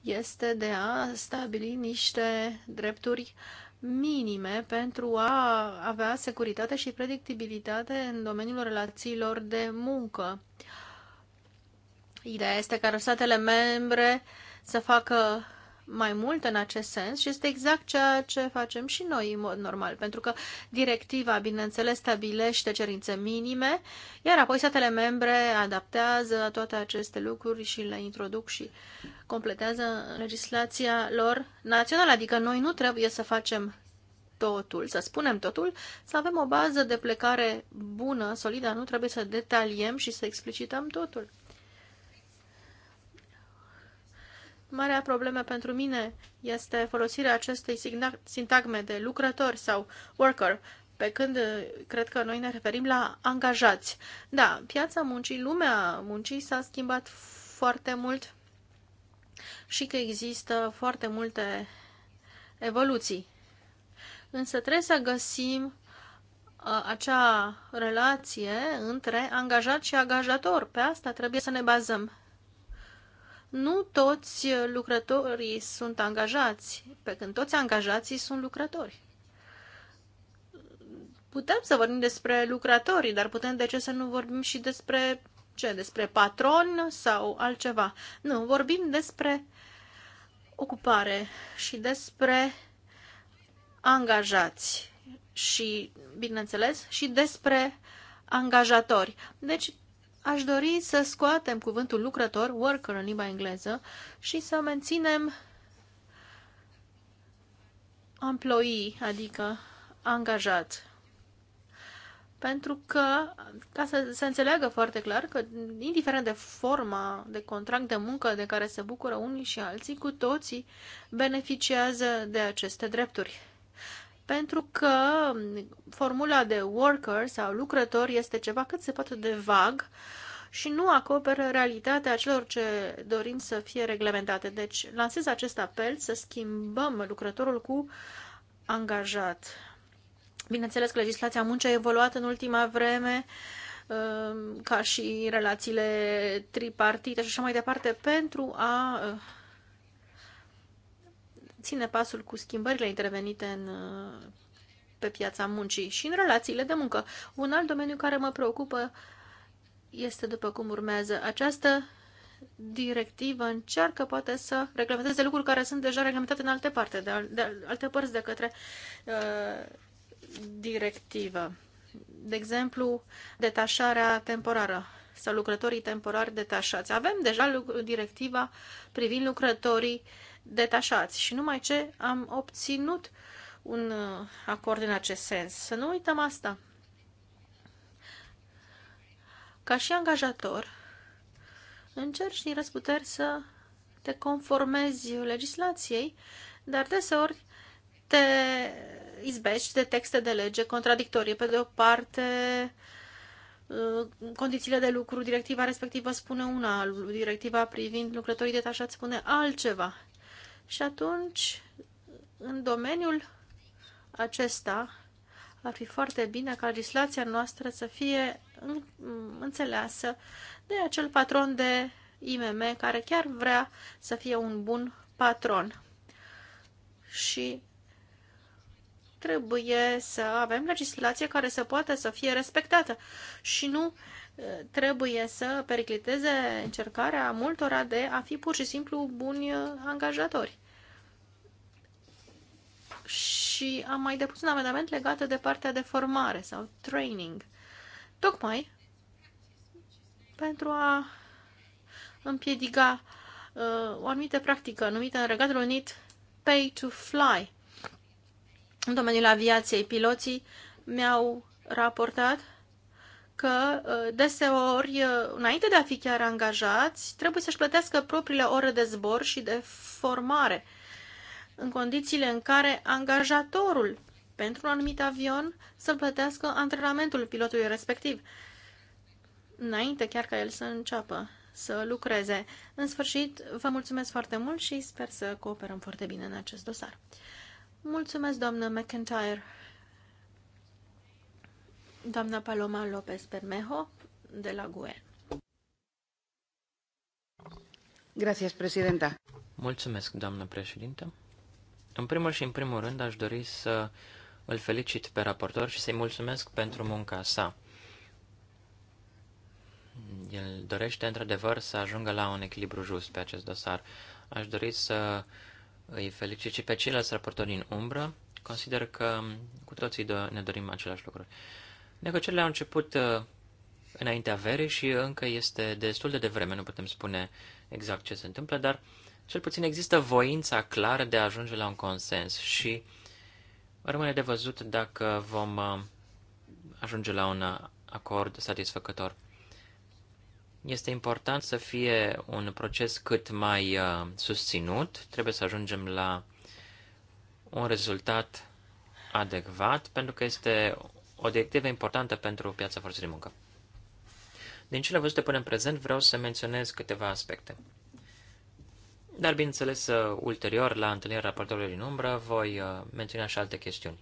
este de a stabili niște drepturi minime pentru a avea securitate și predictibilitate în domeniul relațiilor de muncă. Ideea este ca statele membre să facă mai mult în acest sens și este exact ceea ce facem și noi în mod normal, pentru că directiva, bineînțeles, stabilește cerințe minime, iar apoi statele membre adaptează toate aceste lucruri și le introduc și completează legislația lor națională, adică noi nu trebuie să facem totul, să spunem totul, să avem o bază de plecare bună, solidă, nu trebuie să detaliem și să explicităm totul. Marea problemă pentru mine este folosirea acestei sintagme de lucrător sau worker, pe când uh, cred că noi ne referim la angajați. Da, piața muncii, lumea muncii s-a schimbat foarte mult și că există foarte multe evoluții. Însă trebuie să găsim uh, acea relație între angajat și angajator. Pe asta trebuie să ne bazăm nu toți lucrătorii sunt angajați, pe când toți angajații sunt lucrători. Putem să vorbim despre lucrătorii, dar putem de ce să nu vorbim și despre ce? Despre patron sau altceva? Nu, vorbim despre ocupare și despre angajați și, bineînțeles, și despre angajatori. Deci aș dori să scoatem cuvântul lucrător, worker în limba engleză, și să menținem employee, adică angajat. Pentru că, ca să se înțeleagă foarte clar că, indiferent de forma de contract de muncă de care se bucură unii și alții, cu toții beneficiază de aceste drepturi pentru că formula de worker sau lucrător este ceva cât se poate de vag și nu acoperă realitatea celor ce dorim să fie reglementate. Deci lansez acest apel să schimbăm lucrătorul cu angajat. Bineînțeles că legislația muncii a evoluat în ultima vreme, um, ca și relațiile tripartite și așa mai departe, pentru a uh, ține pasul cu schimbările intervenite în, uh, pe piața muncii și în relațiile de muncă. Un alt domeniu care mă preocupă este după cum urmează. Această directivă încearcă poate să reglementeze lucruri care sunt deja reglementate în alte parte, de, al, de alte părți de către uh, directivă. De exemplu, detașarea temporară sau lucrătorii temporari detașați. Avem deja directiva privind lucrătorii uh, detașați și numai ce am obținut un uh, acord în acest sens. Să nu uităm asta. Ca și angajator, încerci din răsputeri să te conformezi legislației, dar deseori te izbești de texte de lege contradictorii. Pe de o parte, uh, condițiile de lucru, directiva respectivă spune una, directiva privind lucrătorii detașați spune altceva. Și atunci, în domeniul acesta, ar fi foarte bine ca legislația noastră să fie înțeleasă de acel patron de IMM care chiar vrea să fie un bun patron. Și trebuie să avem legislație care să poată să fie respectată și nu trebuie să pericliteze încercarea multora de a fi pur și simplu buni angajatori. Și am mai depus un amendament legat de partea de formare sau training. Tocmai pentru a împiedica uh, o anumită practică numită în Regatul Unit pay to fly. În domeniul aviației, piloții mi-au raportat că uh, deseori, uh, înainte de a fi chiar angajați, trebuie să-și plătească propriile ore de zbor și de formare, în condițiile în care angajatorul pentru un anumit avion să-l plătească antrenamentul pilotului respectiv, înainte chiar ca el să înceapă să lucreze. În sfârșit, vă mulțumesc foarte mult și sper să cooperăm foarte bine în acest dosar. Mulțumesc, doamnă McIntyre! Doamna Paloma López Bermejo, de la GUE. Gracias, presidenta. Mulțumesc, doamnă președintă. În primul și în primul rând aș dori să îl felicit pe raportor și să-i mulțumesc pentru munca sa. El dorește într-adevăr să ajungă la un echilibru just pe acest dosar. Aș dori să îi felicit și pe ceilalți raportori din umbră. Consider că cu toții ne dorim același lucru. Negocierile au început uh, înaintea verii și încă este destul de devreme, nu putem spune exact ce se întâmplă, dar cel puțin există voința clară de a ajunge la un consens și rămâne de văzut dacă vom uh, ajunge la un uh, acord satisfăcător. Este important să fie un proces cât mai susținut, trebuie să ajungem la un rezultat adecvat, pentru că este o directivă importantă pentru piața forței de muncă. Din cele văzute până în prezent, vreau să menționez câteva aspecte. Dar, bineînțeles, ulterior, la întâlnirea raportorului din umbră, voi uh, menționa și alte chestiuni.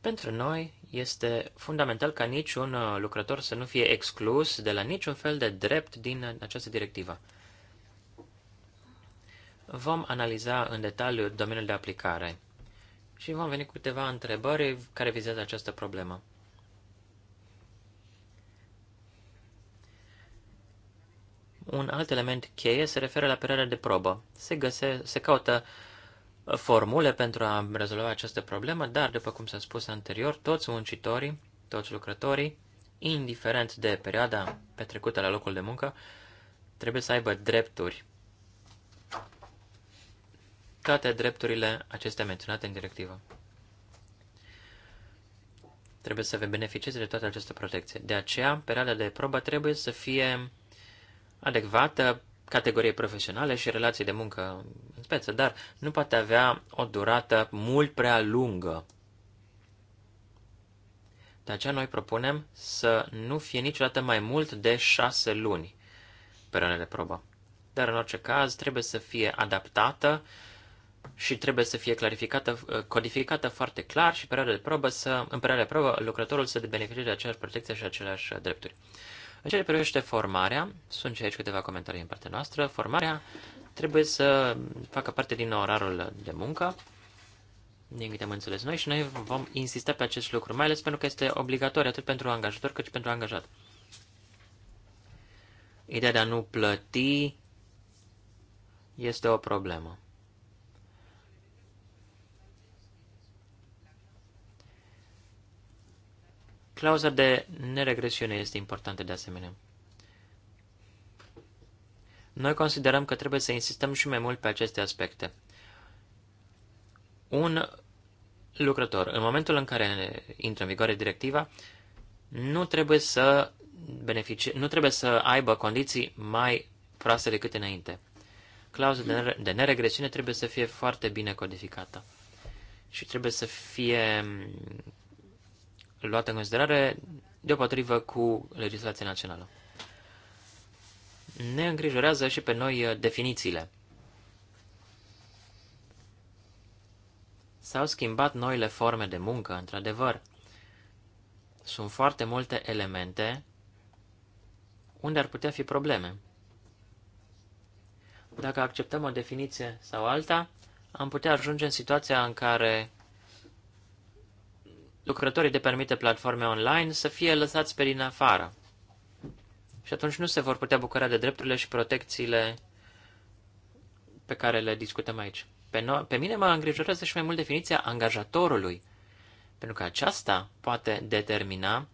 Pentru noi este fundamental ca niciun uh, lucrător să nu fie exclus de la niciun fel de drept din această directivă. Vom analiza în detaliu domeniul de aplicare și vom veni cu câteva întrebări care vizează această problemă. Un alt element cheie se referă la perioada de probă. Se, găse, se caută formule pentru a rezolva această problemă, dar, după cum s-a spus anterior, toți muncitorii, toți lucrătorii, indiferent de perioada petrecută la locul de muncă, trebuie să aibă drepturi toate drepturile acestea menționate în directivă. Trebuie să vă beneficieze de toată această protecție. De aceea, perioada de probă trebuie să fie adecvată categoriei profesionale și relații de muncă în speță, dar nu poate avea o durată mult prea lungă. De aceea noi propunem să nu fie niciodată mai mult de șase luni perioada de probă. Dar în orice caz trebuie să fie adaptată și trebuie să fie clarificată, uh, codificată foarte clar și perioada de probă să, în perioada de probă lucrătorul să beneficieze de aceeași protecție și aceleași uh, drepturi. În ce privește formarea, sunt și aici câteva comentarii în partea noastră, formarea trebuie să facă parte din orarul de muncă, din câte am înțeles noi, și noi vom insista pe acest lucru, mai ales pentru că este obligatoriu atât pentru angajator cât și pentru angajat. Ideea de a nu plăti este o problemă. Clauza de neregresiune este importantă de asemenea. Noi considerăm că trebuie să insistăm și mai mult pe aceste aspecte. Un lucrător, în momentul în care intră în vigoare directiva, nu trebuie să beneficie, nu trebuie să aibă condiții mai proaste decât înainte. Clauza de, de neregresiune trebuie să fie foarte bine codificată și trebuie să fie luată în considerare deopotrivă cu legislația națională. Ne îngrijorează și pe noi uh, definițiile. S-au schimbat noile forme de muncă, într-adevăr. Sunt foarte multe elemente unde ar putea fi probleme. Dacă acceptăm o definiție sau alta, am putea ajunge în situația în care lucrătorii de permite platforme online să fie lăsați pe din afară. Și atunci nu se vor putea bucura de drepturile și protecțiile pe care le discutăm aici. Pe, no- pe mine mă îngrijorează și mai mult definiția angajatorului, pentru că aceasta poate determina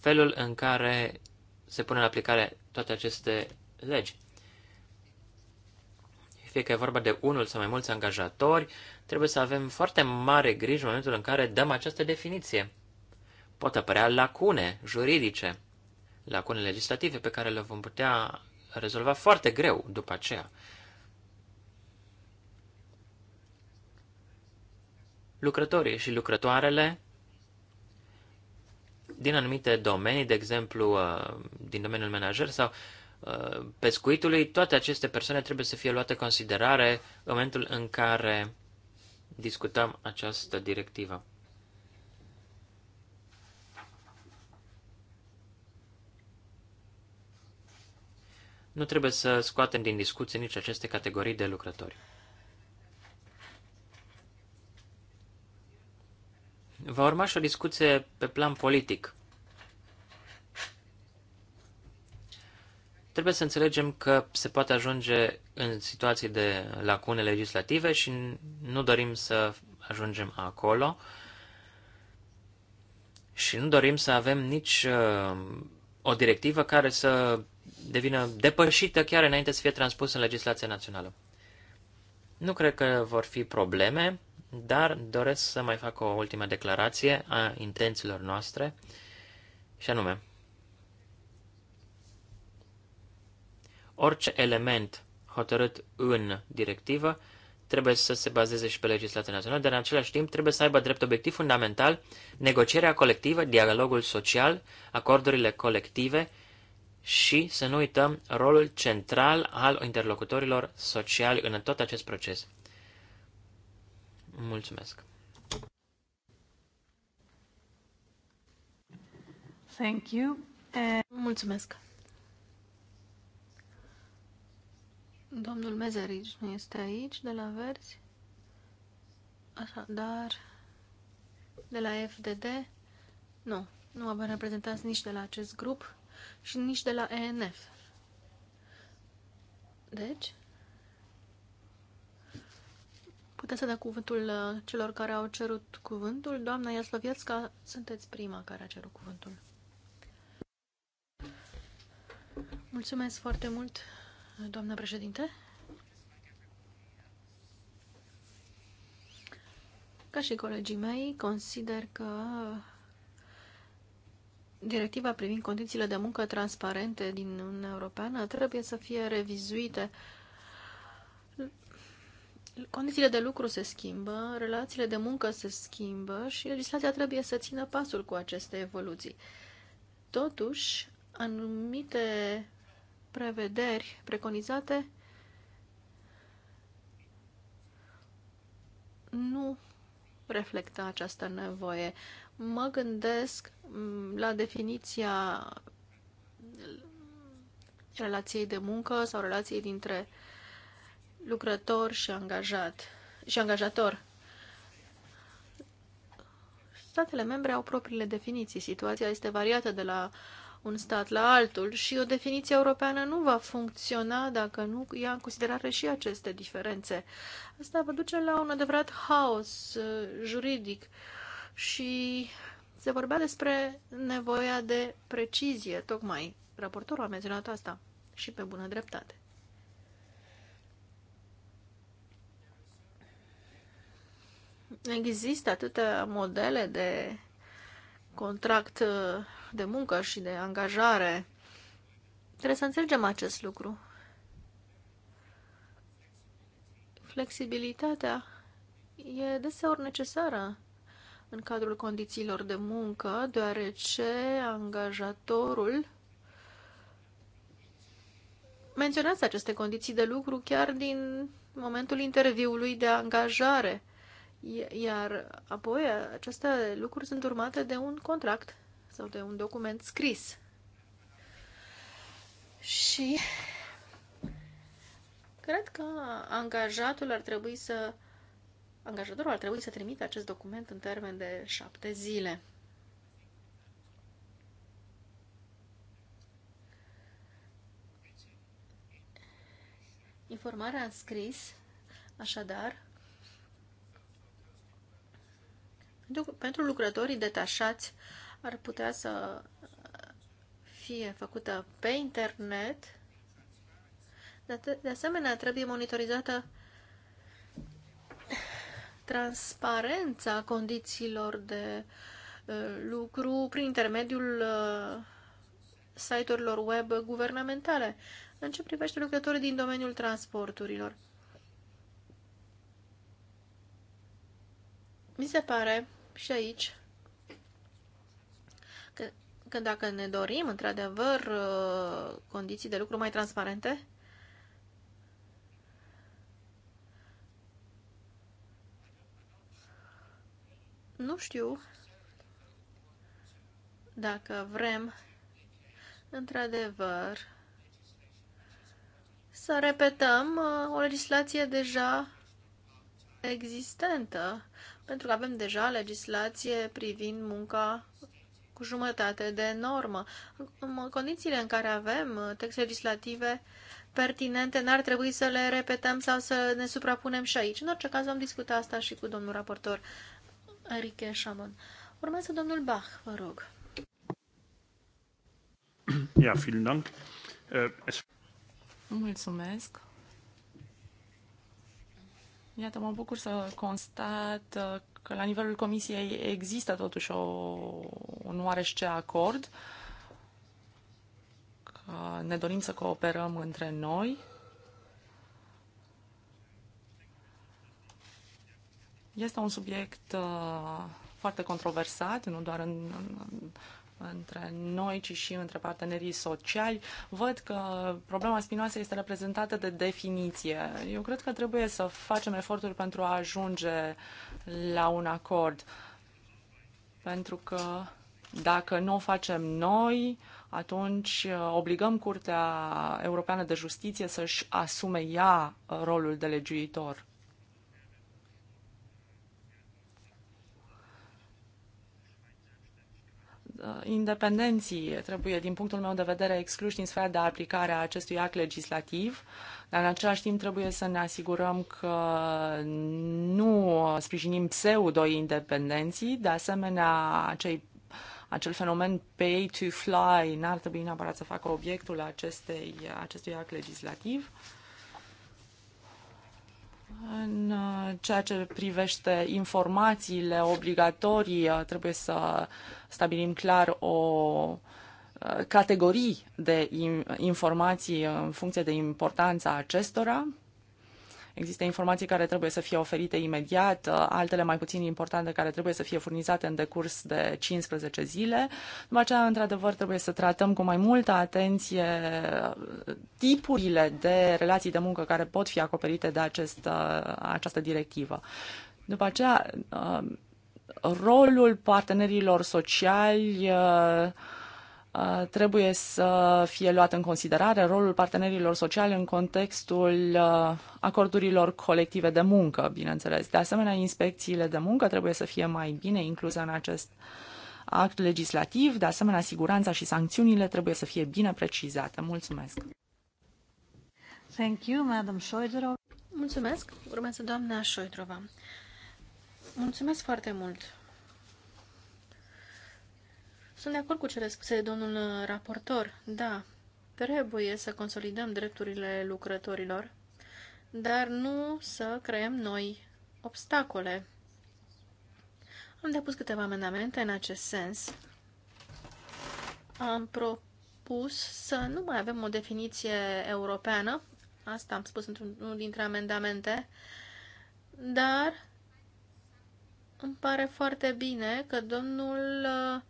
felul în care se pune în aplicare toate aceste legi fie că e vorba de unul sau mai mulți angajatori, trebuie să avem foarte mare grijă în momentul în care dăm această definiție. Pot apărea lacune juridice, lacune legislative pe care le vom putea rezolva foarte greu după aceea. Lucrătorii și lucrătoarele din anumite domenii, de exemplu uh, din domeniul menajer sau uh, Uh, pescuitului, toate aceste persoane trebuie să fie luate în considerare în momentul în care discutăm această directivă. Nu trebuie să scoatem din discuție nici aceste categorii de lucrători. Va urma și o discuție pe plan politic. Trebuie să înțelegem că se poate ajunge în situații de lacune legislative și nu dorim să ajungem acolo și nu dorim să avem nici uh, o directivă care să devină depășită chiar înainte să fie transpusă în legislația națională. Nu cred că vor fi probleme, dar doresc să mai fac o ultimă declarație a intențiilor noastre, și anume, orice element hotărât în directivă trebuie să se bazeze și pe legislația națională, dar în același timp trebuie să aibă drept obiectiv fundamental negocierea colectivă, dialogul social, acordurile colective și să nu uităm rolul central al interlocutorilor sociali în tot acest proces. Mulțumesc! Thank you. Mulțumesc! Domnul Mezerici nu este aici, de la Verzi. dar de la FDD, nu, nu avem reprezentanți nici de la acest grup și nici de la ENF. Deci, puteți să dea cuvântul uh, celor care au cerut cuvântul. Doamna Iaslovietska, sunteți prima care a cerut cuvântul. Mulțumesc foarte mult, doamnă președinte. Ca și colegii mei, consider că directiva privind condițiile de muncă transparente din Uniunea Europeană trebuie să fie revizuite. Condițiile de lucru se schimbă, relațiile de muncă se schimbă și legislația trebuie să țină pasul cu aceste evoluții. Totuși, anumite prevederi preconizate nu reflectă această nevoie. Mă gândesc mm, la definiția relației de muncă sau relației dintre lucrător și angajat și angajator. Statele membre au propriile definiții. Situația este variată de la uh, un stat la altul și o definiție europeană nu va funcționa dacă nu ia în considerare și aceste diferențe. Asta va duce la un adevărat haos uh, juridic și se vorbea despre nevoia de precizie, tocmai raportorul a menționat asta și pe bună dreptate. Există atâtea modele de contract uh, de muncă și de angajare. Trebuie să înțelegem acest lucru. Flexibilitatea e deseori necesară în cadrul condițiilor de muncă, deoarece angajatorul menționează aceste condiții de lucru chiar din momentul interviului de angajare, iar apoi aceste lucruri sunt urmate de un contract sau de un document scris. Și cred că angajatul ar trebui să angajatorul ar trebui să trimite acest document în termen de șapte zile. Informarea în scris, așadar, pentru lucrătorii detașați ar putea să fie făcută pe internet. De, de asemenea, trebuie monitorizată transparența condițiilor de uh, lucru prin intermediul uh, site-urilor web guvernamentale în ce privește lucrătorii din domeniul transporturilor. Mi se pare și aici că, că dacă ne dorim, într-adevăr, uh, condiții de lucru mai transparente, nu știu dacă vrem, într-adevăr, să repetăm uh, o legislație deja existentă, pentru că avem deja legislație privind munca cu jumătate de normă. În condițiile în care avem texte legislative pertinente, n-ar trebui să le repetăm sau să ne suprapunem și aici. În orice caz am discutat asta și cu domnul raportor Enrique Shaman. Urmează domnul Bach, vă rog. Ja, vielen Dank. Äh, Mulțumesc. Iată, mă bucur să constat că la nivelul Comisiei există totuși o, un oarește acord, că ne dorim să cooperăm între noi. Este un subiect uh, foarte controversat, nu doar în, în între noi, ci și între partenerii sociali. Văd că problema spinoasă este reprezentată de definiție. Eu cred că trebuie să facem eforturi pentru a ajunge la un acord. Pentru că dacă nu o facem noi, atunci uh, obligăm Curtea Europeană de Justiție să-și asume ea rolul de legiuitor. Uh, independenții trebuie, din punctul meu de vedere, excluși din sfera de aplicare a acestui act legislativ, dar în același timp trebuie să ne asigurăm că nu sprijinim pseudo-independenții, de asemenea acei acel fenomen pay to fly n-ar trebui neapărat să facă obiectul acestei, acestui act legislativ. În uh, ceea ce privește informațiile obligatorii, uh, trebuie să stabilim clar o uh, categorii de informații în funcție de importanța acestora. Există informații care trebuie să fie oferite imediat, uh, altele mai puțin importante care trebuie să fie furnizate în decurs de 15 zile. După aceea, într-adevăr, trebuie să tratăm cu mai multă atenție uh, tipurile de relații de muncă care pot fi acoperite de acest, această directivă. După aceea, rolul partenerilor sociali uh, uh, trebuie să fie luat în considerare, rolul partenerilor sociali în contextul uh, acordurilor colective de muncă, bineînțeles. De asemenea, inspecțiile de muncă trebuie să fie mai bine incluse în acest act legislativ. De asemenea, siguranța și sancțiunile trebuie să fie bine precizate. Mulțumesc! Thank you, Madam Mulțumesc. Urmează doamna Șoidrova. Mulțumesc foarte mult! Sunt de acord cu cele spuse domnul raportor. Da, trebuie să consolidăm drepturile lucrătorilor, dar nu să creăm noi obstacole. Am depus câteva amendamente în acest sens. Am propus să nu mai avem o definiție europeană, asta am spus într-unul dintre amendamente, dar îmi pare foarte bine că domnul uh,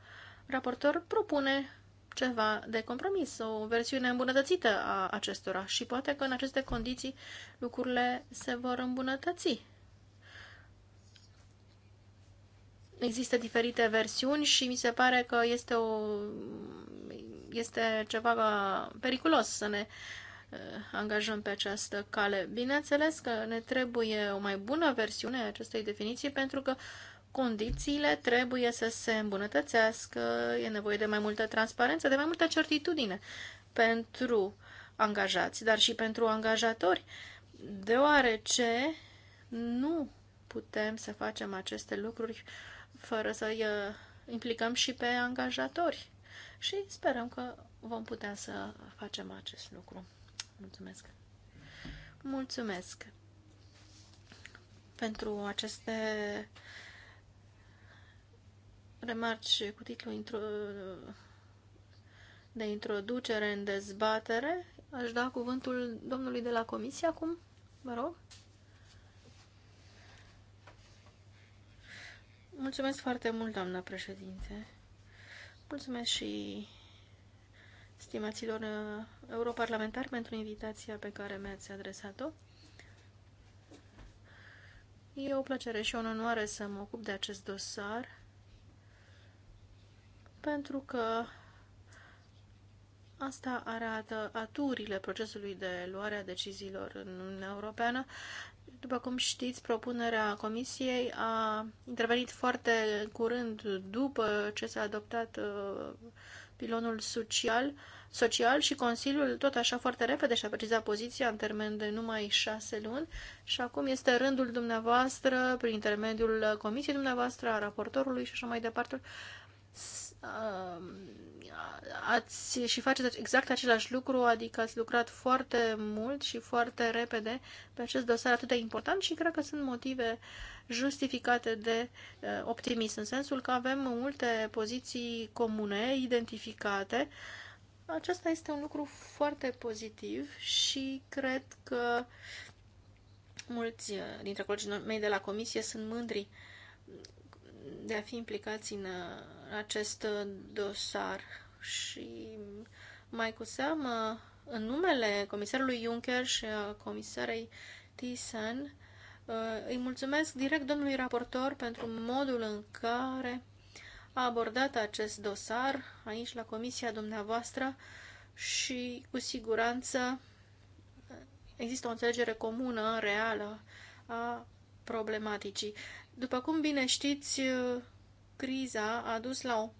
raportor propune ceva de compromis, o versiune îmbunătățită a acestora și poate că în aceste condiții lucrurile se vor îmbunătăți. Există diferite versiuni și mi se pare că este, o, este ceva periculos să ne Eh, angajăm pe această cale. Bineînțeles că ne trebuie o mai bună versiune a acestei definiții pentru că condițiile trebuie să se îmbunătățească, e nevoie de mai multă transparență, de mai multă certitudine pentru angajați, dar și pentru angajatori, deoarece nu putem să facem aceste lucruri fără să-i eh, implicăm și pe angajatori. Și sperăm că vom putea să facem acest lucru. Mulțumesc. Mulțumesc pentru aceste remarci cu titlul intro... de introducere în dezbatere. Aș da cuvântul domnului de la comisie acum, vă rog. Mulțumesc foarte mult, doamna președinte. Mulțumesc și stimaților uh, europarlamentari, pentru invitația pe care mi-ați adresat-o. E o plăcere și o onoare să mă ocup de acest dosar, pentru că asta arată aturile procesului de luare a deciziilor în Uniunea Europeană. După cum știți, propunerea Comisiei a intervenit foarte curând după ce s-a adoptat uh, pilonul social, social și Consiliul tot așa foarte repede și-a precizat poziția în termen de numai șase luni și acum este rândul dumneavoastră, prin intermediul comisiei dumneavoastră, a raportorului și așa mai departe, Um, ați și faceți exact același lucru, adică ați lucrat foarte mult și foarte repede pe acest dosar atât de important și cred că sunt motive justificate de uh, optimism, în sensul că avem multe poziții comune, identificate. Acesta este un lucru foarte pozitiv și cred că mulți uh, dintre colegii mei de la comisie sunt mândri de a fi implicați în uh, acest uh, dosar și mai cu seamă în numele comisarului Juncker și a comisarei Thyssen uh, îi mulțumesc direct domnului raportor pentru modul în care a abordat acest dosar aici la comisia dumneavoastră și cu siguranță există o înțelegere comună, reală, a problematicii. După cum bine știți, uh, criza a dus la o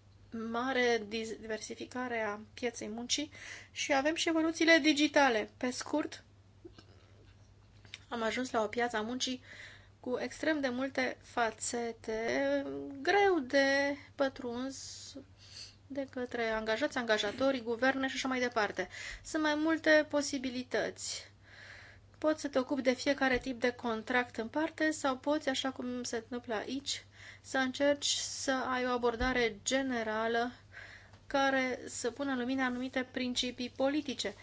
mare diversificare a pieței muncii și avem și evoluțiile digitale. Pe scurt, am ajuns la o piață a muncii cu extrem de multe fațete, greu de pătruns de către angajați, angajatorii, guverne și așa mai departe. Sunt mai multe posibilități poți să te ocupi de fiecare tip de contract în parte sau poți, așa cum se întâmplă aici, să încerci să ai o abordare generală care să pună în lumină anumite principii politice.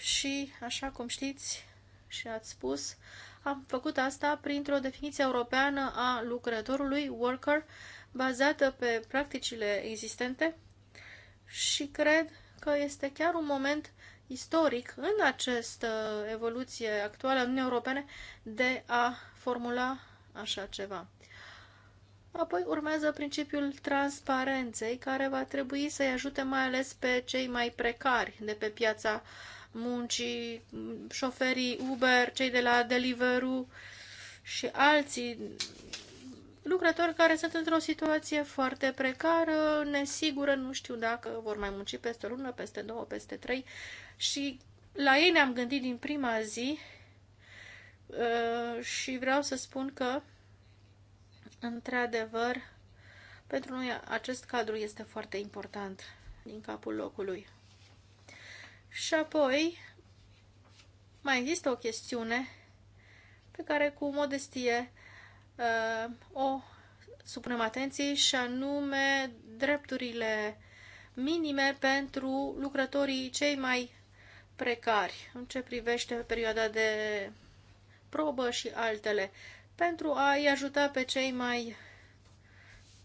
Și, așa cum știți și ați spus, am făcut asta printr-o definiție europeană a lucrătorului, worker, bazată pe practicile existente și cred că este chiar un moment istoric în această evoluție actuală a Uniunii Europene de a formula așa ceva. Apoi urmează principiul transparenței, care va trebui să-i ajute mai ales pe cei mai precari de pe piața muncii, șoferii Uber, cei de la Deliveroo și alții lucrători care sunt într-o situație foarte precară, nesigură, nu știu dacă vor mai munci peste o lună, peste două, peste trei și la ei ne-am gândit din prima zi uh, și vreau să spun că, într-adevăr, pentru noi acest cadru este foarte important din capul locului. Și apoi, mai există o chestiune pe care cu modestie Uh, o supunem atenție și anume drepturile minime pentru lucrătorii cei mai precari în ce privește perioada de probă și altele, pentru a-i ajuta pe cei mai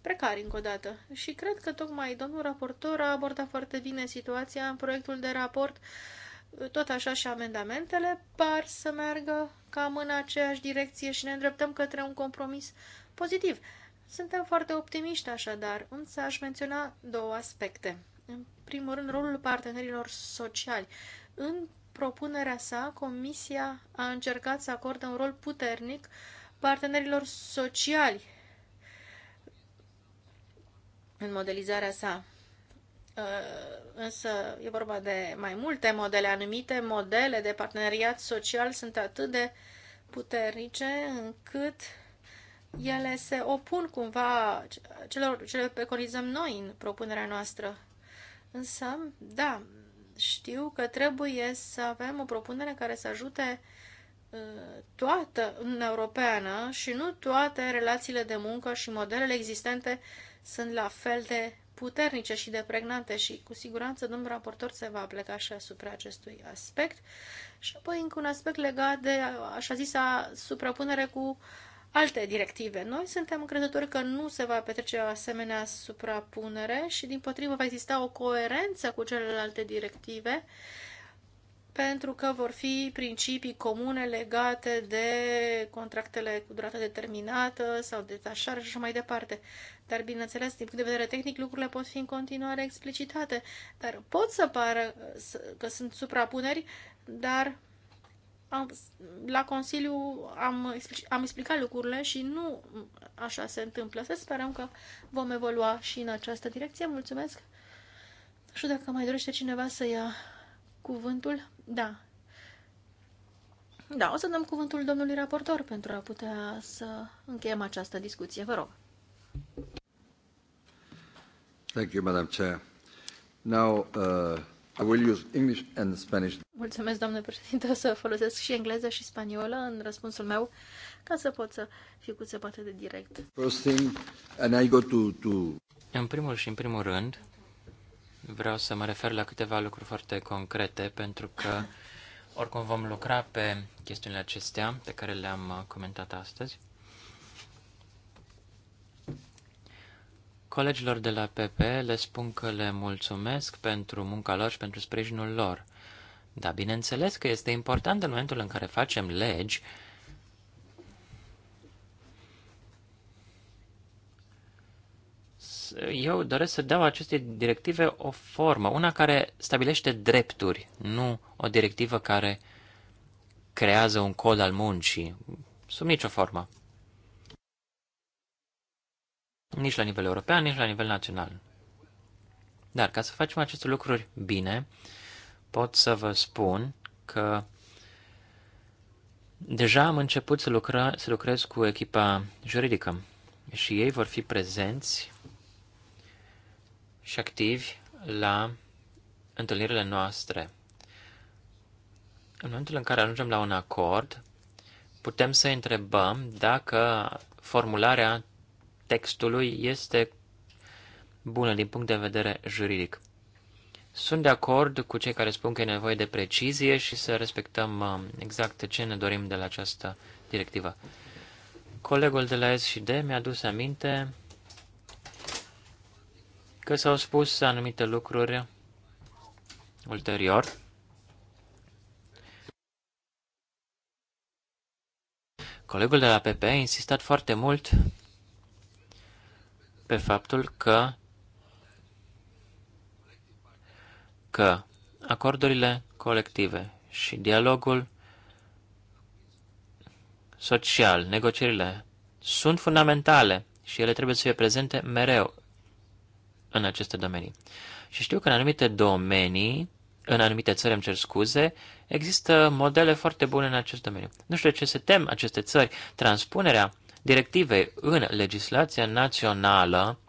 precari încă o dată. Și cred că tocmai domnul raportor a abordat foarte bine situația în proiectul de raport uh, tot așa și amendamentele par să meargă cam în aceeași direcție și ne îndreptăm către un compromis pozitiv. Suntem foarte optimiști așadar, însă aș menționa două aspecte. În primul rând, rolul partenerilor sociali. În propunerea sa, Comisia a încercat să acorde un rol puternic partenerilor sociali în modelizarea sa. Uh, însă e vorba de mai multe modele. Anumite modele de parteneriat social sunt atât de puternice încât ele se opun cumva celor ce preconizăm noi în propunerea noastră. Însă, da, știu că trebuie să avem o propunere care să ajute uh, toată Uniunea Europeană și nu toate relațiile de muncă și modelele existente sunt la fel de puternice și de pregnante și cu siguranță domnul raportor se va pleca și asupra acestui aspect. Și apoi încă un aspect legat de așa zisa suprapunere cu alte directive. Noi suntem încrezători că nu se va petrece o asemenea suprapunere și din potrivă va exista o coerență cu celelalte directive uh, pentru că vor fi principii comune legate de contractele cu durată determinată sau detașare și așa mai departe. Dar, bineînțeles, din punct de vedere tehnic, lucrurile pot fi în continuare explicitate. Dar pot să pară că sunt suprapuneri, dar am, la Consiliu am, am explicat lucrurile și nu așa se întâmplă. Să sperăm că vom evolua și în această direcție. Mulțumesc! Nu știu dacă mai dorește cineva să ia cuvântul? Da. Da, o să dăm cuvântul domnului raportor pentru a putea să încheiem această discuție. Vă rog. Thank you, Madam Chair. Now, uh, I will use English and Spanish. Mulțumesc, doamnă președinte, o să folosesc și engleză și spaniolă în răspunsul meu ca să pot să fiu cât se poate de direct. First thing, and I go to, to... În primul și în primul rând, Vreau să mă refer la câteva lucruri foarte concrete, pentru că oricum vom lucra pe chestiunile acestea pe care le-am uh, comentat astăzi. Colegilor de la PP le spun că le mulțumesc pentru munca lor și pentru sprijinul lor. Dar bineînțeles că este important în momentul în care facem legi eu doresc să dau aceste directive o formă, una care stabilește drepturi, nu o directivă care creează un cod al muncii, sub nicio formă. Nici la nivel european, nici la nivel național. Dar ca să facem aceste lucruri bine, pot să vă spun că deja am început să, lucra, să lucrez cu echipa juridică și ei vor fi prezenți și activi la întâlnirile noastre. În momentul în care ajungem la un acord, putem să întrebăm dacă formularea textului este bună din punct de vedere juridic. Sunt de acord cu cei care spun că e nevoie de precizie și să respectăm uh, exact ce ne dorim de la această directivă. Colegul de la S&D și D mi-a dus aminte că s-au spus anumite lucruri ulterior. Colegul de la PP a insistat foarte mult pe faptul că, că acordurile colective și dialogul social, negocierile, sunt fundamentale și ele trebuie să fie prezente mereu în aceste domenii. Și știu că în anumite domenii, în anumite țări, îmi cer scuze, există modele foarte bune în acest domeniu. Nu știu de ce se tem aceste țări. Transpunerea directivei în legislația națională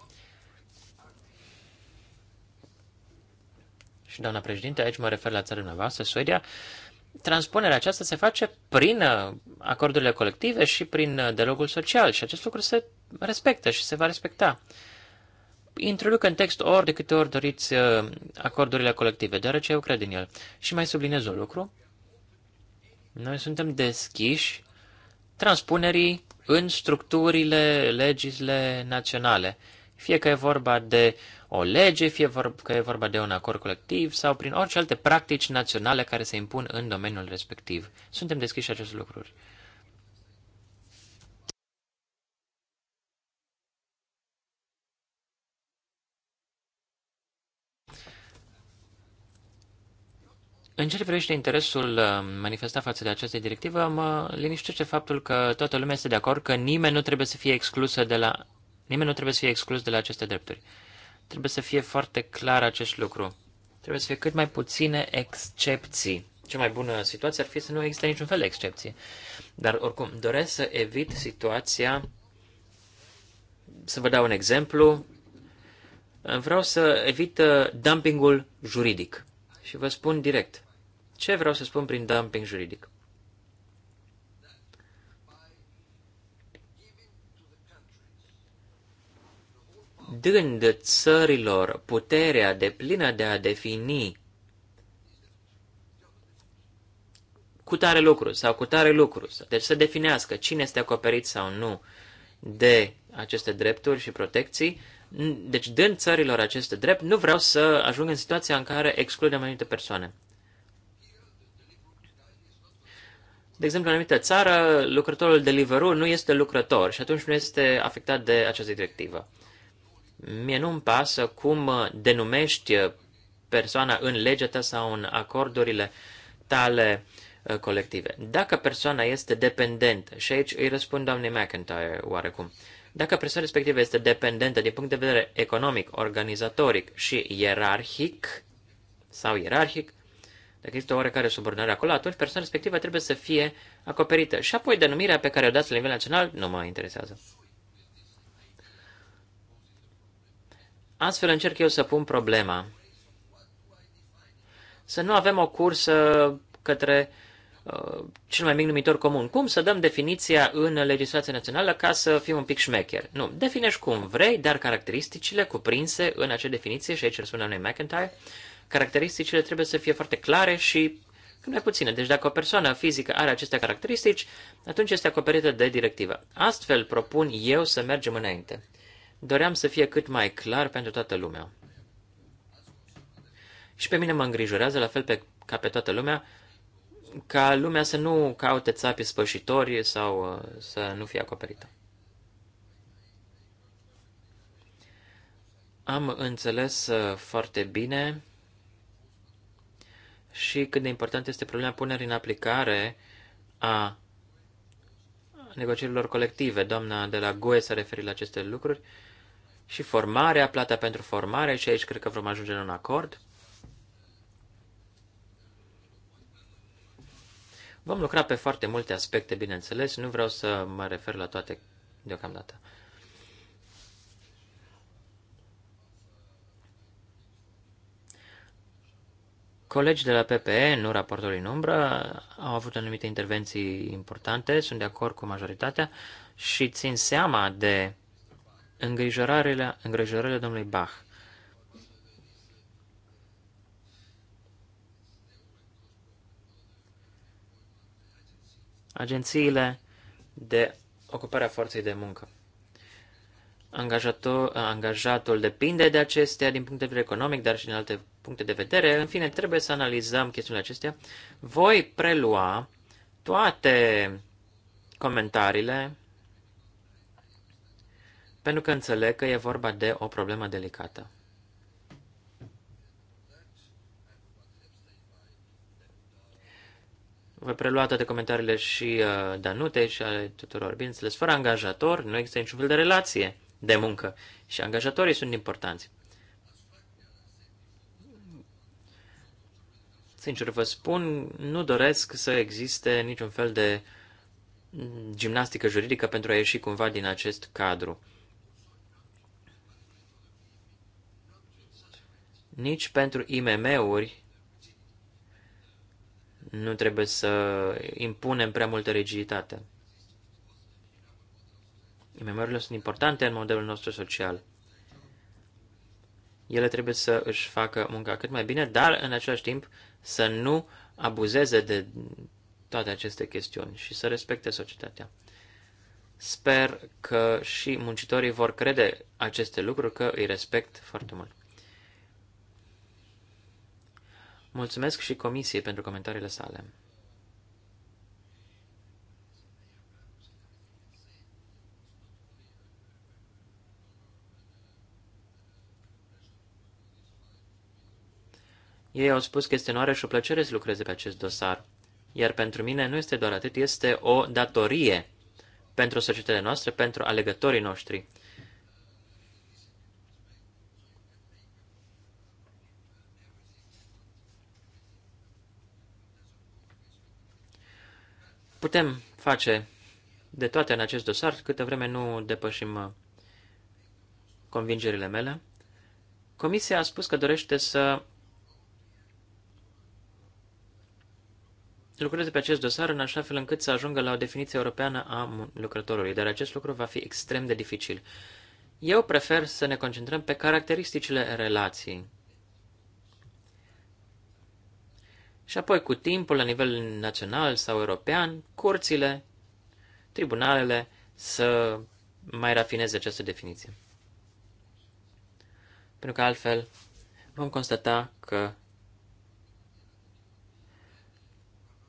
și doamna președinte, aici mă refer la țara dumneavoastră, Suedia, transpunerea aceasta se face prin uh, acordurile colective și prin uh, dialogul social și acest lucru se respectă și se va respecta introduc în text ori de câte ori doriți uh, acordurile colective, deoarece eu cred în el. Și mai sublinez un lucru. Noi suntem deschiși transpunerii în structurile legisle naționale. Fie că e vorba de o lege, fie că e vorba de un acord colectiv sau prin orice alte practici naționale care se impun în domeniul respectiv. Suntem deschiși acest lucruri. În ce privește interesul uh, manifestat față de această directivă, mă liniștește faptul că toată lumea este de acord că nimeni nu trebuie să fie exclusă de la nimeni nu trebuie să fie exclus de la aceste drepturi. Trebuie să fie foarte clar acest lucru. Trebuie să fie cât mai puține excepții. Cea mai bună situație ar fi să nu există niciun fel de excepție. Dar oricum, doresc să evit situația. Să vă dau un exemplu. Vreau să evit uh, dumpingul juridic și vă spun direct ce vreau să spun prin dumping juridic. Dând țărilor puterea de plină de a defini cu tare lucru sau cu tare lucru, deci să definească cine este acoperit sau nu de aceste drepturi și protecții, deci, dând țărilor acest drept, nu vreau să ajung în situația în care excludem anumite persoane. De exemplu, în anumită țară, lucrătorul Deliveroo nu este lucrător și atunci nu este afectat de această directivă. Mie nu-mi pasă cum denumești persoana în legea ta sau în acordurile tale uh, colective. Dacă persoana este dependentă, și aici îi răspund doamnei McIntyre oarecum, uh, dacă presiunea respectivă este dependentă din punct de vedere economic, organizatoric și ierarhic, sau ierarhic, dacă există oarecare subordonare acolo, atunci persoana respectivă trebuie să fie acoperită. Și apoi denumirea pe care o dați la nivel național nu mă interesează. Astfel încerc eu să pun problema. Să nu avem o cursă către uh, Uh, cel mai mic numitor comun. Cum să dăm definiția în legislația națională ca să fim un pic șmecher? Nu, definești cum vrei, dar caracteristicile cuprinse în acea definiție, și aici îl spunea noi McIntyre, caracteristicile trebuie să fie foarte clare și cât mai puține. Deci dacă o persoană fizică are aceste caracteristici, atunci este acoperită de directivă. Astfel propun eu să mergem înainte. Doream să fie cât mai clar pentru toată lumea. Și pe mine mă îngrijorează, la fel pe, ca pe toată lumea, ca lumea să nu caute țapii spășitori sau uh, să nu fie acoperită. Am înțeles uh, foarte bine și cât de important este problema punerii în aplicare a negocierilor colective. Doamna de la GUE s-a referit la aceste lucruri și formarea, plata pentru formare și aici cred că vom ajunge în un acord. Vom lucra pe foarte multe aspecte, bineînțeles, nu vreau să mă refer la toate deocamdată. Colegi de la PPE, nu raportorii în umbră, au avut anumite intervenții importante, sunt de acord cu majoritatea și țin seama de îngrijorările, îngrijorările domnului Bach. agențiile de ocupare a forței de muncă. Angajator, angajatul depinde de acestea din punct de vedere economic, dar și din alte puncte de vedere. În fine, trebuie să analizăm chestiunile acestea. Voi prelua toate comentariile pentru că înțeleg că e vorba de o problemă delicată. Voi prelua toate comentariile și uh, Danute și ale tuturor. Bineînțeles, fără angajator nu există niciun fel de relație de muncă și angajatorii sunt importanți. Sincer vă spun, nu doresc să existe niciun fel de gimnastică juridică pentru a ieși cumva din acest cadru. Nici pentru IMM-uri nu trebuie să impunem prea multă rigiditate. Memoriile sunt importante în modelul nostru social. Ele trebuie să își facă munca cât mai bine, dar în același timp să nu abuzeze de toate aceste chestiuni și să respecte societatea. Sper că și muncitorii vor crede aceste lucruri, că îi respect foarte mult. Mulțumesc și comisiei pentru comentariile sale. Ei au spus că este onoare și o plăcere să lucreze pe acest dosar. Iar pentru mine nu este doar atât, este o datorie pentru societatea noastră, pentru alegătorii noștri. Putem face de toate în acest dosar, câtă vreme nu depășim uh, convingerile mele. Comisia a spus că dorește să lucreze pe acest dosar în așa fel încât să ajungă la o definiție europeană a lucrătorului, dar acest lucru va fi extrem de dificil. Eu prefer să ne concentrăm pe caracteristicile relației. Și apoi, cu timpul, la nivel național sau european, curțile, tribunalele să mai rafineze această definiție. Pentru că altfel vom constata că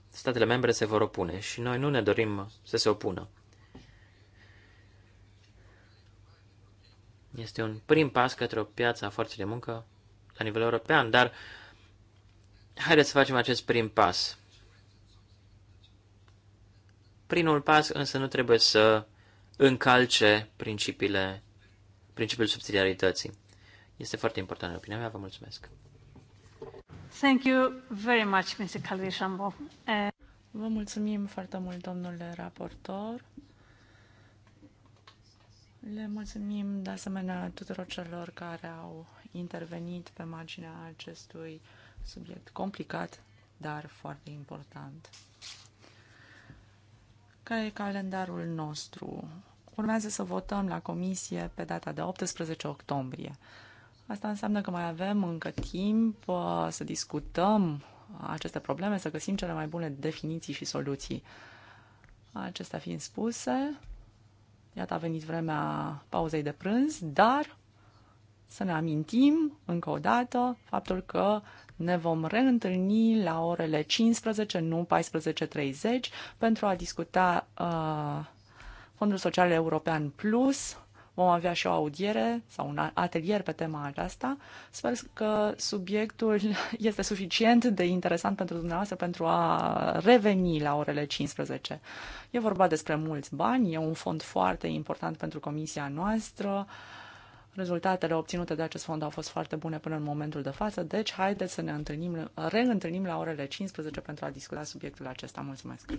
statele membre se vor opune și noi nu ne dorim să se opună. Este un prim pas către o piață a forței de muncă la nivel european, dar Haideți să facem acest prim pas. Primul pas însă nu trebuie să încalce principiile, principiul subsidiarității. Este foarte important în opinia mea. Vă mulțumesc. Thank you very much, Mr. Calvi-Chambon. Eh. Vă mulțumim foarte mult, domnule raportor. Le mulțumim de asemenea tuturor celor care au intervenit pe marginea acestui Subiect complicat, dar foarte important. Care e calendarul nostru? Urmează să votăm la comisie pe data de 18 octombrie. Asta înseamnă că mai avem încă timp uh, să discutăm aceste probleme, să găsim cele mai bune definiții și soluții. Acestea fiind spuse, iată a venit vremea pauzei de prânz, dar să ne amintim încă o dată faptul că ne vom reîntâlni la orele 15, nu 14.30, pentru a discuta uh, Fondul Social European Plus. Vom avea și o audiere sau un atelier pe tema aceasta. Sper că subiectul [LAUGHS] este suficient de interesant pentru dumneavoastră pentru a reveni la orele 15. E vorba despre mulți bani, e un fond foarte important pentru comisia noastră. Uh, Rezultatele obținute de acest fond au fost foarte bune până în momentul de față, deci haideți să ne întâlnim, reîntâlnim la orele 15 pentru a discuta subiectul acesta. Mulțumesc!